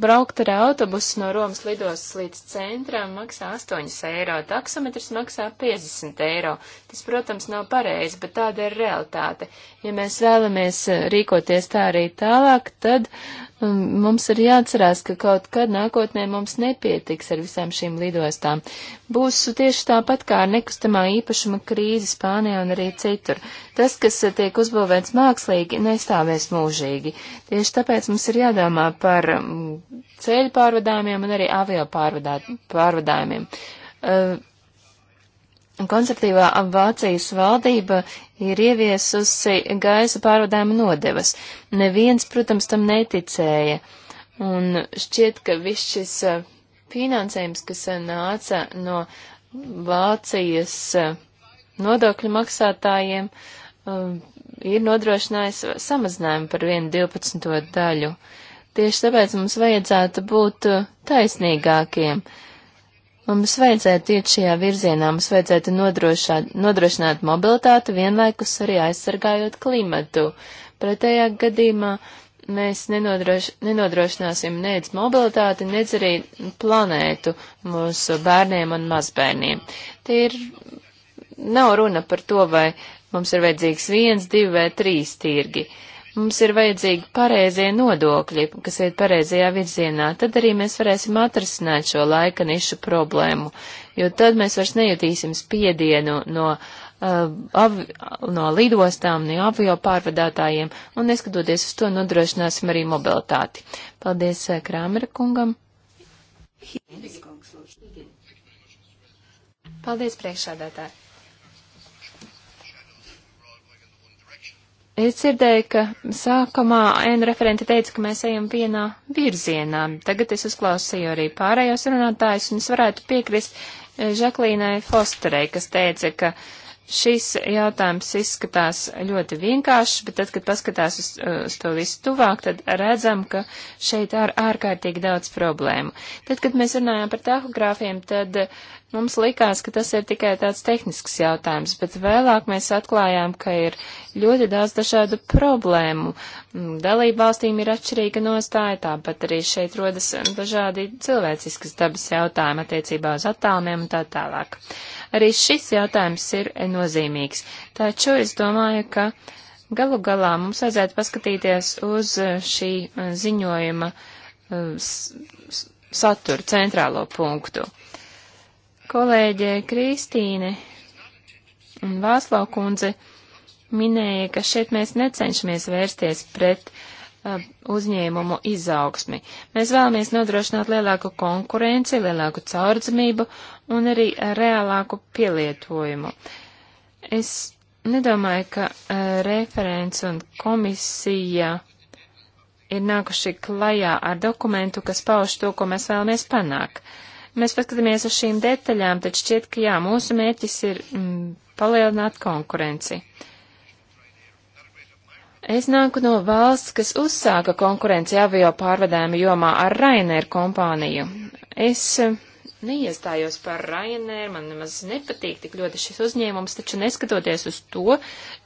S2: braukt ar autobusu no Romas lidostas līdz centram maksā 8 eiro, taksometrs maksā 50 eiro. Tas, protams, nav pareizi, bet tāda ir realitāte. Ja mēs vēlamies rīkoties tā arī tālāk, tad Mums ir jāatcerās, ka kaut kad nākotnē mums nepietiks ar visām šīm lidostām. Būs tieši tāpat kā ar nekustamā īpašuma krīzi Spānijā un arī citur. Tas, kas tiek uzbūvēts mākslīgi, nestāvēs mūžīgi. Tieši tāpēc mums ir jādomā
S1: par mm,
S2: ceļu pārvadājumiem un arī avio pārvadājumiem. Uh, Konservatīvā Vācijas valdība ir ieviesusi gaisa pārvadājuma nodevas. Neviens, protams, tam neticēja. Un šķiet, ka viss šis uh, finansējums, kas uh, nāca no Vācijas uh, nodokļu maksātājiem, um, ir nodrošinājis samazinājumu par 1,12 daļu. Tieši tāpēc mums vajadzētu būt taisnīgākiem. Uh, Mums vajadzētu iet šajā virzienā, mums vajadzētu nodrošāt, nodrošināt mobilitāti, vienlaikus arī aizsargājot klimatu. Pretējā gadījumā mēs nenodroš, nenodrošināsim nec mobilitāti, nec arī planētu mūsu bērniem un mazbērniem. Tie ir, nav runa par to, vai mums ir vajadzīgs viens, divi vai trīs tirgi. Uh, Mums ir vajadzīgi pareizie nodokļi, kas iet pareizajā virzienā, tad arī mēs varēsim atrasināt šo laika nišu problēmu, jo tad mēs vairs nejutīsim spiedienu no, uh, avi, no lidostām, no avio pārvadātājiem, un neskatoties uz to nodrošināsim arī mobilitāti. Paldies uh, Krāmera kungam. Paldies priekšādātāji. Es dzirdēju, ka sākumā N referenti teica, ka mēs ejam vienā virzienā. Tagad es uzklausīju arī pārējos runātājus, un es varētu piekrist eh, Žaklīnai Fosterei, kas teica, ka šis jautājums izskatās ļoti vienkāršs, bet tad, kad paskatās uz, eh, uz to visu tuvāk, tad redzam, ka šeit ir ārkārtīgi daudz problēmu. Tad, kad mēs runājām par tahogrāfiem, tad Mums likās, ka tas ir tikai tāds tehnisks jautājums, bet vēlāk mēs atklājām, ka ir ļoti daudz dažādu problēmu. Mm, Dalība valstīm ir atšķirīga nostāja, tāpat arī šeit rodas dažādi cilvēciskas dabas jautājumi attiecībā uz attālumiem un tā tālāk. Arī šis jautājums ir nozīmīgs, taču es domāju, ka galu galā mums vajadzētu paskatīties uz šī ziņojuma uh, saturu centrālo punktu. Kolēģe Kristīne un Vāslau kundze minēja, ka šeit mēs necenšamies vērsties pret uh, uzņēmumu izaugsmi. Mēs vēlamies nodrošināt lielāku konkurenci, lielāku caurdzamību un arī reālāku pielietojumu. Es nedomāju, ka uh, referents un komisija ir nākuši klajā ar dokumentu, kas pauž to, ko mēs vēlamies panākt. Uh, mēs paskatāmies uz šīm detaļām, tad šķiet, ka jā, mūsu mērķis ir mm, palielināt konkurenci. Es nāku no valsts, kas uzsāka konkurenci avio pārvadājumu jomā ar Rainer kompāniju. Es eh, neiestājos par Ryanair, man nemaz nepatīk tik ļoti šis uzņēmums, taču neskatoties uz to,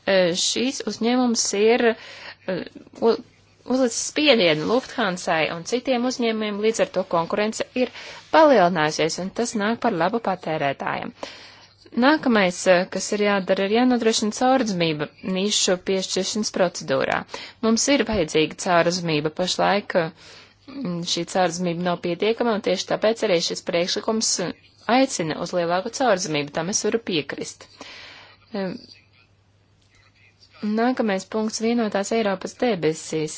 S2: eh, šīs uzņēmums ir eh, uzlicis spiedienu Lufthansai un citiem uzņēmumiem, līdz ar to konkurence ir palielinājusies, un tas nāk par labu patērētājiem. Nākamais, eh, kas ir jādara, ir jānodrošina caurzmība nišu piešķiršanas procedūrā. Mums ir vajadzīga caurzmība pašlaik. Eh, šī caurzmība nav pietiekama, un tieši tāpēc arī šis priekšlikums aicina uz lielāku caurzmību, tam es varu piekrist. Nākamais punkts - vienotās Eiropas debesis,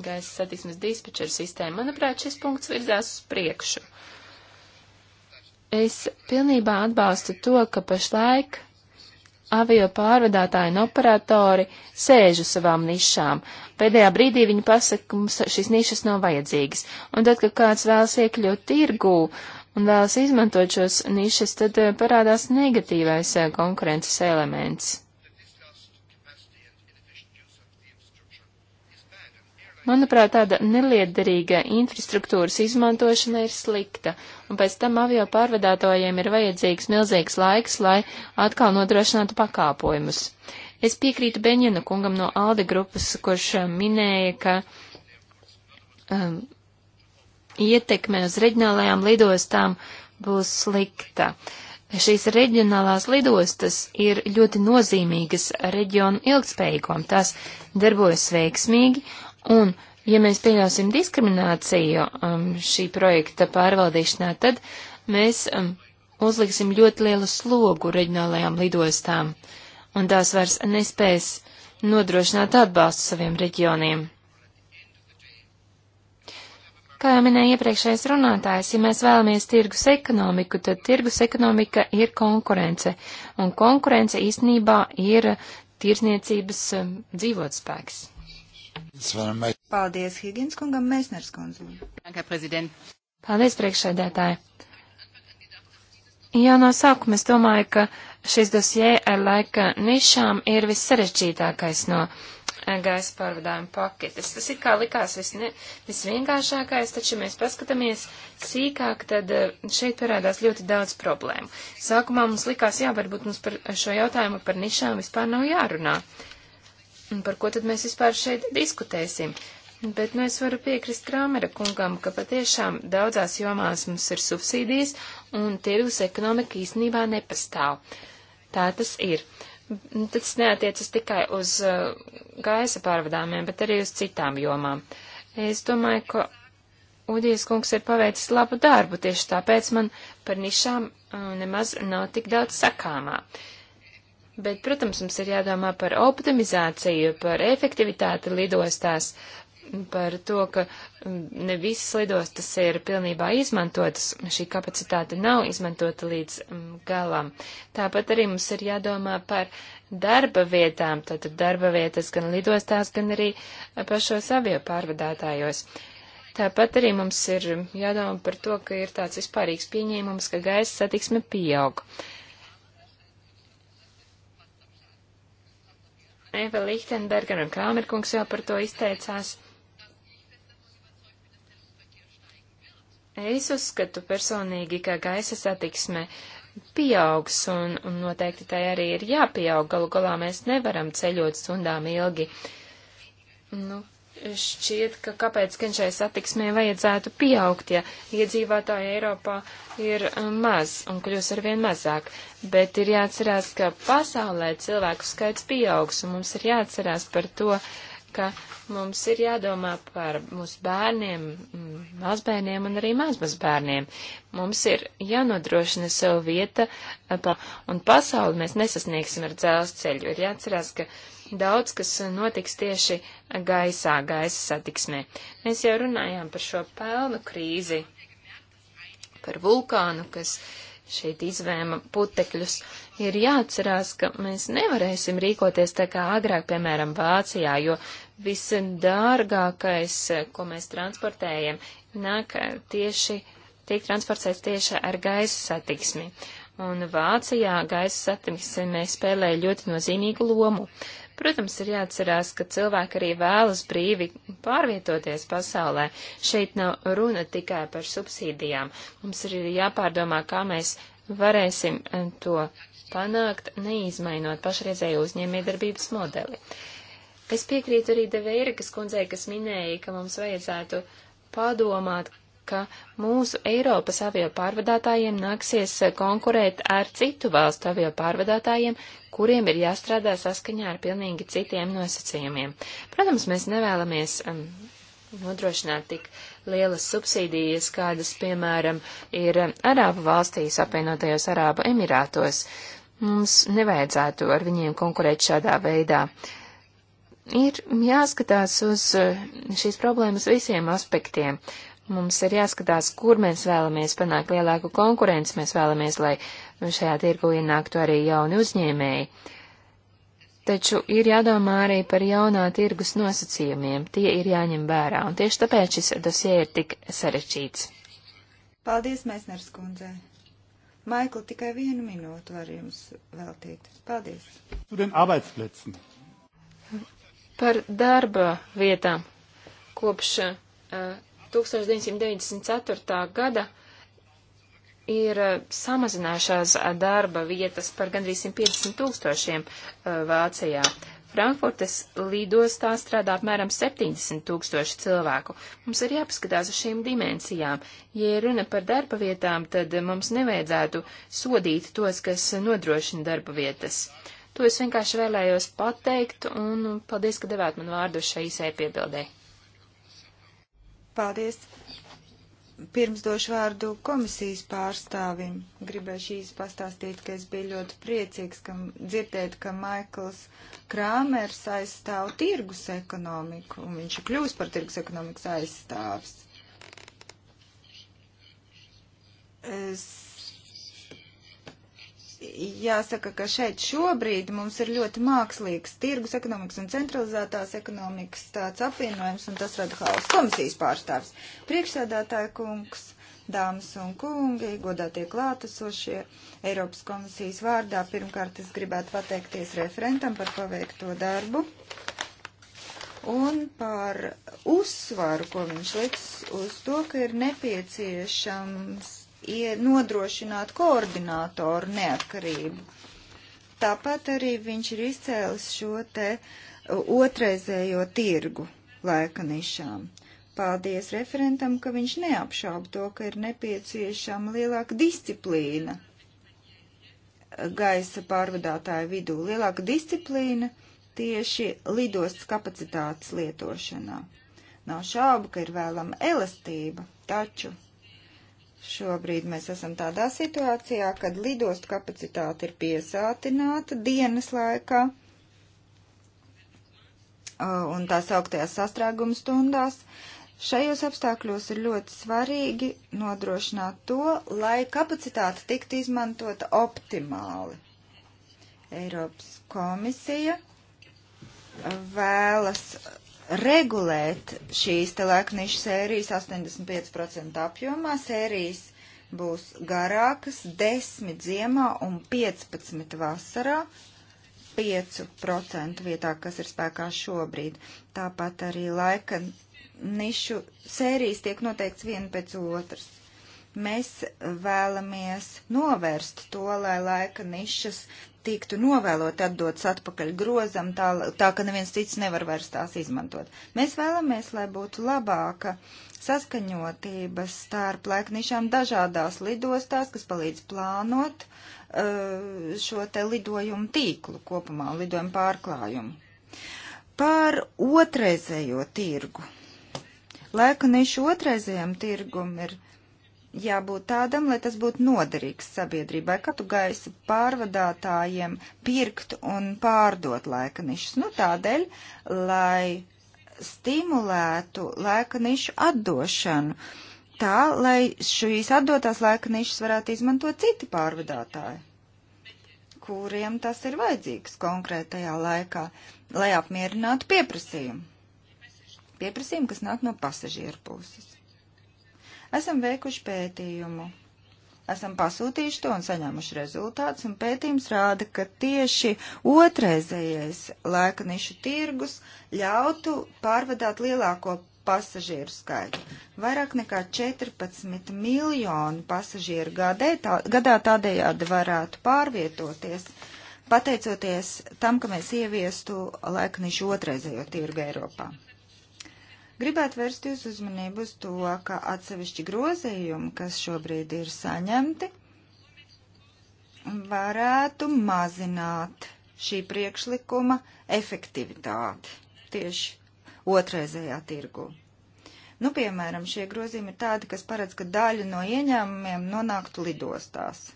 S2: gaisa satiksmes dispečera sistēma. Manuprāt, šis punkts virzās uz priekšu. Es pilnībā atbalstu to, ka pašlaik avio pārvadātāji un operatori sēž uz savām nišām. Pēdējā brīdī viņi pasaka, ka mums šīs nišas nav vajadzīgas. Un tad, kad kāds vēlas iekļūt tirgū un vēlas izmantot šos nišas, tad eh, parādās negatīvais eh, konkurences elements. Manuprāt, tāda neliederīga infrastruktūras izmantošana ir slikta, un pēc tam avio pārvadātojiem ir vajadzīgs milzīgs laiks, lai atkal nodrošinātu pakāpojumus. Es piekrītu Beņina kungam no Alde grupas, kurš eh, minēja, ka um, ietekme uz reģionālajām lidostām būs slikta. Šīs reģionālās lidostas ir ļoti nozīmīgas reģionu ilgspējīgām. Tās darbojas veiksmīgi, Un, ja mēs pieļausim diskrimināciju um, šī projekta pārvaldīšanā, tad mēs um, uzliksim ļoti lielu slogu reģionālajām lidostām, un tās vairs nespēs nodrošināt atbalstu saviem reģioniem. Kā jau minēja iepriekšējais runātājs, ja mēs vēlamies tirgus ekonomiku, tad tirgus ekonomika ir konkurence, un konkurence īstenībā ir tirzniecības
S3: um, dzīvotspēks. Paldies, Higgins kungam, Mēsners konzulim. Paldies, priekšsēdētāji. Jau
S2: no sākuma es domāju, ka šis dosie ar eh, laika nišām ir vissarežģītākais no eh, gaisa pārvadājuma paketes. Tas ir kā likās visne, visvienkāršākais, taču, ja mēs paskatāmies sīkāk, tad eh, šeit parādās ļoti daudz problēmu. Sākumā mums likās, jā, varbūt mums par šo jautājumu par nišām vispār nav jārunā. Un par ko tad mēs vispār šeit diskutēsim? Bet, nu, es varu piekrist Krāmera kungam, ka patiešām daudzās jomās mums ir subsīdijas un tirgus ekonomika īstenībā nepastāv. Tā tas ir. Nu, tas neatiecas tikai uz uh, gaisa pārvadāmiem, bet arī uz citām jomām. Es domāju, ka Udijas kungs ir paveicis labu darbu, tieši tāpēc man par nišām uh, nemaz nav tik daudz sakāmā. Uh, Bet, protams, mums ir jādomā par optimizāciju, par efektivitāti lidostās, par to, ka mm, ne visas lidostas ir pilnībā izmantotas, šī kapacitāte nav izmantota līdz mm, galam. Tāpat arī mums ir jādomā par darba vietām, tātad darba vietas gan lidostās, gan arī pašos avio pārvadātājos. Tāpat arī mums ir jādomā par to, ka ir tāds vispārīgs pieņēmums, ka gaisa satiksme pieaug. Uh, Eva Lichtenberger un Krāmerkungs jau par to izteicās. Es uzskatu personīgi, ka gaisa satiksme pieaugs un, un noteikti tai arī ir jāpieaug. Galu galā mēs nevaram ceļot stundām ilgi. Nu, šķiet, ka kāpēc gan šai satiksmē vajadzētu pieaugt, ja iedzīvotāji Eiropā ir um, maz un kļūs arvien mazāk. Bet ir jāatcerās, ka pasaulē cilvēku skaits pieaugs, un mums ir jāatcerās par to, ka mums ir jādomā par mūsu bērniem, mm, mazbērniem un arī mazmazbērniem. Mums ir jānodrošina sev vieta, un pasauli mēs nesasniegsim ar dzelzceļu. Ir jāatcerās, ka daudz kas notiks tieši gaisā, gaisa satiksmē. Mēs jau runājām par šo pelnu krīzi, par vulkānu, kas šeit izvēma putekļus. Ir jāatcerās, ka mēs nevarēsim rīkoties tā kā agrāk, piemēram, Vācijā, jo visdārgākais, ko mēs transportējam, nāk tieši, tiek transportēts tieši ar gaisa satiksmi. Un Vācijā gaisa satiksme spēlē ļoti nozīmīgu lomu. Uh, Protams, ir jāatcerās, ka cilvēki arī vēlas brīvi pārvietoties pasaulē. Šeit nav runa tikai par subsīdijām. Mums ir jāpārdomā, kā mēs varēsim eh, to panākt, neizmainot pašreizēju uzņēmējdarbības modeli. Es piekrītu arī Deveirikas kundzei, kas minēja, ka mums vajadzētu padomāt, ka mūsu Eiropas avio pārvadātājiem nāksies konkurēt ar citu valstu avio pārvadātājiem, kuriem ir jāstrādā saskaņā ar pilnīgi citiem nosacījumiem. Protams, mēs nevēlamies um, nodrošināt tik lielas subsīdijas, kādas, piemēram, ir Arābu valstīs apvienotajos Arābu Emirātos. Mums nevajadzētu ar viņiem konkurēt šādā veidā ir jāskatās uz uh, šīs problēmas visiem aspektiem. Mums ir jāskatās, kur mēs vēlamies panākt lielāku konkurenci, mēs vēlamies, lai šajā tirgu ienāktu arī jauni uzņēmēji. Taču ir jādomā arī par jaunā tirgus nosacījumiem, tie ir jāņem vērā, un tieši tāpēc šis dosie ir tik sarečīts.
S3: Paldies, Mēsners kundze. Maikl, tikai vienu minūtu var jums veltīt. Paldies. Par darba vietām kopš uh,
S2: 1994. gada ir eh, samazinājušās eh, darba vietas par gandrīz 150 tūkstošiem eh, Vācijā. Frankfurtes lidostā strādā apmēram 70 tūkstoši cilvēku. Mums ir jāpaskatās uz šīm dimensijām. Ja runa par darba vietām, tad mums nevajadzētu sodīt tos, kas nodrošina darba vietas. To es vienkārši vēlējos pateikt, un
S3: paldies, ka devāt man vārdu šai īsai piebildēji. Paldies! Pirms došu vārdu komisijas pārstāvim. Gribēju šīs pastāstīt, ka es biju ļoti priecīgs, ka dzirdēt, ka Maikls Krāmers aizstāv tirgus ekonomiku, un viņš ir kļūst par tirgus ekonomikas aizstāvs. Es jāsaka, ka šeit šobrīd mums ir ļoti mākslīgs tirgus ekonomikas un centralizētās ekonomikas tāds apvienojums, un tas rada haus komisijas pārstāvis. Priekšsēdētāja kungs, dāmas un kungi, godātie klātesošie, Eiropas komisijas vārdā pirmkārt es gribētu pateikties referentam par paveikto darbu un par uzsvaru, ko viņš liks uz to, ka ir nepieciešams nodrošināt koordinātoru neatkarību. Tāpat arī viņš ir izcēlis šo te otrreizējo tirgu laika nišām. Paldies referentam, ka viņš neapšaub to, ka ir nepieciešama lielāka disciplīna gaisa pārvadātāju vidū, lielāka disciplīna tieši lidostas kapacitātes lietošanā. Nav šaubu, ka ir vēlama elastība, taču Šobrīd mēs esam tādā situācijā, kad lidostu kapacitāte ir piesātināta dienas laikā un tās augtajās sastrēguma stundās. Šajos apstākļos ir ļoti svarīgi nodrošināt to, lai kapacitāte tiktu izmantota optimāli. Eiropas komisija vēlas regulēt šīs te lēknišu sērijas 85% apjomā. Sērijas būs garākas 10 ziemā un 15 vasarā, 5% vietā, kas ir spēkā šobrīd. Tāpat arī laika nišu sērijas tiek noteikts viena pēc otras. Mēs vēlamies novērst to, lai laika nišas tiktu novēlot atdots atpakaļ grozam, tā, tā ka neviens cits nevar vairs tās izmantot. Mēs vēlamies, lai būtu labāka saskaņotība starp laiknišām dažādās lidostās, kas palīdz plānot uh, šo te lidojumu tīklu kopumā, lidojumu pārklājumu. Par otrreizējo tirgu. Laika nišu otrreizējam tirgum ir jābūt tādam, lai tas būtu noderīgs sabiedrībai, ka tu gaisa pārvadātājiem pirkt un pārdot laikanišus. Nu, tādēļ, lai stimulētu laikanišu atdošanu, tā, lai šīs atdotās laikanišas varētu izmantot citi pārvadātāji, kuriem tas ir vajadzīgs konkrētajā laikā, lai apmierinātu pieprasījumu. Pieprasījumu, kas nāk no pasažieru puses. Esam veikuši pētījumu. Esam pasūtījuši to un saņēmuši rezultātus, un pētījums rāda, ka tieši otrreizējais lēkanišu tirgus ļautu pārvadāt lielāko pasažieru skaitu. Vairāk nekā 14 miljonu pasažieru gadē, tā, gadā tādējādi varētu pārvietoties, pateicoties tam, ka mēs ieviestu laiknišu otrreizējo tirgu Eiropā. Gribētu vērst jūs uzmanību uz to, ka atsevišķi grozījumi, kas šobrīd ir saņemti, varētu mazināt šī priekšlikuma efektivitāti tieši otrreizējā tirgu. Nu, piemēram, šie grozījumi ir tādi, kas paredz, ka daļa no ieņēmumiem nonāktu lidostās.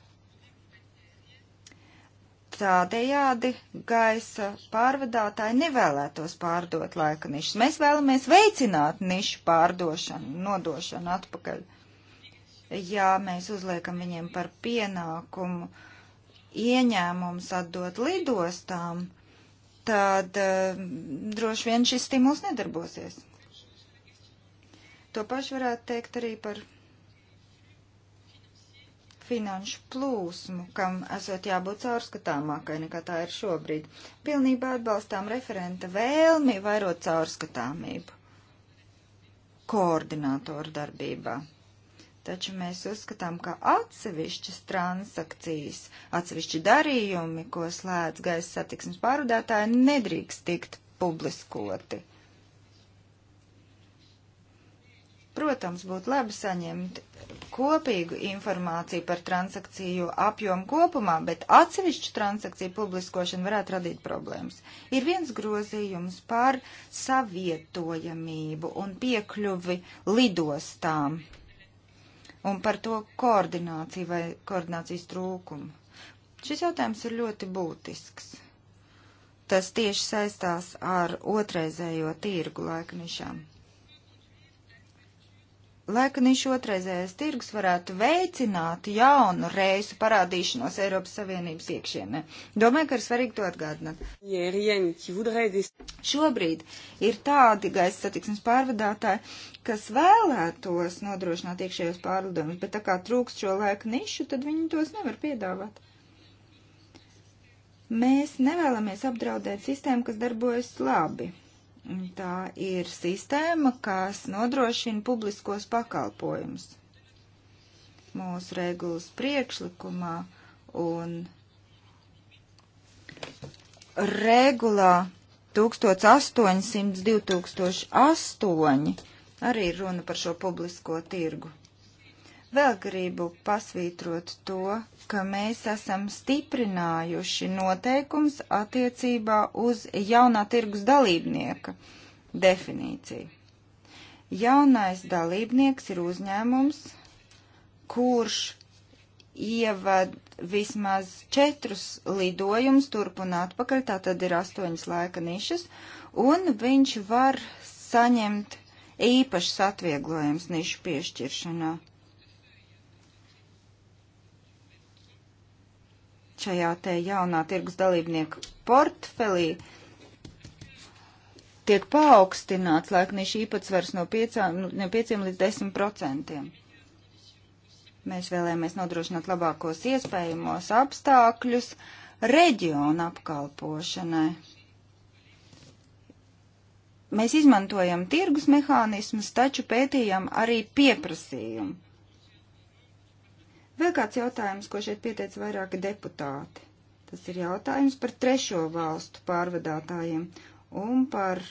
S3: Tādējādi gaisa pārvadātāji nevēlētos pārdot laika nišas. Mēs vēlamies veicināt nišu pārdošanu, nodošanu atpakaļ. Ja mēs uzliekam viņiem par pienākumu ieņēmums atdot lidostām, tad uh, droši vien šis stimuls nedarbosies. To pašu varētu teikt arī par finanšu plūsmu, kam esot jābūt caurskatāmākai nekā tā ir šobrīd. Pilnībā atbalstām referenta vēlmi vairot caurskatāmību koordinātoru darbībā. Taču mēs uzskatām, ka atsevišķas transakcijas, atsevišķi darījumi, ko slēdz gaisa satiksmes pārvadātāji, nedrīkst tikt publiskoti. Protams, būtu labi saņemt kopīgu informāciju par transakciju apjomu kopumā, bet atsevišķu transakciju publiskošana varētu radīt problēmas. Ir viens grozījums par savietojamību un piekļuvi lidostām un par to koordināciju vai koordinācijas trūkumu. Šis jautājums ir ļoti būtisks. Tas tieši saistās ar otrreizējo tirgu laiknišām. Laikanīšu otraizējais tirgus varētu veicināt jaunu reisu parādīšanos Eiropas Savienības iekšienē. Domāju, ka ir svarīgi to atgādināt. Šobrīd ir tādi gaisa satiksmes pārvadātāji, kas vēlētos nodrošināt iekšējos pārlidojumus, bet tā kā trūkst šo laika nišu, tad viņi tos nevar piedāvāt. Mēs nevēlamies apdraudēt sistēmu, kas darbojas labi Tā ir sistēma, kas nodrošina publiskos pakalpojumus. Mūsu regulas priekšlikumā un regulā 1800-2008 arī runa par šo publisko tirgu. Vēl gribu pasvītrot to, ka mēs esam stiprinājuši noteikums attiecībā uz jaunā tirgus dalībnieka definīciju. Jaunais dalībnieks ir uzņēmums, kurš ievad vismaz četrus lidojumus turp un atpakaļ, tā tad ir astoņas laika nišas, un viņš var saņemt īpašas atvieglojums nišu piešķiršanā. šajā te jaunā tirgus dalībnieku portfelī tiek paaugstināts laiknīšu īpatsvars no 5, nu, no 5 līdz 10 procentiem. Mēs vēlējāmies nodrošināt labākos iespējamos apstākļus reģionu apkalpošanai. Mēs izmantojam tirgus mehānismus, taču pētījam arī pieprasījumu. Vēl kāds jautājums, ko šeit pieteica vairāki deputāti. Tas ir jautājums par trešo valstu pārvadātājiem un par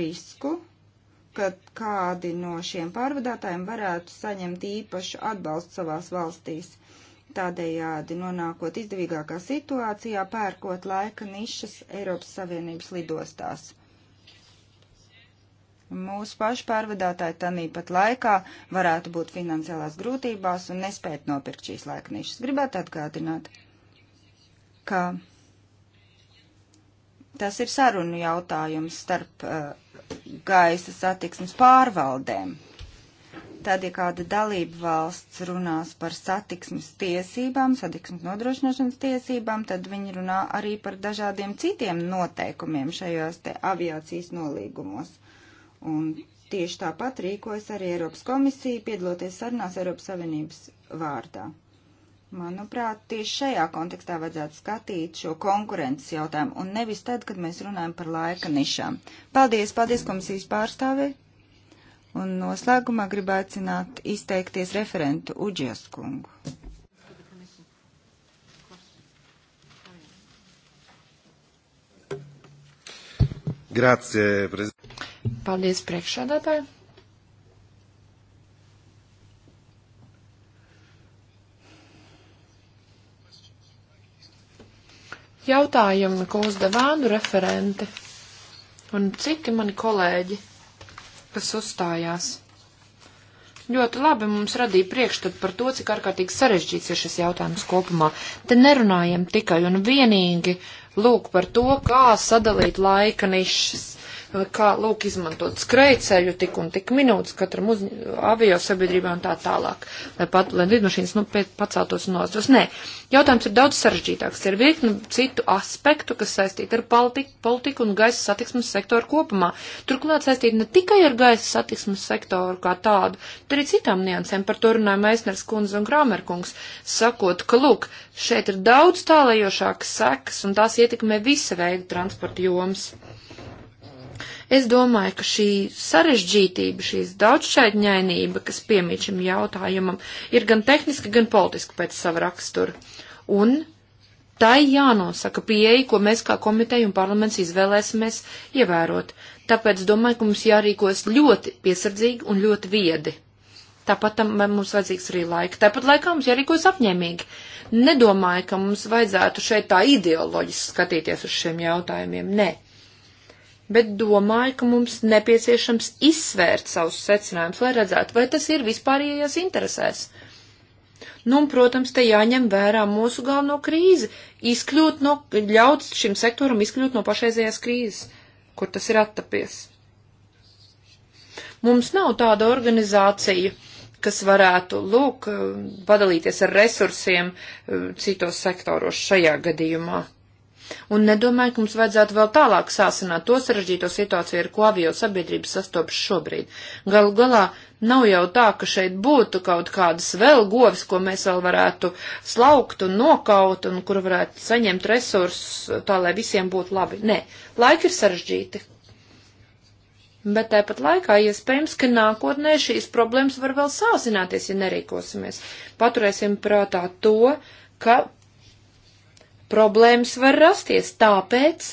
S3: risku, ka kādi no šiem pārvadātājiem varētu saņemt īpašu atbalstu savās valstīs. Tādējādi nonākot izdevīgākā situācijā, pērkot laika nišas Eiropas Savienības lidostās mūsu pašu pārvadātāji tanīpat laikā varētu būt finansiālās grūtībās un nespēt nopirkt šīs laiknišas. Gribētu atgādināt, ka tas ir sarunu jautājums starp uh, gaisa satiksmes pārvaldēm. Tad, ja kāda dalība valsts runās par satiksmes tiesībām, satiksmes nodrošināšanas tiesībām, tad viņi runā arī par dažādiem citiem noteikumiem šajos te aviācijas nolīgumos. Uh, Un tieši tāpat rīkojas arī Eiropas komisija, piedaloties sarunās Eiropas Savienības vārdā. Manuprāt, tieši šajā kontekstā vajadzētu skatīt šo konkurences jautājumu, un nevis tad, kad mēs runājam par laika nišām. Paldies, paldies komisijas pārstāvē, un noslēgumā gribētu aicināt izteikties referentu Uģies kungu. Grācie, prezident.
S1: Paldies, priekšādātāji. Jautājumi, ko uzdeva Ānu referenti un citi mani kolēģi, kas uzstājās ļoti labi mums radīja priekšstatu par to, cik ārkārtīgi sarežģīts ir šis jautājums kopumā. Te nerunājam tikai un vienīgi lūk par to, kā sadalīt laika nišas kā, lūk, izmantot skrejceļu tik un tik minūtes katram uz avio sabiedrībā un tā tālāk, lai, pat, lai lidmašīnas, nu, paceltos un nostos. Nē, jautājums ir daudz sarežģītāks. Ir virkni citu aspektu, kas saistīti ar politiku, politiku un gaisa satiksmes sektoru kopumā. Turklāt saistīti ne tikai ar gaisa satiksmes sektoru kā tādu, bet arī citām niansēm. Par to runāja Meisners kundze un Kramerkungs, sakot, ka, lūk, šeit ir daudz tālējošākas sekas un tās ietekmē visa veida transporta jomas. Es domāju, ka šī sarežģītība, šīs daudzšķaitņainība, kas piemīt šim jautājumam, ir gan tehniski, gan politiski pēc sava rakstura. Un tai jānosaka pieeja, ko mēs kā komiteja un parlaments izvēlēsimies ievērot. Tāpēc domāju, ka mums jārīkos ļoti piesardzīgi un ļoti viedi. Tāpat tam mums vajadzīgs arī laika. Tāpat laikā mums jārīkojas apņēmīgi. Nedomāju, ka mums vajadzētu šeit tā ideoloģiski skatīties uz šiem jautājumiem. Nē bet domāju, ka mums nepieciešams izsvērt savus secinājumus, lai redzētu, vai tas ir vispārējās interesēs. Nu, un, protams, te jāņem vērā mūsu galveno krīzi, izkļūt no, ļaut šim sektoram izkļūt no pašreizējās krīzes, kur tas ir attapies. Mums nav tāda organizācija, kas varētu, lūk, padalīties ar resursiem eh, citos sektoros šajā gadījumā un nedomāju, ka mums vajadzētu vēl tālāk sāsināt to sarežģīto situāciju, ar ko avio sabiedrības sastopas šobrīd. Galu galā nav jau tā, ka šeit būtu kaut kādas vēl govis, ko mēs vēl varētu slaukt un nokaut un kur varētu saņemt resursus tā, lai visiem būtu labi. Nē, laiki ir sarežģīti. Bet tāpat laikā iespējams, ka nākotnē šīs problēmas var vēl sāsināties, ja nerīkosimies. Paturēsim prātā to, ka problēmas var rasties. Tāpēc,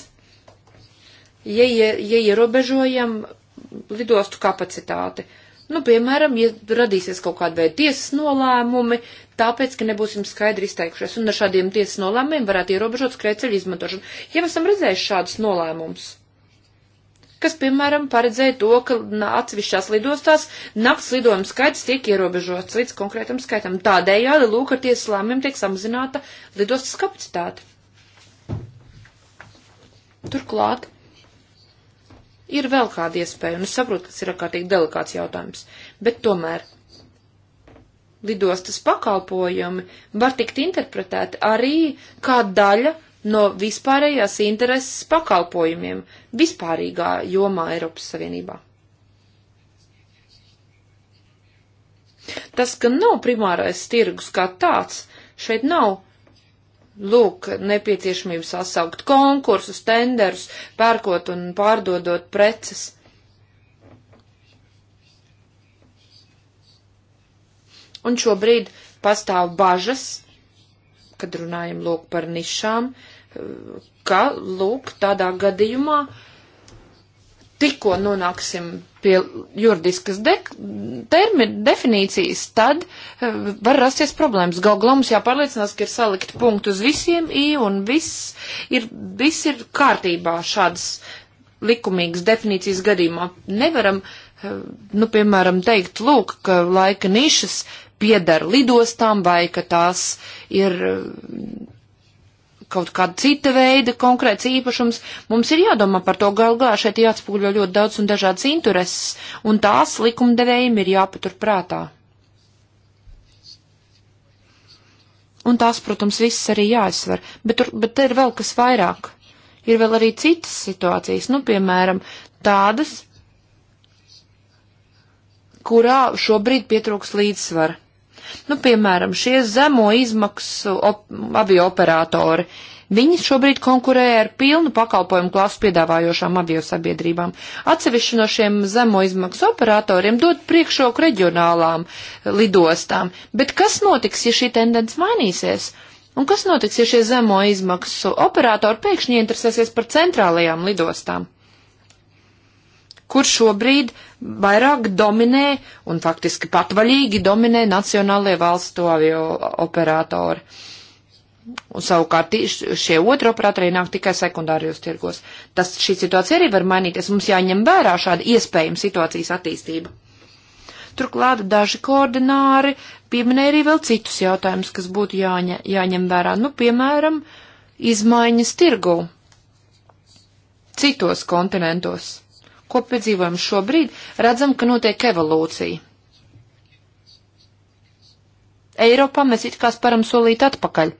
S1: ja, ja, ja ierobežojam lidostu kapacitāti, nu, piemēram, ja radīsies kaut kāda veida tiesas nolēmumi, tāpēc, ka nebūsim skaidri izteikušies, un ar šādiem tiesas nolēmumiem varētu ierobežot skrējceļu izmantošanu. Ja mēs esam redzējuši šādus nolēmumus, kas, piemēram, paredzēja to, ka atsevišķās lidostās nakts lidojuma skaits tiek ierobežots līdz konkrētam skaitam. Tādējādi, lūk, ar tiesas lēmumiem tiek samazināta lidostas kapacitāte. Turklāt ir vēl kāda iespēja, un es saprotu, tas ir ārkārtīgi delikāts jautājums, bet tomēr lidostas pakalpojumi var tikt interpretēti arī kā daļa no vispārējās intereses pakalpojumiem vispārīgā jomā Eiropas Savienībā. Tas, ka nav primārais tirgus kā tāds, šeit nav, lūk, nepieciešamības sasaukt konkursus, tenderus, pērkot un pārdodot preces. Un šobrīd pastāv bažas, kad runājam lūk par nišām, uh, ka, lūk, tādā gadījumā tikko nonāksim pie juridiskas de termi, definīcijas, tad uh, var rasties problēmas. Galvā mums jāpārliecinās, ka ir salikt punktu uz visiem i un viss ir, viss ir kārtībā šādas likumīgas definīcijas gadījumā. Nevaram, uh, nu, piemēram, teikt, lūk, ka laika nišas piedara lidostām vai ka tās ir. Uh, kaut kāda cita veida konkrēts īpašums, mums ir jādomā par to galu galā. Šeit jāatspūļo ļoti daudz un dažādas intereses, un tās likumdevējiem ir jāpatur prātā. Un tās, protams, viss arī jāizsver, bet, tur, bet te ir vēl kas vairāk. Ir vēl arī citas situācijas, nu, piemēram, tādas, kurā šobrīd pietrūks līdzsvara. Nu, piemēram, šie zemo izmaksu op avio operatori. Viņi šobrīd konkurē ar pilnu pakalpojumu klasu piedāvājošām aviosabiedrībām. Atsevišķi no šiem zemo izmaksu operatoriem dod priekšroku reģionālām lidostām. Bet kas notiks, ja šī tendence mainīsies? Un kas notiks, ja šie zemo izmaksu operatori pēkšņi interesēsies par centrālajām lidostām? Kur šobrīd uh, vairāk dominē un faktiski patvaļīgi dominē nacionālajie valstu avio operatori. Un savukārt šie otri operatori nāk tikai sekundārijos tirgos. Tas šī situācija arī var mainīties. Mums jāņem vērā šāda iespējama situācijas attīstība. Turklāt daži koordināri pieminēja arī vēl citus jautājumus, kas būtu jāņa, jāņem vērā. Nu, piemēram, izmaiņas tirgū citos kontinentos ko piedzīvojam šobrīd, redzam, ka notiek evolūcija. Eiropā mēs it kā sparam solīt atpakaļ.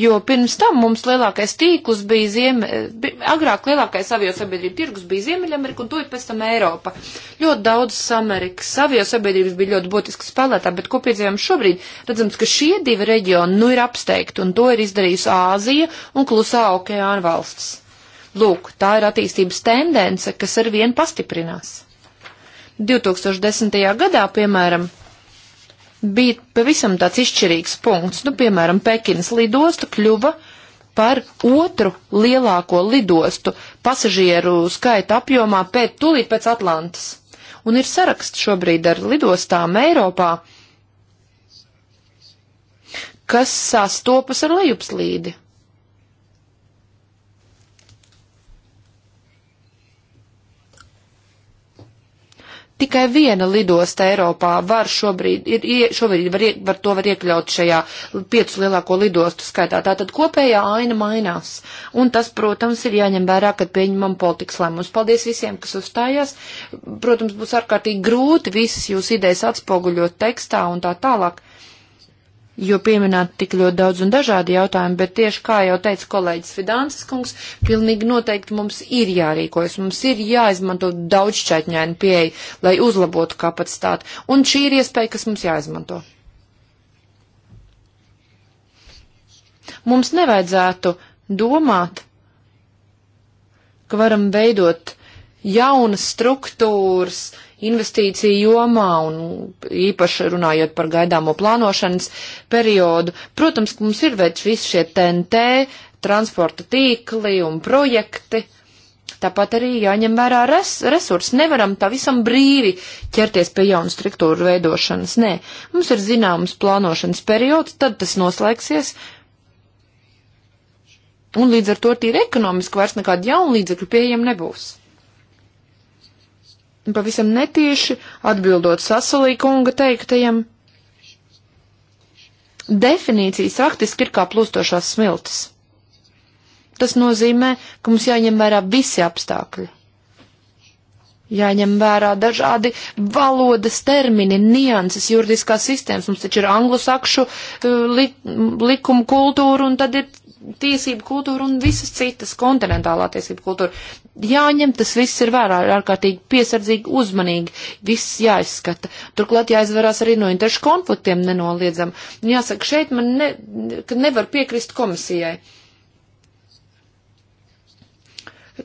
S1: Jo pirms tam mums lielākais tīkls bija Zieme, agrāk lielākais avio sabiedrība tirgus bija Ziemeļamerika un to ir pēc tam Eiropa. Ļoti daudz Amerikas avio sabiedrības bija ļoti būtiski spēlētā, bet ko piedzīvām šobrīd, redzams, ka šie divi reģioni nu ir apsteigti un to ir izdarījusi Āzija un klusā okeāna valsts. Lūk, tā ir attīstības tendence, kas ar vien pastiprinās. 2010. gadā, piemēram, bija pavisam tāds izšķirīgs punkts, nu, piemēram, Pekinas lidosta kļuva par otru lielāko lidostu pasažieru skaita apjomā pēc tūlīt pēc Atlantas. Un ir saraksts šobrīd ar lidostām Eiropā, kas sastopas ar lejupslīdi. Tikai viena lidosta Eiropā var šobrīd, ir, šobrīd var, var to var iekļaut šajā piecu lielāko lidostu skaitā. Tātad kopējā aina mainās. Un tas, protams, ir jāņem vērā, kad pieņemam politikas lēmumus. Paldies visiem, kas uzstājās. Protams, būs ārkārtīgi grūti visas jūs idejas atspoguļot tekstā un tā tālāk. Uh, jo pieminēt tik ļoti daudz un dažādi jautājumi, bet tieši kā jau teica kolēģis Fidānces kungs, pilnīgi noteikti mums ir jārīkojas, mums ir jāizmanto daudzšķaitņaini pieeja, lai uzlabotu kapacitāti, un šī ir iespēja, kas mums jāizmanto. Mums nevajadzētu domāt, ka varam veidot jaunas struktūras, uh, investīciju jomā un īpaši runājot par gaidāmo plānošanas periodu. Protams, ka mums ir veids visi šie TNT, transporta tīkli un projekti. Tāpat arī jāņem vērā res, resursi. Nevaram tā visam brīvi ķerties pie jaunu struktūru veidošanas. Nē, mums ir zināms plānošanas periods, tad tas noslēgsies. Un līdz ar to tīri ekonomiski vairs nekāda jauna līdzekļu pieejama nebūs. Un pavisam netieši atbildot Sasolī kunga teiktajam, definīcijas faktiski ir kā plūstošās smiltis. Tas nozīmē, ka mums jāņem vērā visi apstākļi. Jāņem vērā dažādi valodas termini, nianses, juridiskās sistēmas. Mums taču ir anglosakšu eh, li, likuma kultūra un tad ir tiesību kultūra un visas citas kontinentālā tiesību kultūra. Jāņem tas viss ir vērā ārkārtīgi piesardzīgi, uzmanīgi, viss jāizskata. Turklāt jāizvarās arī no interešu konfliktiem nenoliedzam. Jāsaka, šeit man ne, nevar piekrist komisijai. Uh,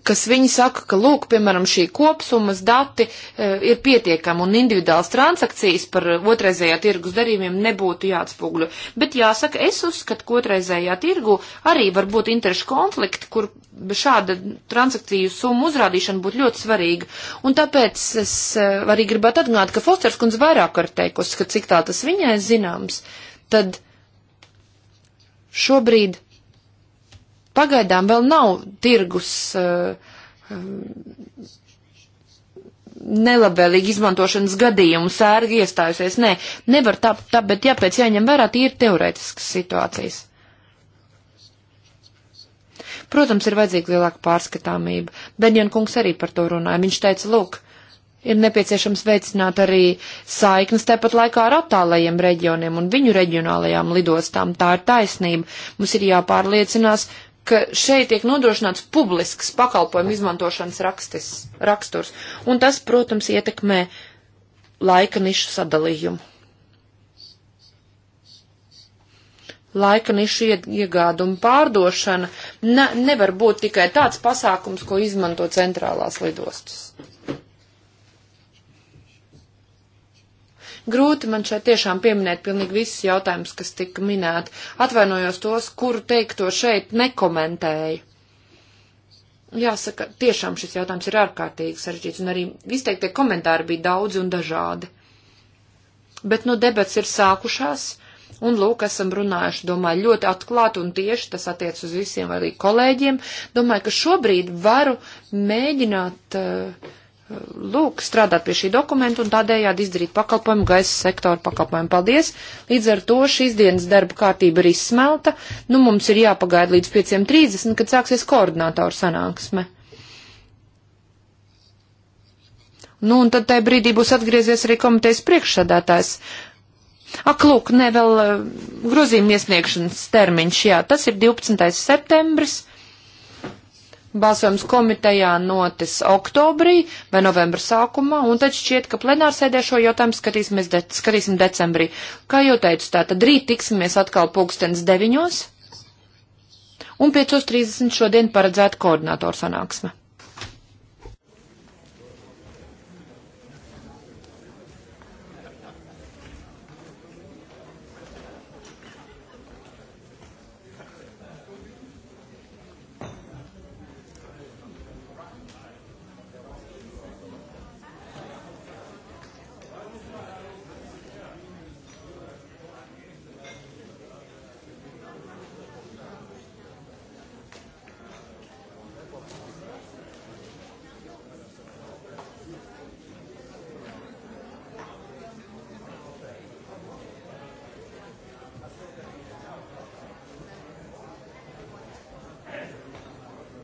S1: kas viņi saka, ka, lūk, piemēram, šī kopsummas dati e, ir pietiekami un individuāls transakcijas par otrreizējā tirgus darījumiem nebūtu jāatspūgļo. Bet jāsaka, es uzskatu, ka otrreizējā tirgu arī var būt interešu konflikti, kur šāda transakciju summa uzrādīšana būtu ļoti svarīga. Un tāpēc es e, arī gribētu atgādāt, ka Fosters kundze vairāk ar teikusi, ka cik tā tas viņai zināms, tad šobrīd Pagaidām vēl nav tirgus eh, nelabvēlīgi izmantošanas gadījumu sērgi iestājusies. Nē, nevar tā, tā bet jāpēc jāņem vērā tīri teorētiskas situācijas. Protams, ir vajadzīga lielāka pārskatāmība. Benjana kungs arī par to runāja. Viņš teica, lūk, ir nepieciešams veicināt arī saiknes tepat laikā ar attālajiem reģioniem un viņu reģionālajām lidostām. Tā ir taisnība. Mums ir jāpārliecinās, ka šeit tiek nodrošināts publisks pakalpojumu izmantošanas rakstis, raksturs, un tas, protams, ietekmē laika nišu sadalījumu. Laika nišu iegādu un pārdošana ne, nevar būt tikai tāds pasākums, ko izmanto centrālās lidostas. Grūti man šeit tiešām pieminēt pilnīgi visus jautājumus, kas tika minēti. Atvainojos tos, kuru teikto šeit nekomentēju. Jāsaka, tiešām šis jautājums ir ārkārtīgi sarežģīts, un arī izteiktie komentāri bija daudz un dažādi. Bet, nu, debats ir sākušās. Un, lūk, esam runājuši, domāju, ļoti atklāti un tieši tas attiec uz visiem arī kolēģiem. Domāju, ka šobrīd varu mēģināt uh, lūk, strādāt pie šī dokumenta un tādējādi izdarīt pakalpojumu gaisa sektoru pakalpojumu. Paldies! Līdz ar to šīs dienas darba kārtība ir izsmelta. Nu, mums ir jāpagaida līdz 5.30, kad sāksies koordinātoru sanāksme. Nu, un tad tajā brīdī būs atgriezies arī komitejas priekšsādātājs. Ak, lūk, ne vēl eh, grozījuma iesniegšanas termiņš, jā, tas ir 12. septembris. Balsojums komitejā notis oktobrī vai novembra sākumā, un tad šķiet, ka plenārsēdē šo jautājumu de skatīsim decembrī. Kā jau teicu, tā tad rīt tiksimies atkal pulkstens deviņos, un 5.30 šodien paredzēta koordinātora sanāksme.